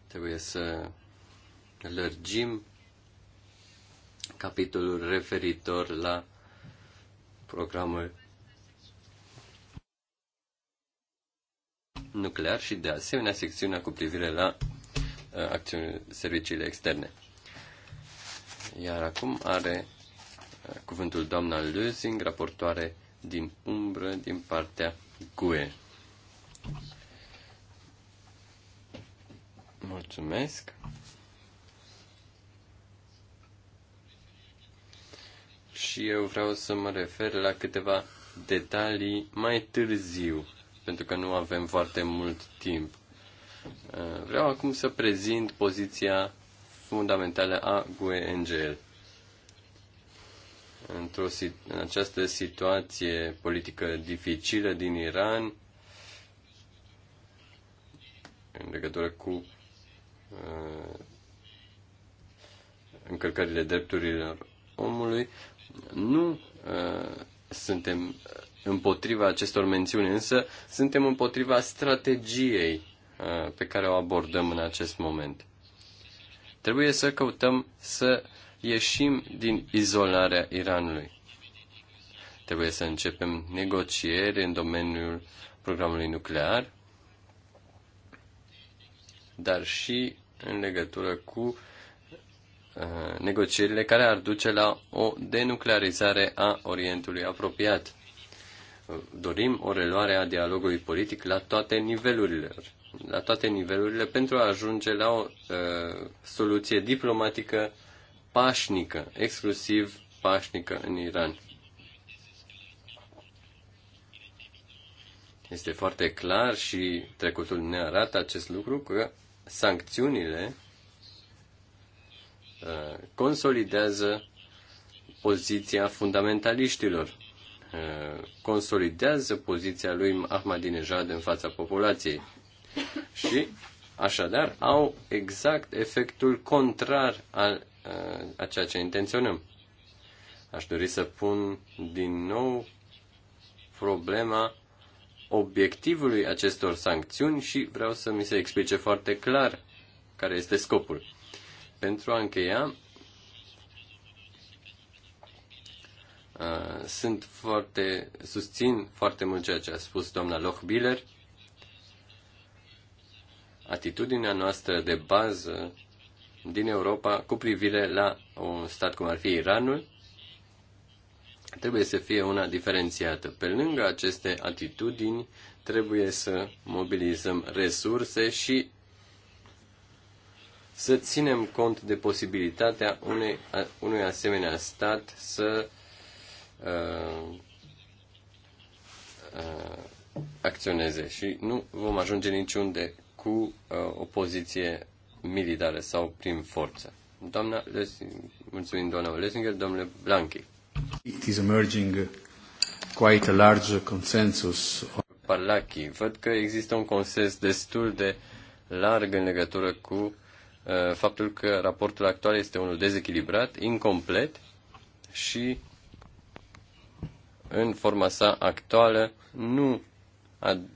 Trebuie să lărgim capitolul referitor la programul nuclear și, de asemenea, secțiunea cu privire la uh, acțiuni, serviciile externe. Iar acum are uh, cuvântul doamna Lusing, raportoare din umbră din partea GUE. Mulțumesc. Și eu vreau să mă refer la câteva detalii mai târziu pentru că nu avem foarte mult timp. Uh, vreau acum să prezint poziția fundamentală a GUE NGL. Într-o, în această situație politică dificilă din Iran, în legătură cu uh, încălcările drepturilor omului, nu uh, suntem împotriva acestor mențiuni, însă suntem împotriva strategiei uh, pe care o abordăm în acest moment. Trebuie să căutăm să ieșim din izolarea Iranului. Trebuie să începem negocieri în domeniul programului nuclear, dar și în legătură cu uh, negocierile care ar duce la o denuclearizare a Orientului apropiat dorim o reluare a dialogului politic la toate nivelurile, la toate nivelurile pentru a ajunge la o uh, soluție diplomatică pașnică, exclusiv pașnică în Iran. Este foarte clar și trecutul ne arată acest lucru că sancțiunile uh, consolidează poziția fundamentaliștilor consolidează poziția lui Ahmadinejad în fața populației. Și, așadar, au exact efectul contrar al, uh, a ceea ce intenționăm. Aș dori să pun din nou problema obiectivului acestor sancțiuni și vreau să mi se explice foarte clar care este scopul. Pentru a încheia, Uh, sunt foarte, susțin foarte mult ceea ce a spus doamna Lochbiller. Atitudinea noastră de bază din Europa cu privire la un stat cum ar fi Iranul trebuie să fie una diferențiată. Pe lângă aceste atitudini, trebuie să mobilizăm resurse și să ținem cont de posibilitatea unei, unui asemenea stat să uh, Uh, uh, acționeze și nu vom ajunge niciunde cu uh, o poziție militară sau prin forță. Doamna Lessinger, mulțumim doamna Lessinger, domnule Blanchi. It is emerging quite a large consensus. Parlachi, văd că există un consens destul de larg în legătură cu uh, faptul că raportul actual este unul dezechilibrat, incomplet și în forma sa actuală, nu,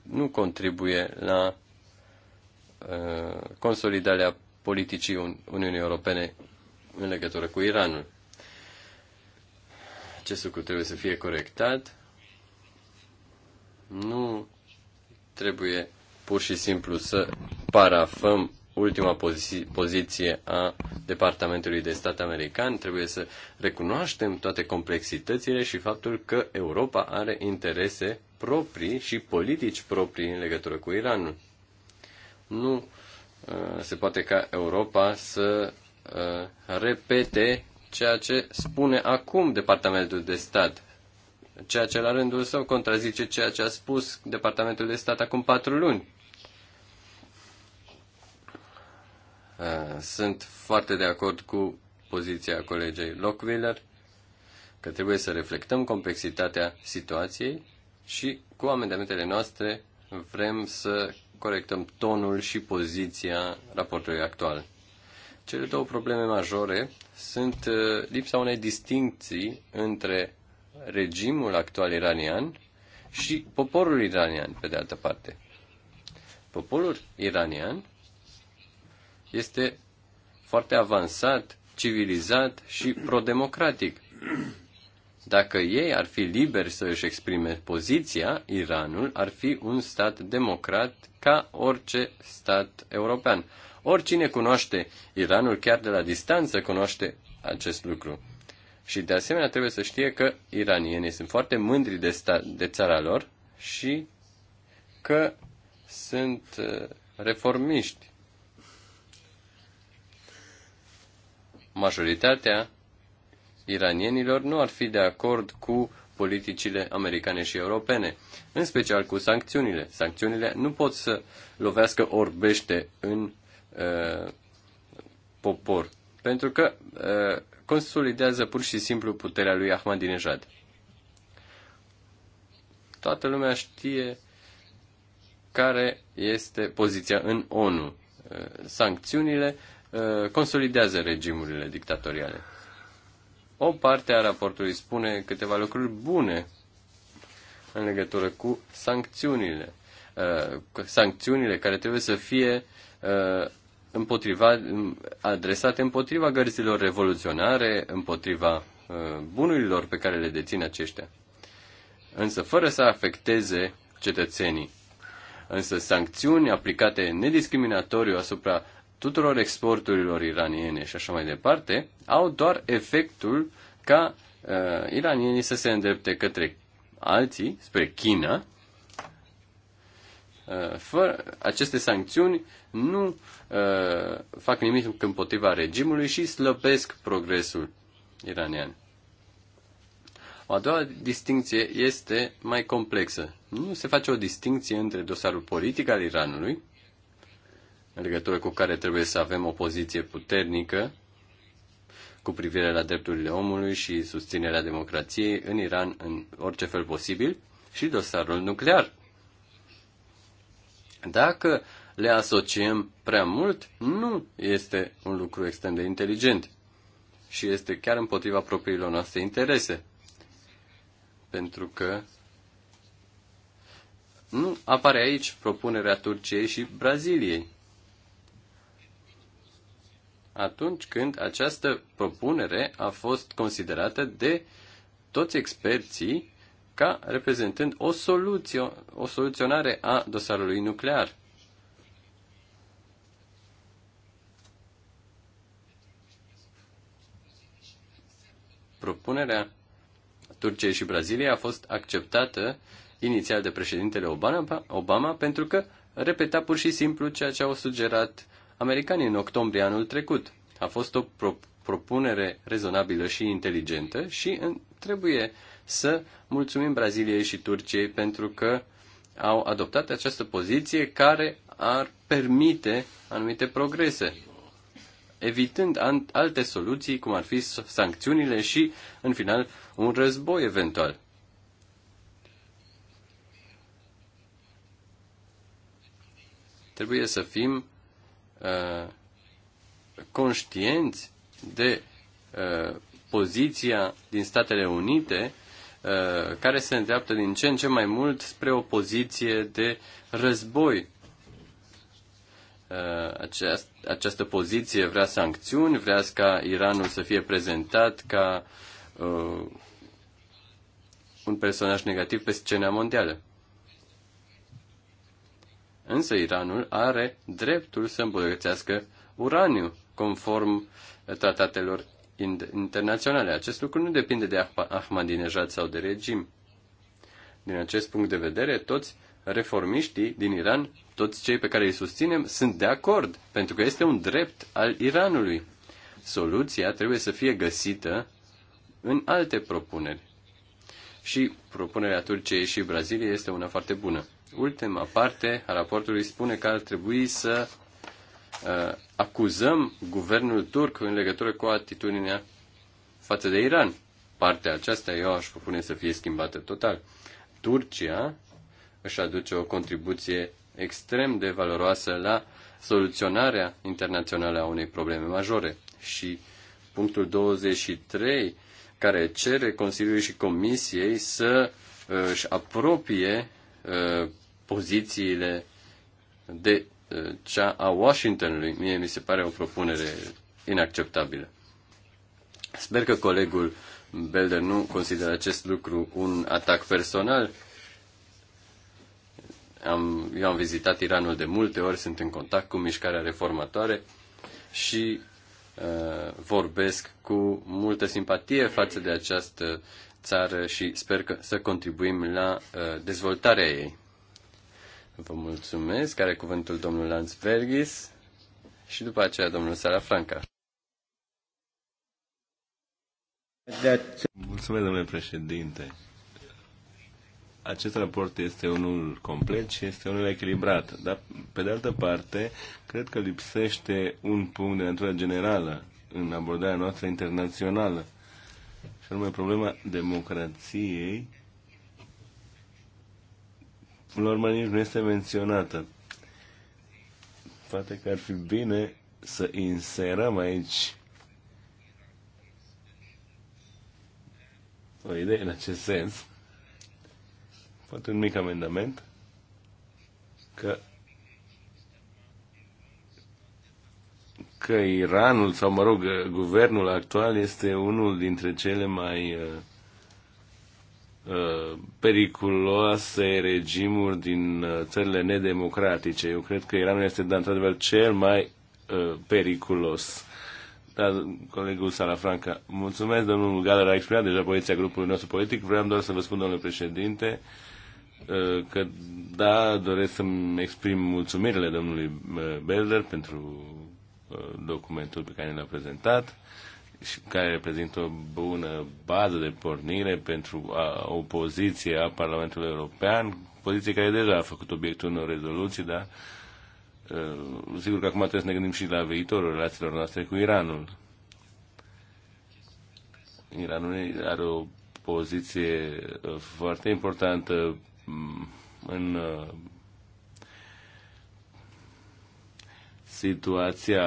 nu contribuie la uh, consolidarea politicii Uniunii Europene în legătură cu Iranul. Acest lucru trebuie să fie corectat. Nu trebuie pur și simplu să parafăm ultima pozi- poziție a Departamentului de Stat American. Trebuie să recunoaștem toate complexitățile și faptul că Europa are interese proprii și politici proprii în legătură cu Iranul. Nu uh, se poate ca Europa să uh, repete ceea ce spune acum Departamentul de Stat, ceea ce la rândul său contrazice ceea ce a spus Departamentul de Stat acum patru luni. Uh, sunt foarte de acord cu poziția colegei Lockwiller că trebuie să reflectăm complexitatea situației și cu amendamentele noastre vrem să corectăm tonul și poziția raportului actual. Cele două probleme majore sunt uh, lipsa unei distincții între regimul actual iranian și poporul iranian, pe de altă parte. Poporul iranian este foarte avansat, civilizat și prodemocratic. Dacă ei ar fi liberi să își exprime poziția, Iranul ar fi un stat democrat ca orice stat european. Oricine cunoaște Iranul chiar de la distanță cunoaște acest lucru. Și de asemenea trebuie să știe că iranienii sunt foarte mândri de, sta- de țara lor și că sunt uh, reformiști. majoritatea iranienilor nu ar fi de acord cu politicile americane și europene, în special cu sancțiunile. Sancțiunile nu pot să lovească orbește în uh, popor, pentru că uh, consolidează pur și simplu puterea lui Ahmadinejad. Toată lumea știe care este poziția în ONU. Uh, sancțiunile uh, Uh, consolidează regimurile dictatoriale. O parte a raportului spune câteva lucruri bune în legătură cu sancțiunile. Uh, sancțiunile care trebuie să fie uh, împotriva, adresate împotriva gărzilor revoluționare, împotriva bunurilor pe care le dețin aceștia. Însă fără să afecteze cetățenii. Însă sancțiuni aplicate nediscriminatoriu asupra tuturor exporturilor iraniene și așa mai departe, au doar efectul ca uh, iranienii să se îndrepte către alții, spre China, uh, fără aceste sancțiuni nu uh, fac nimic împotriva regimului și slăbesc progresul iranian. O a doua distinție este mai complexă. Nu se face o distinție între dosarul politic al Iranului în legătură cu care trebuie să avem o poziție puternică cu privire la drepturile omului și susținerea democrației în Iran în orice fel posibil și dosarul nuclear. Dacă le asociem prea mult, nu este un lucru extrem de inteligent și este chiar împotriva propriilor noastre interese. Pentru că nu apare aici propunerea Turciei și Braziliei atunci când această propunere a fost considerată de toți experții ca reprezentând o, soluție, o soluționare a dosarului nuclear. Propunerea Turciei și Braziliei a fost acceptată inițial de președintele Obama, Obama pentru că repeta pur și simplu ceea ce au sugerat americani în octombrie anul trecut. A fost o pro- propunere rezonabilă și inteligentă și trebuie să mulțumim Braziliei și Turciei pentru că au adoptat această poziție care ar permite anumite progrese, evitând alte soluții, cum ar fi sancțiunile și, în final, un război eventual. Trebuie să fim Uh, conștienți de uh, poziția din Statele Unite uh, care se îndreaptă din ce în ce mai mult spre o poziție de război. Această, această poziție vrea sancțiuni, vrea ca Iranul să fie prezentat ca uh, un personaj negativ pe scena mondială. Însă Iranul are dreptul să îmbogățească uraniu, conform tratatelor internaționale. Acest lucru nu depinde de Ahmadinejad sau de regim. Din acest punct de vedere, toți reformiștii din Iran, toți cei pe care îi susținem, sunt de acord, pentru că este un drept al Iranului. Soluția trebuie să fie găsită în alte propuneri. Și propunerea Turciei și Braziliei este una foarte bună. Ultima parte a raportului spune că ar trebui să uh, acuzăm guvernul turc în legătură cu atitudinea față de Iran. Partea aceasta eu aș propune să fie schimbată total. Turcia își aduce o contribuție extrem de valoroasă la soluționarea internațională a unei probleme majore și punctul 23 care cere Consiliului și Comisiei să uh, își apropie uh, pozițiile de uh, cea a Washingtonului. Mie mi se pare o propunere inacceptabilă. Sper că colegul Belder nu consideră acest lucru un atac personal. Am, eu am vizitat Iranul de multe ori, sunt în contact cu mișcarea reformatoare și uh, vorbesc cu multă simpatie față de această țară și sper că să contribuim la uh, dezvoltarea ei. Vă mulțumesc. Care cuvântul domnul Vergis și după aceea domnul Salafranca. Mulțumesc, domnule președinte. Acest raport este unul complet și este unul echilibrat, dar, pe de altă parte, cred că lipsește un punct de natură generală în abordarea noastră internațională, și anume problema democrației până la urmă nici nu este menționată. Poate că ar fi bine să inserăm aici o idee în acest sens, poate un mic amendament, că că Iranul, sau mă rog, guvernul actual este unul dintre cele mai uh, Uh, periculoase regimuri din uh, țările nedemocratice. Eu cred că Iranul este, da, într-adevăr, cel mai uh, periculos. Da, colegul Salafranca, mulțumesc, domnul Galer a exprimat deja poziția grupului nostru politic. Vreau doar să vă spun, domnule președinte, uh, că da, doresc să-mi exprim mulțumirile domnului Belder pentru documentul pe care l-a prezentat și care reprezintă o bună bază de pornire pentru a, o poziție a Parlamentului European, poziție care deja a făcut obiectul unor rezoluții, dar uh, sigur că acum trebuie să ne gândim și la viitorul relațiilor noastre cu Iranul. Iranul are o poziție uh, foarte importantă mm, în uh, situația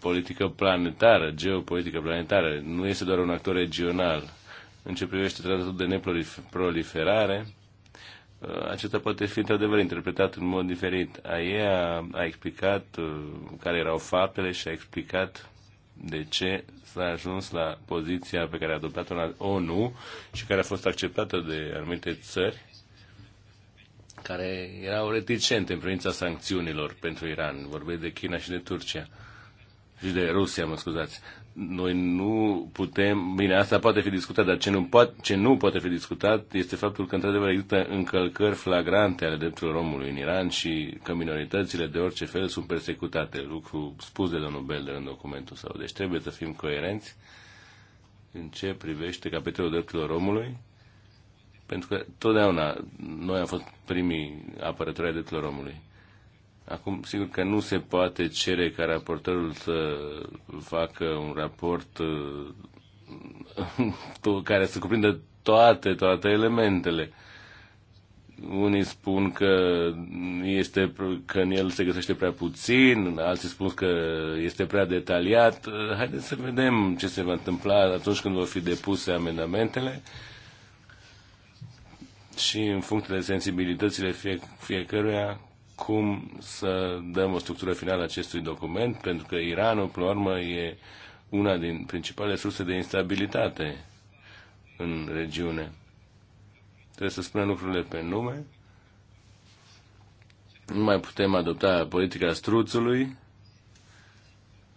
politică planetară, geopolitică planetară. Nu este doar un actor regional. În ce privește tratatul de neproliferare, uh, acesta poate fi într-adevăr interpretat în mod diferit. A a explicat uh, care erau faptele și a explicat de ce s-a ajuns la poziția pe care a adoptat-o la ONU și care a fost acceptată de anumite țări care erau reticente în privința sancțiunilor pentru Iran. Vorbesc de China și de Turcia și de Rusia, mă scuzați. Noi nu putem, bine, asta poate fi discutat, dar ce nu, poate, ce nu poate fi discutat este faptul că, într-adevăr, există încălcări flagrante ale drepturilor omului în Iran și că minoritățile de orice fel sunt persecutate, lucru spus de domnul Belder în documentul său. Deci trebuie să fim coerenți în ce privește capitolul drepturilor omului, pentru că totdeauna noi am fost primii apărători ai drepturilor omului. Acum, sigur că nu se poate cere ca raportorul să facă un raport uh, care să cuprindă toate, toate elementele. Unii spun că, este, că în el se găsește prea puțin, alții spun că este prea detaliat. Uh, haideți să vedem ce se va întâmpla atunci când vor fi depuse amendamentele și în funcție de sensibilitățile fie, fiecăruia cum să dăm o structură finală acestui document, pentru că Iranul, până la urmă, e una din principalele surse de instabilitate în regiune. Trebuie să spunem lucrurile pe nume. Nu mai putem adopta politica struțului.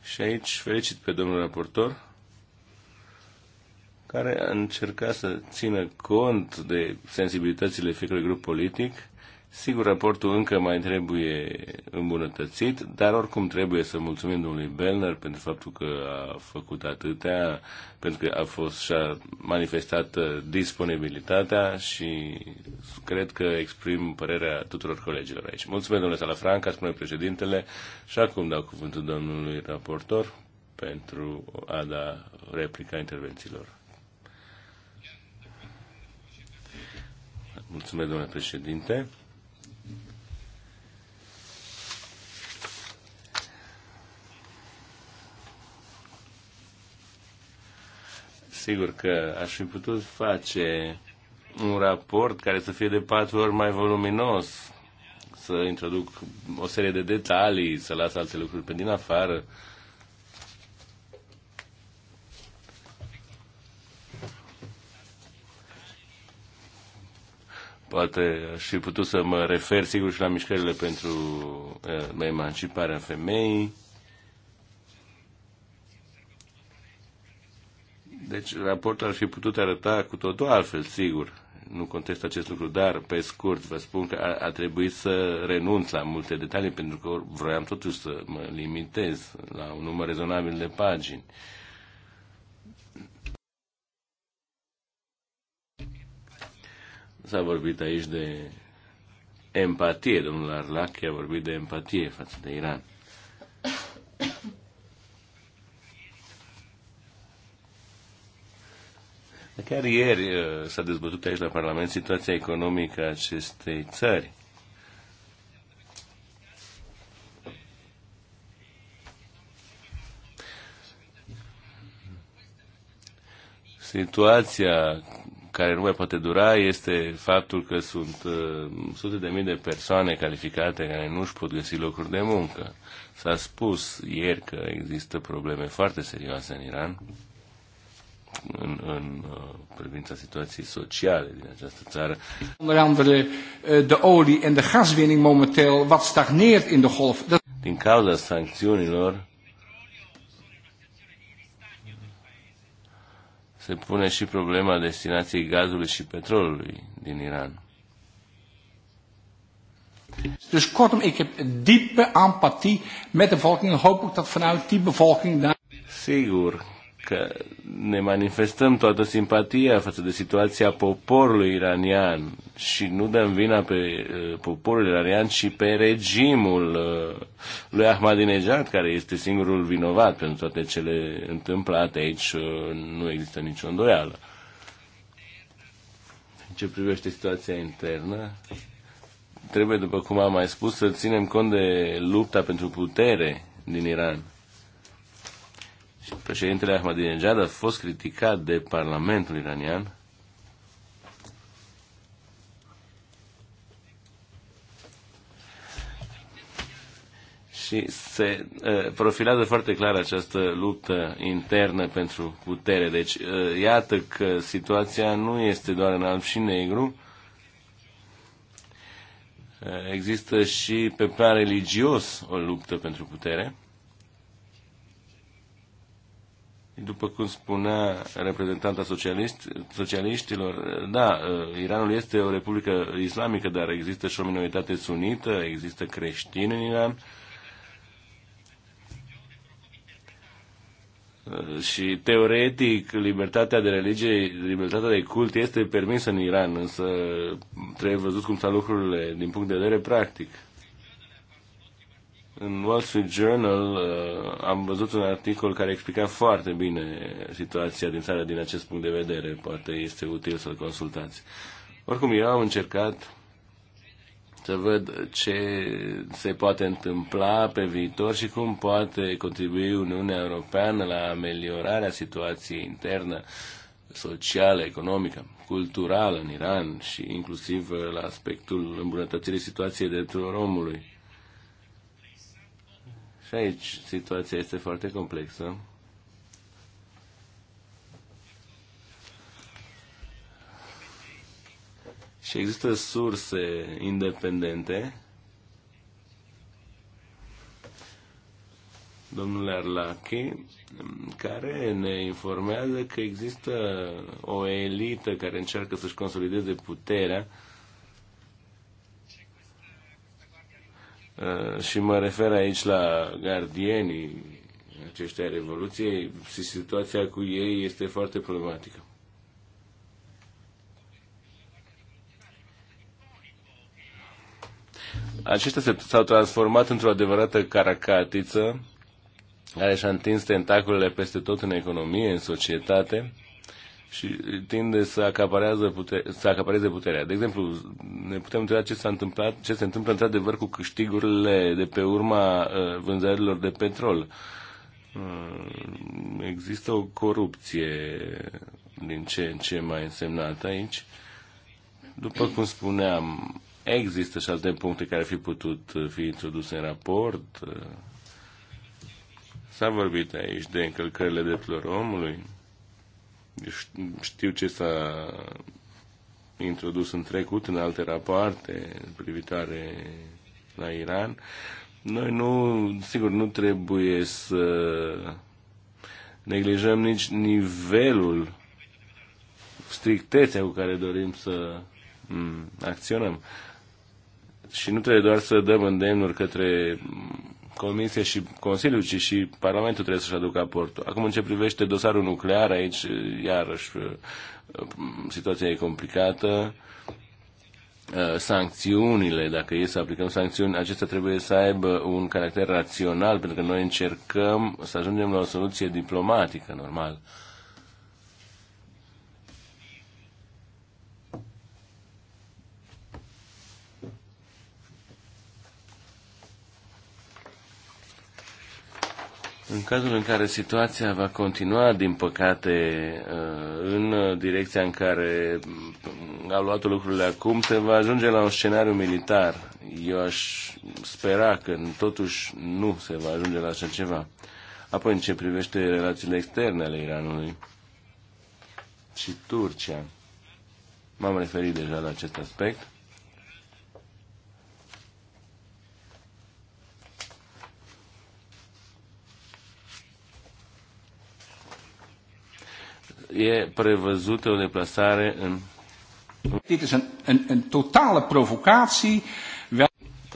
Și aici felicit pe domnul raportor, care a încercat să țină cont de sensibilitățile fiecărui grup politic Sigur, raportul încă mai trebuie îmbunătățit, dar oricum trebuie să mulțumim domnului Belner pentru faptul că a făcut atâtea, pentru că a fost și-a manifestat uh, disponibilitatea și cred că exprim părerea tuturor colegilor aici. Mulțumesc, domnule Salafranca, spune președintele, și acum dau cuvântul domnului raportor pentru a da replica intervențiilor. Mulțumesc, domnule președinte. Sigur că aș fi putut face un raport care să fie de patru ori mai voluminos, să introduc o serie de detalii, să las alte lucruri pe din afară. Poate aș fi putut să mă refer, sigur, și la mișcările pentru eh, emanciparea femeii. Deci raportul ar fi putut arăta cu totul altfel, sigur. Nu contest acest lucru, dar pe scurt vă spun că a, a trebuit să renunț la multe detalii pentru că vroiam totuși să mă limitez la un număr rezonabil de pagini. S-a vorbit aici de empatie, domnul Arlac, a vorbit de empatie față de Iran. Chiar ieri uh, s-a dezbătut aici la Parlament situația economică a acestei țări. Situația care nu mai poate dura este faptul că sunt uh, sute de mii de persoane calificate care nu își pot găsi locuri de muncă. S-a spus ieri că există probleme foarte serioase în Iran în, în uh, privința situației sociale din această țară. Onder andere eh, de olie en de gaswinning momenteel wat stagneert in de golf. Din cauza sancțiunilor se pune și problema destinației gazului și petrolului din Iran. Dus kortom, ik heb diepe empathie met de bevolking en hoop ook dat vanuit die bevolking daar... Sigur că ne manifestăm toată simpatia față de situația poporului iranian și nu dăm vina pe uh, poporul iranian, ci pe regimul uh, lui Ahmadinejad, care este singurul vinovat pentru toate cele întâmplate aici, uh, nu există nicio îndoială. În ce privește situația internă, trebuie, după cum am mai spus, să ținem cont de lupta pentru putere din Iran Președintele Ahmadinejad a fost criticat de Parlamentul iranian și se uh, profilează foarte clar această luptă internă pentru putere. Deci, uh, iată că situația nu este doar în alb și negru, uh, există și pe plan religios o luptă pentru putere. După cum spunea reprezentanta socialist, socialiștilor, da, Iranul este o republică islamică, dar există și o minoritate sunită, există creștini în Iran. Și teoretic, libertatea de religie, libertatea de cult este permisă în Iran, însă trebuie văzut cum stau lucrurile din punct de vedere practic. În Wall Street Journal uh, am văzut un articol care explica foarte bine situația din țară din acest punct de vedere. Poate este util să-l consultați. Oricum, eu am încercat să văd ce se poate întâmpla pe viitor și cum poate contribui Uniunea Europeană la ameliorarea situației internă, socială, economică, culturală în Iran și inclusiv la aspectul îmbunătățirii situației drepturilor omului. Și aici situația este foarte complexă. Și există surse independente. Domnule Arlachi, care ne informează că există o elită care încearcă să-și consolideze puterea Uh, și mă refer aici la gardienii aceștia Revoluției și situația cu ei este foarte problematică. Aceștia s-au transformat într-o adevărată caracatiță care și-a întins tentaculele peste tot în economie, în societate și tinde să, acaparează putere, să acapareze puterea. De exemplu, ne putem întreba ce, s-a întâmplat, ce se întâmplă într-adevăr cu câștigurile de pe urma uh, vânzărilor de petrol. Uh, există o corupție din ce în ce mai însemnată aici. După cum spuneam, există și alte puncte care ar fi putut uh, fi introduse în raport. S-a vorbit aici de încălcările drepturilor omului știu ce s-a introdus în trecut, în alte rapoarte privitoare la Iran. Noi nu, sigur, nu trebuie să neglijăm nici nivelul, strictețea cu care dorim să acționăm. Și nu trebuie doar să dăm îndemnuri către Comisie și Consiliul, ci și Parlamentul trebuie să-și aducă aportul. Acum, în ce privește dosarul nuclear, aici, iarăși, uh, situația e complicată. Uh, sancțiunile, dacă e să aplicăm sancțiuni, acestea trebuie să aibă un caracter rațional, pentru că noi încercăm să ajungem la o soluție diplomatică, normal. Uh, În cazul în care situația va continua, din păcate, uh, în direcția în care mm, au luat lucrurile acum, se va ajunge la un scenariu militar. Eu aș spera că totuși nu se va ajunge la așa ceva. Apoi, în ce privește relațiile externe ale Iranului și Turcia, m-am referit deja la acest aspect. e prevăzută o deplasare în... Dit is een, een, een totale provocatie.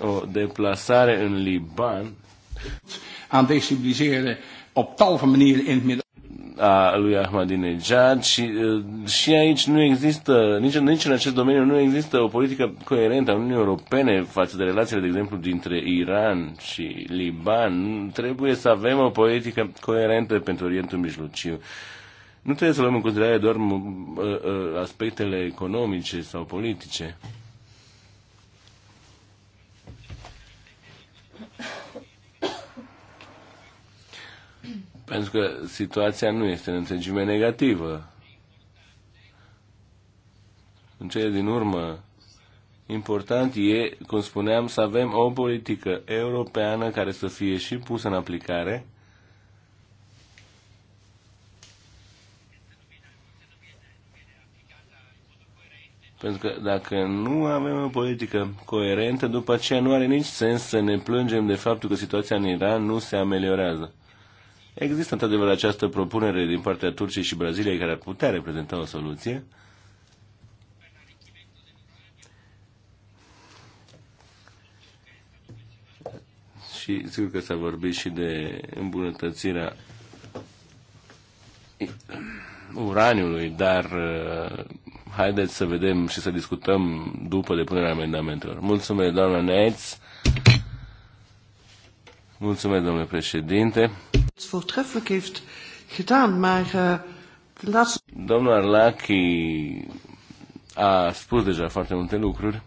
O deplasare în Liban. Aan destabiliseren op tal van manieren in het Midden a lui Ahmadinejad și, eh, și aici nu există, nici, nici în acest domeniu nu există o politică coerentă a Uniunii Europene față de relațiile, de exemplu, dintre Iran și Liban. Trebuie să avem o politică coerentă pentru Orientul Mijlociu. Nu trebuie să luăm în considerare doar uh, uh, aspectele economice sau politice. Pentru că situația nu este în întregime negativă. În cele din urmă, important e, cum spuneam, să avem o politică europeană care să fie și pusă în aplicare Pentru că dacă nu avem o politică coerentă, după aceea nu are nici sens să ne plângem de faptul că situația în Iran nu se ameliorează. Există într-adevăr această propunere din partea Turciei și Braziliei care ar putea reprezenta o soluție. Și sigur că s-a vorbit și de îmbunătățirea uraniului, dar uh, haideți să vedem și să discutăm după depunerea amendamentelor. Mulțumesc, doamna Neitz. Mulțumesc, domnule președinte. Eh, Domnul Arlachi a spus deja foarte multe lucruri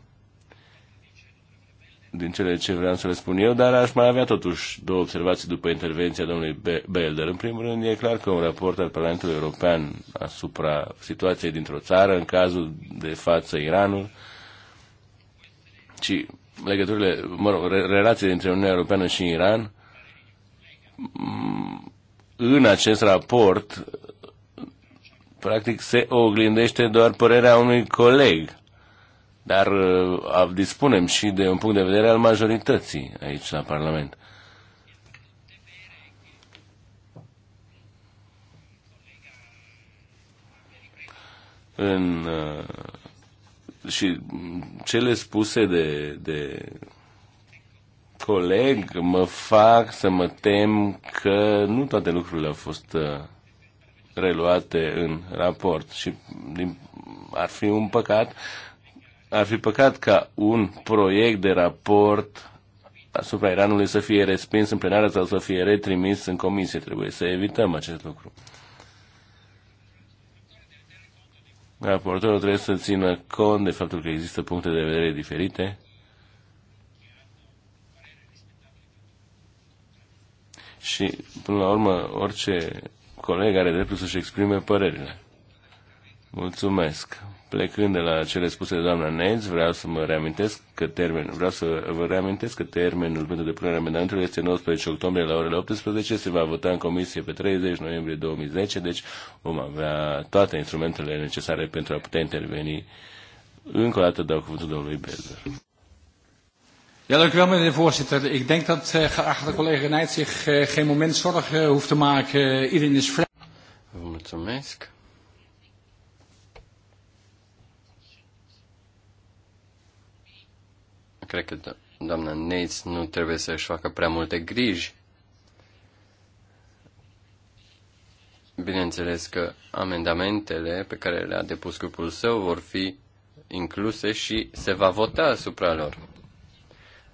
din cele ce vreau să le spun eu, dar aș mai avea totuși două observații după intervenția domnului Belder. În primul rând, e clar că un raport al Parlamentului European asupra situației dintr-o țară, în cazul de față Iranul, și legăturile, mă rog, relațiile dintre Uniunea Europeană și Iran, în acest raport, practic, se oglindește doar părerea unui coleg dar uh, dispunem și de un punct de vedere al majorității aici la Parlament. În, uh, și cele spuse de, de coleg mă fac să mă tem că nu toate lucrurile au fost uh, reluate în raport și ar fi un păcat ar fi păcat ca un proiect de raport asupra Iranului să fie respins în plenară sau să fie retrimis în comisie. Trebuie să evităm acest lucru. Raportorul trebuie să țină cont de faptul că există puncte de vedere diferite și, până la urmă, orice coleg are dreptul să-și exprime părerile. Mulțumesc. Plecând de la cele spuse de doamna Nez, vreau să mă reamintesc că termenul, vreau să vă reamintesc că termenul pentru depunerea amendamentelor este 19 octombrie la orele 18, se va vota în comisie pe 30 noiembrie 2010, deci vom avea toate instrumentele necesare pentru a putea interveni. Încă o dată dau cuvântul domnului Bezer. Ja, dank u wel, meneer de voorzitter. Ik denk dat uh, geachte collega Nijt zich uh, geen moment zorgen uh, hoeft te maken. Iedereen is vrij. Mulțumesc. Cred că doamna Neitz nu trebuie să-și facă prea multe griji. Bineînțeles că amendamentele pe care le-a depus grupul său vor fi incluse și se va vota asupra lor.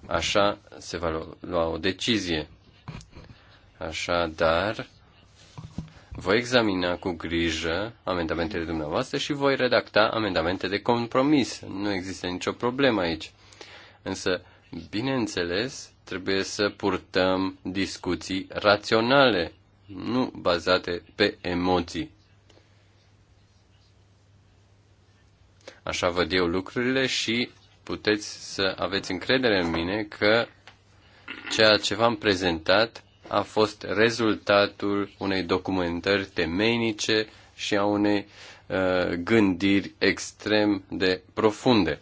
Așa se va lua o decizie. Așa, dar voi examina cu grijă amendamentele dumneavoastră și voi redacta amendamente de compromis. Nu există nicio problemă aici. Însă, bineînțeles, trebuie să purtăm discuții raționale, nu bazate pe emoții. Așa văd eu lucrurile și puteți să aveți încredere în mine că ceea ce v-am prezentat a fost rezultatul unei documentări temeinice și a unei uh, gândiri extrem de profunde.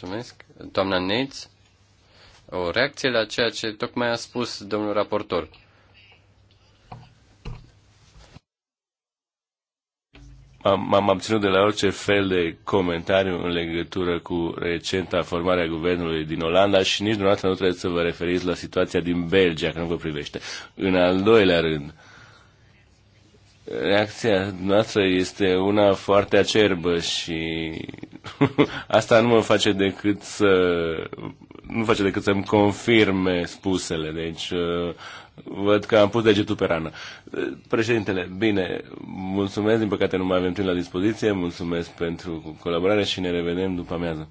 Mulțumesc. Doamna Neitz, o reacție la ceea ce tocmai a spus domnul raportor. M-am abținut de la orice fel de comentariu în legătură cu recenta formare a guvernului din Olanda și nici dumneavoastră nu trebuie să vă referiți la situația din Belgia, că nu vă privește. În al doilea rând, uh, reacția noastră este una foarte acerbă și asta nu mă face decât să nu face decât să-mi confirme spusele. Deci uh, văd că am pus degetul pe rană. Președintele, bine, mulțumesc, din păcate nu mai avem timp la dispoziție, mulțumesc pentru colaborare și ne revedem după amiază.